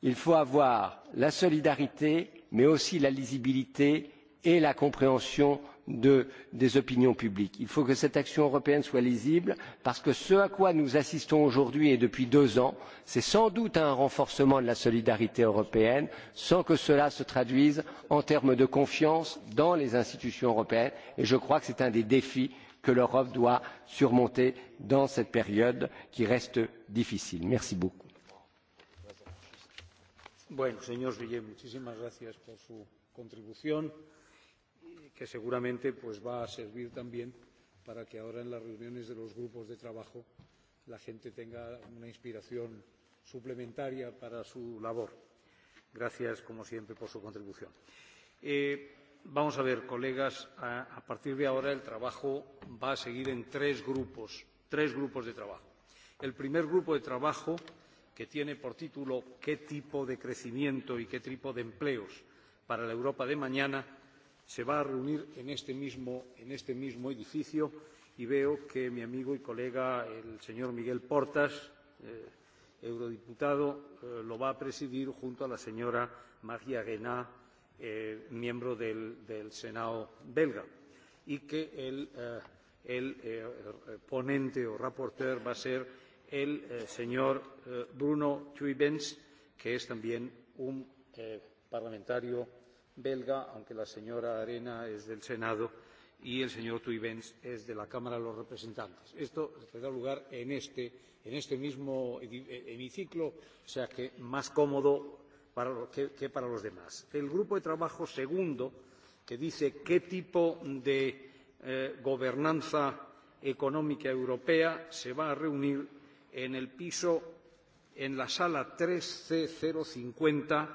il faut avoir la solidarité, mais aussi la lisibilité et la compréhension de, des opinions publiques. Il faut que cette action européenne soit lisible parce que ce à quoi nous assistons aujourd'hui et depuis deux ans, c'est sans doute un renforcement de la solidarité européenne sans que cela se traduise en termes de confiance dans les institutions européennes et je crois que c'est un des défis que l'Europe doit surmonter dans cette période qui reste difficile. Merci beaucoup. Bueno, señor Villet, muchísimas gracias por su contribución, que seguramente pues, va a servir también para que ahora en las reuniones de los grupos de trabajo la gente tenga una inspiración suplementaria para su labor. Gracias, como siempre, por su contribución. Eh, Vamos a ver, colegas, a, a partir de ahora el trabajo va a seguir en tres grupos, tres grupos de trabajo. El primer grupo de trabajo, que tiene por título ¿Qué tipo de crecimiento y qué tipo de empleos para la Europa de mañana?, se va a reunir en este mismo, en este mismo edificio y veo que mi amigo y colega, el señor Miguel Portas, eh, eurodiputado, eh, lo va a presidir junto a la señora María Guená, Eh, miembro del, del, Senado belga y que el, eh, el eh, ponente o rapporteur va a ser el eh, señor eh, Bruno Tuibens, que es también un parlamentario belga, aunque la señora Arena es del Senado y el señor Tuibens es de la Cámara de los Representantes. Esto tendrá lugar en este, en este mismo hemiciclo, o sea que más cómodo para que, que para los demás. El grupo de trabajo segundo, que dice qué tipo de eh, gobernanza económica europea se va a reunir en el piso, en la sala 3C050,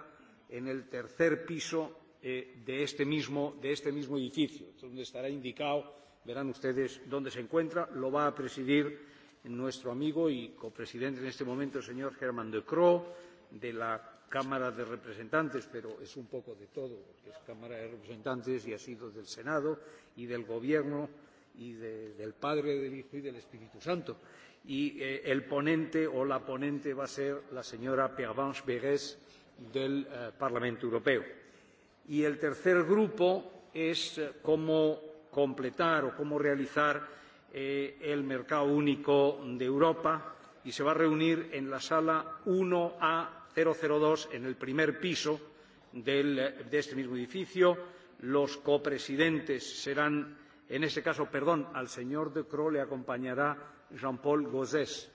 en el tercer piso eh, de, este mismo, de este mismo edificio, donde estará indicado, verán ustedes dónde se encuentra, lo va a presidir nuestro amigo y copresidente en este momento, el señor Germán de Croo, de la Cámara de Representantes, pero es un poco de todo, porque es Cámara de Representantes y ha sido del Senado y del Gobierno y de, del Padre, del Hijo y del Espíritu Santo. Y eh, el ponente o la ponente va a ser la señora Pervenche Beres del eh, Parlamento Europeo. Y el tercer grupo es eh, cómo completar o cómo realizar eh, el mercado único de Europa y se va a reunir en la sala 1A dos en el primer piso del, de este mismo edificio. Los copresidentes serán, en ese caso, perdón, al señor de Croo le acompañará Jean-Paul Gauzès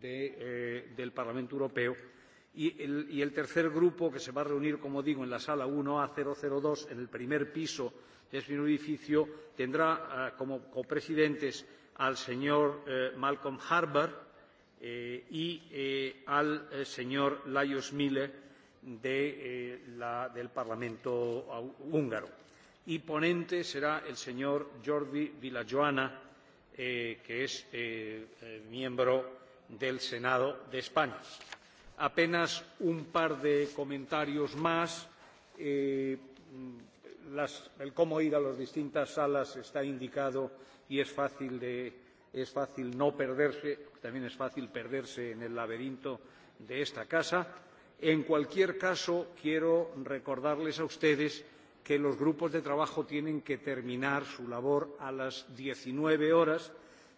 de, eh, del Parlamento Europeo. Y el, y el tercer grupo, que se va a reunir, como digo, en la sala 1A002, en el primer piso de este mismo edificio, tendrá eh, como copresidentes al señor eh, Malcolm Harbour, Eh, y eh, al eh, señor Lajos Mille del Parlamento húngaro. Y ponente será el señor Jordi Villajoana, que es miembro del Senado de España. Apenas un par de comentarios más. el cómo ir a las distintas salas está indicado y es fácil de es fácil no perderse, también es fácil perderse en el laberinto de esta casa. En cualquier caso, quiero recordarles a ustedes que los grupos de trabajo tienen que terminar su labor a las diecinueve horas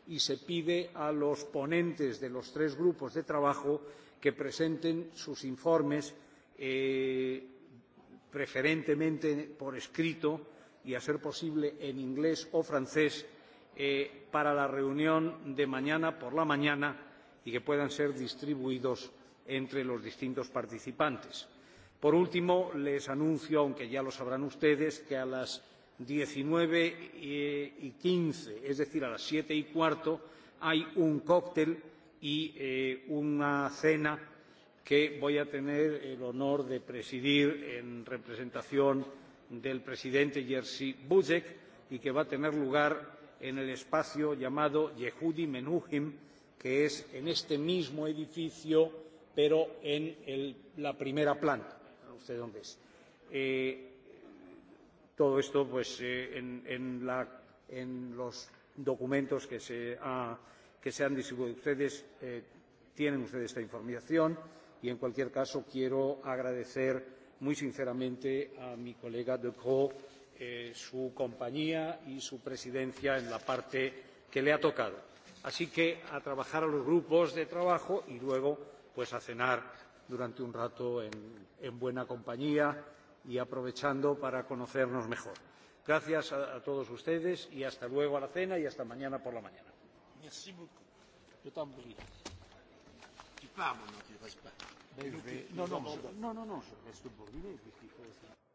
y se pide a los ponentes de los tres grupos de trabajo que presenten sus informes eh, preferentemente por escrito y, a ser posible, en inglés o francés eh, para la reunión de mañana por la mañana y que puedan ser distribuidos entre los distintos participantes. Por último, les anuncio, aunque ya lo sabrán ustedes, que a las diecinueve eh, y quince, es decir, a las siete y cuarto, hay un cóctel y eh, una cena que voy a tener el honor de presidir en representación del presidente Jerzy Buzek y que va a tener lugar en el espacio llamado Yehudi Menuhim, que es en este mismo edificio, pero en el, la primera planta. ¿no? ¿Usted dónde es? Eh, todo esto, pues, eh, en, en, la, en los documentos que se, ha, que se han distribuido ustedes, eh, tienen ustedes esta información y, en cualquier caso, quiero agradecer muy sinceramente a mi colega De Croo eh, su compañía y su presidencia en la parte que le ha tocado. Así que a trabajar a los grupos de trabajo y luego pues a cenar durante un rato en, en buena compañía y aprovechando para conocernos mejor. Gracias a, a todos ustedes y hasta luego a la cena y hasta mañana por la mañana. Merci beaucoup. Yo también. Tu parles, non, tu restes pas. Non, non, non, non, non, je reste pour dîner.